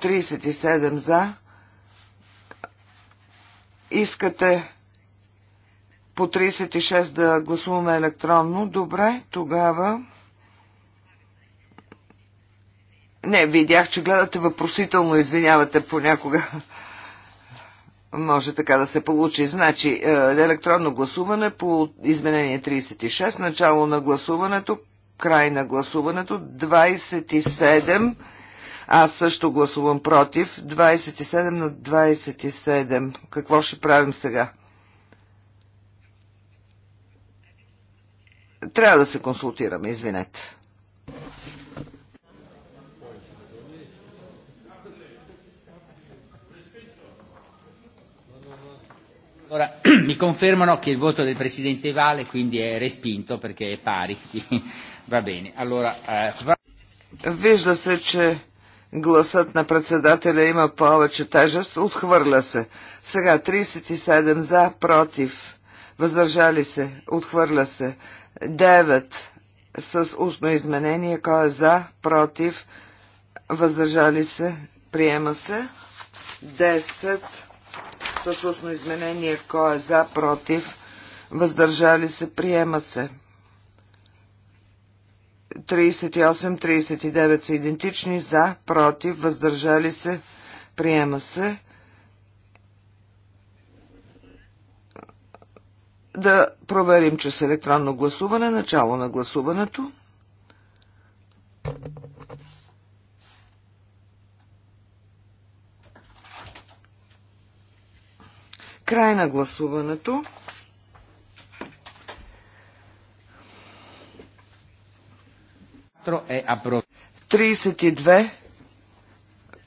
37 за, Искате по 36 да гласуваме електронно. Добре, тогава. Не, видях, че гледате въпросително, извинявате понякога. [laughs] Може така да се получи. Значи, е, електронно гласуване по изменение 36, начало на гласуването, край на гласуването, 27 аз също гласувам против. 27 на 27. Какво ще правим сега? Трябва да се консултираме, извинете. Ora mi confermano che il voto del Presidente vale, quindi è respinto perché è pari. Va bene. Allora, eh... Вижда се, че гласът на председателя има повече тежест, отхвърля се. Сега 37 за, против, въздържали се, отхвърля се. 9 с устно изменение, кой е за, против, въздържали се, приема се. 10 с устно изменение, кой е за, против, въздържали се, приема се. 38-39 са идентични, за, против, въздържали се, приема се. Да проверим, че с електронно гласуване, начало на гласуването. Край на гласуването. 32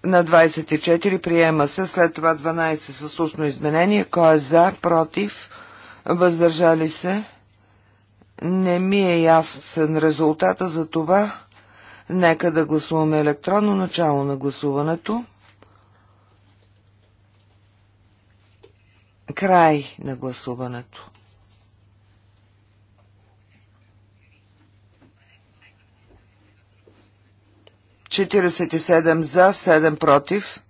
на 24 приема се, след това 12 с устно изменение. Кой е за, против, въздържали се? Не ми е ясен резултата за това. Нека да гласуваме електронно начало на гласуването. Край на гласуването. 47 за, 7 против.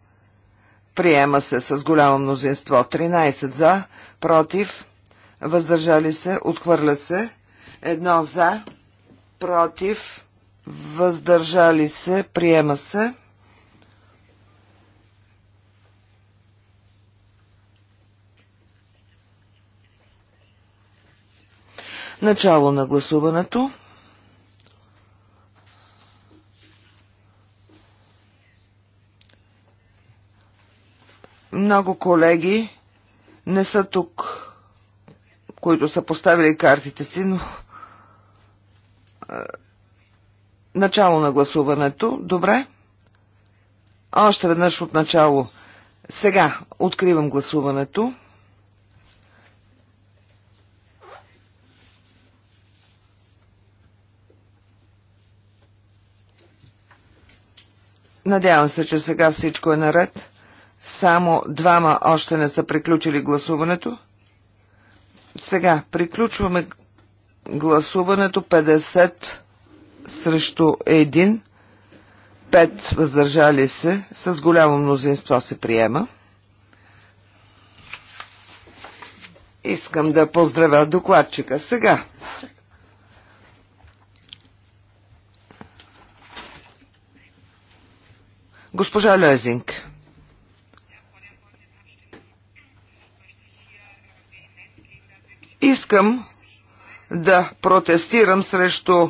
Приема се с голямо мнозинство. 13 за, против. Въздържали се, отхвърля се. Едно за, против. Въздържали се, приема се. Начало на гласуването. Много колеги не са тук, които са поставили картите си, но начало на гласуването. Добре. Още веднъж от начало. Сега откривам гласуването. Надявам се, че сега всичко е наред. Само двама още не са приключили гласуването. Сега приключваме гласуването 50 срещу 1, 5 въздържали се, с голямо мнозинство се приема. Искам да поздравя докладчика сега. Госпожа Лезинг. Искам да протестирам срещу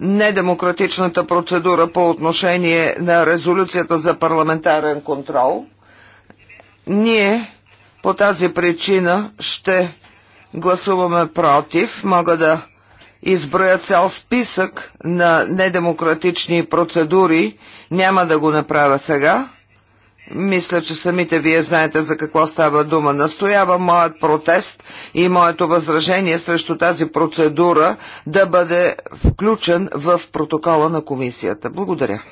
недемократичната процедура по отношение на резолюцията за парламентарен контрол. Ние по тази причина ще гласуваме против. Мога да изброя цял списък на недемократични процедури. Няма да го направя сега. Мисля, че самите вие знаете за какво става дума. Настоява моят протест и моето възражение срещу тази процедура да бъде включен в протокола на комисията. Благодаря.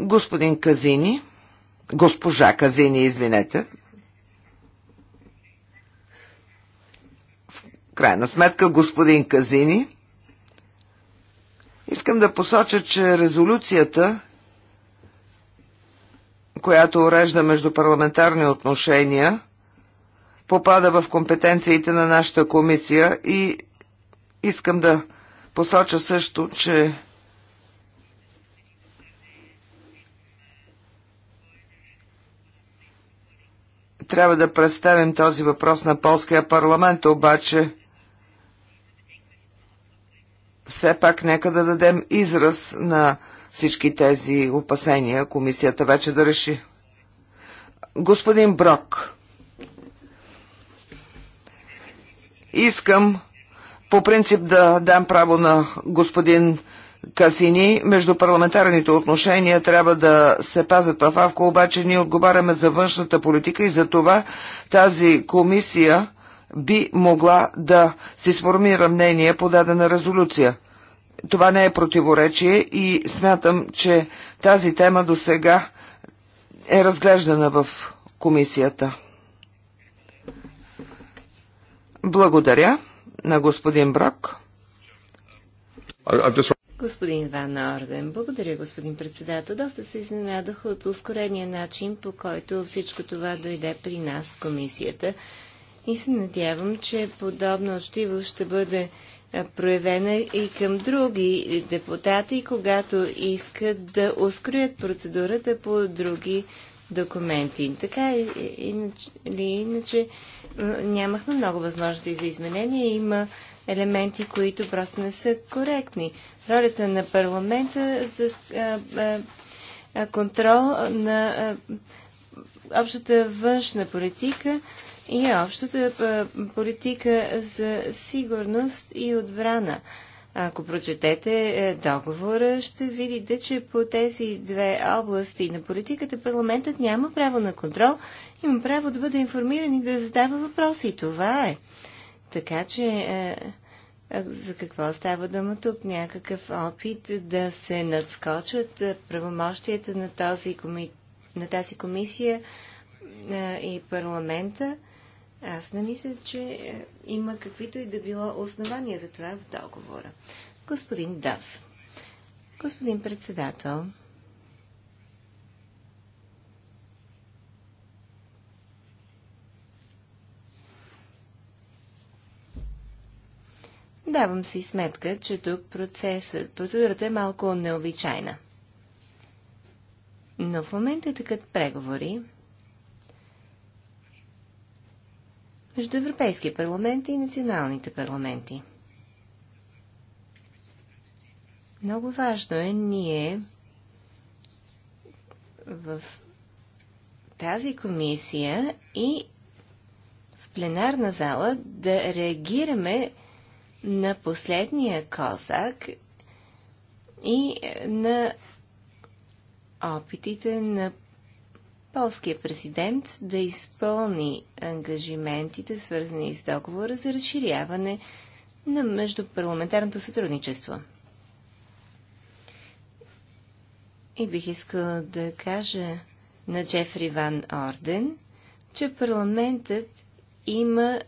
Господин Казини, госпожа Казини, извинете. В крайна сметка, господин Казини, искам да посоча, че резолюцията която урежда междупарламентарни отношения, попада в компетенциите на нашата комисия и искам да посоча също, че трябва да представим този въпрос на полския парламент, обаче все пак нека да дадем израз на всички тези опасения комисията вече да реши. Господин Брок, искам по принцип да дам право на господин Касини. Междупарламентарните отношения трябва да се пазят в Авко, обаче ние отговаряме за външната политика и за това тази комисия би могла да си сформира мнение по дадена резолюция това не е противоречие и смятам, че тази тема до сега е разглеждана в комисията. Благодаря на господин Брак. Господин Ван Орден, благодаря, господин председател. Доста се изненадах от ускорения начин, по който всичко това дойде при нас в комисията. И се надявам, че подобно щиво ще бъде е, проявена и към други депутати, когато искат да ускорят процедурата по други документи. Така е, е, иначе, или иначе нямахме много възможности за изменения. Има елементи, които просто не са коректни. Ролята на парламента за контрол на общата външна политика и общата политика за сигурност и отбрана. Ако прочетете е, договора, ще видите, че по тези две области на политиката парламентът няма право на контрол, има право да бъде информиран и да задава въпроси. И това е. Така че е, е, за какво става дума тук? Някакъв опит да се надскочат правомощията на, този на тази комисия и парламента – аз не мисля, че е, има каквито и да било основания за това в договора. Господин Дав. Господин председател, Давам си сметка, че тук процесът, процедурата е малко необичайна. Но в момента такът преговори между Европейския парламент и националните парламенти. Много важно е ние в тази комисия и в пленарна зала да реагираме на последния козак и на опитите на полския президент да изпълни ангажиментите, свързани с договора за разширяване на междупарламентарното сътрудничество. И бих искала да кажа на Джефри Ван Орден, че парламентът има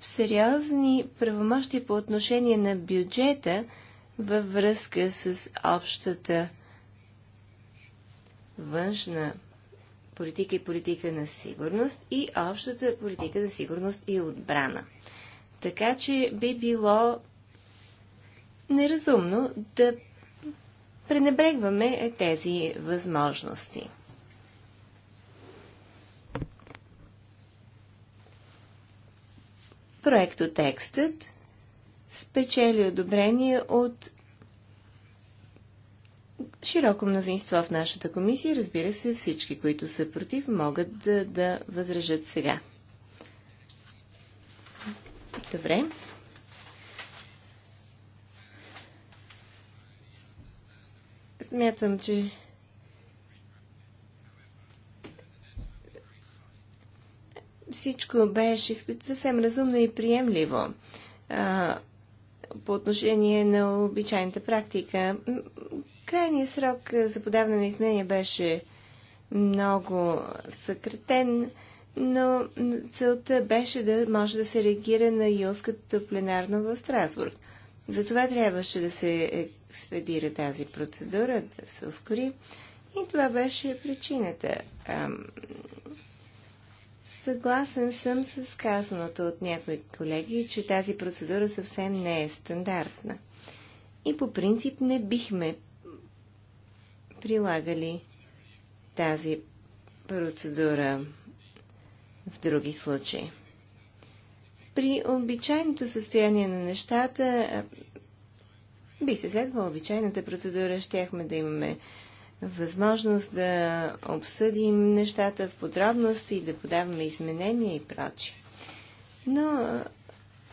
сериозни правомощи по отношение на бюджета във връзка с общата външна политика и политика на сигурност и общата политика на сигурност и отбрана. Така че би било неразумно да пренебрегваме тези възможности. Проектотекстът спечели одобрение от широко мнозинство в нашата комисия. Разбира се, всички, които са против, могат да, да възражат сега. Добре. Смятам, че всичко беше съвсем разумно и приемливо по отношение на обичайната практика. Крайният срок е, за подаване на изменения беше много съкратен, но целта беше да може да се реагира на юлската пленарно в Страсбург. Затова трябваше да се експедира тази процедура, да се ускори. И това беше причината. Ам... Съгласен съм с казаното от някои колеги, че тази процедура съвсем не е стандартна. И по принцип не бихме прилагали тази процедура в други случаи. При обичайното състояние на нещата би се следвала обичайната процедура. Щяхме да имаме възможност да обсъдим нещата в подробности, да подаваме изменения и прочи. Но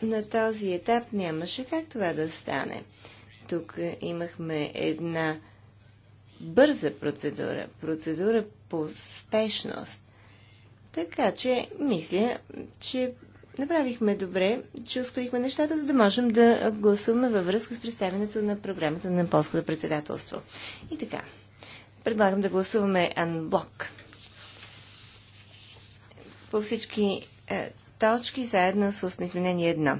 на този етап нямаше как това да стане. Тук имахме една бърза процедура, процедура по спешност. Така че, мисля, че направихме добре, че ускорихме нещата, за да можем да гласуваме във връзка с представянето на програмата на полското председателство. И така, предлагам да гласуваме анблок. По всички е, точки, заедно с устно изменение 1.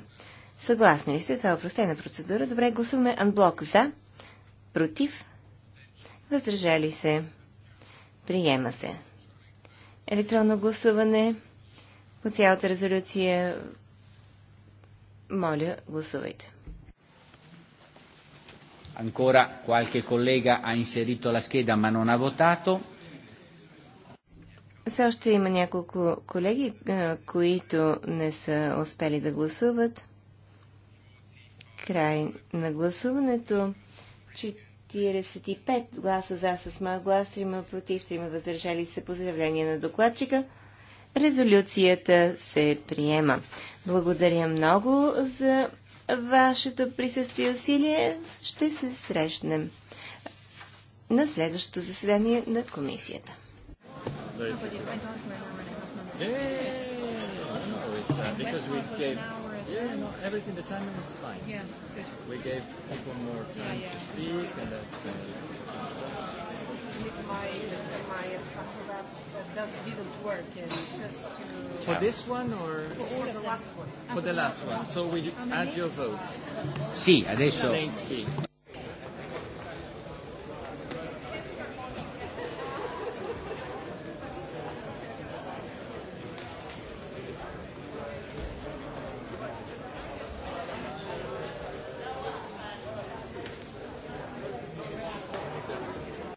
Съгласни ли сте? Това е упростена процедура. Добре, гласуваме анблок за, против, Въздържали се. Приема се. Електронно гласуване по цялата резолюция. Моля, гласувайте. Ancora qualche collega ha inserito la scheda ma non ha votato. Все още има няколко колеги, които не са успели да гласуват. Край на гласуването. 45 гласа за с мал глас, 3 против, 3 въздържали се. Поздравления на докладчика. Резолюцията се приема. Благодаря много за вашето присъствие и усилие. Ще се срещнем на следващото заседание на комисията. Hey! yeah, yeah. No, it's, uh, because we gave yeah, no, everything, the timing was fine. Yeah, good. We gave people more time yeah, yeah. to speak and that. Uh, my my acrobat that didn't work and just to for this one or for the last one for the last one so we add your vote sí, adesso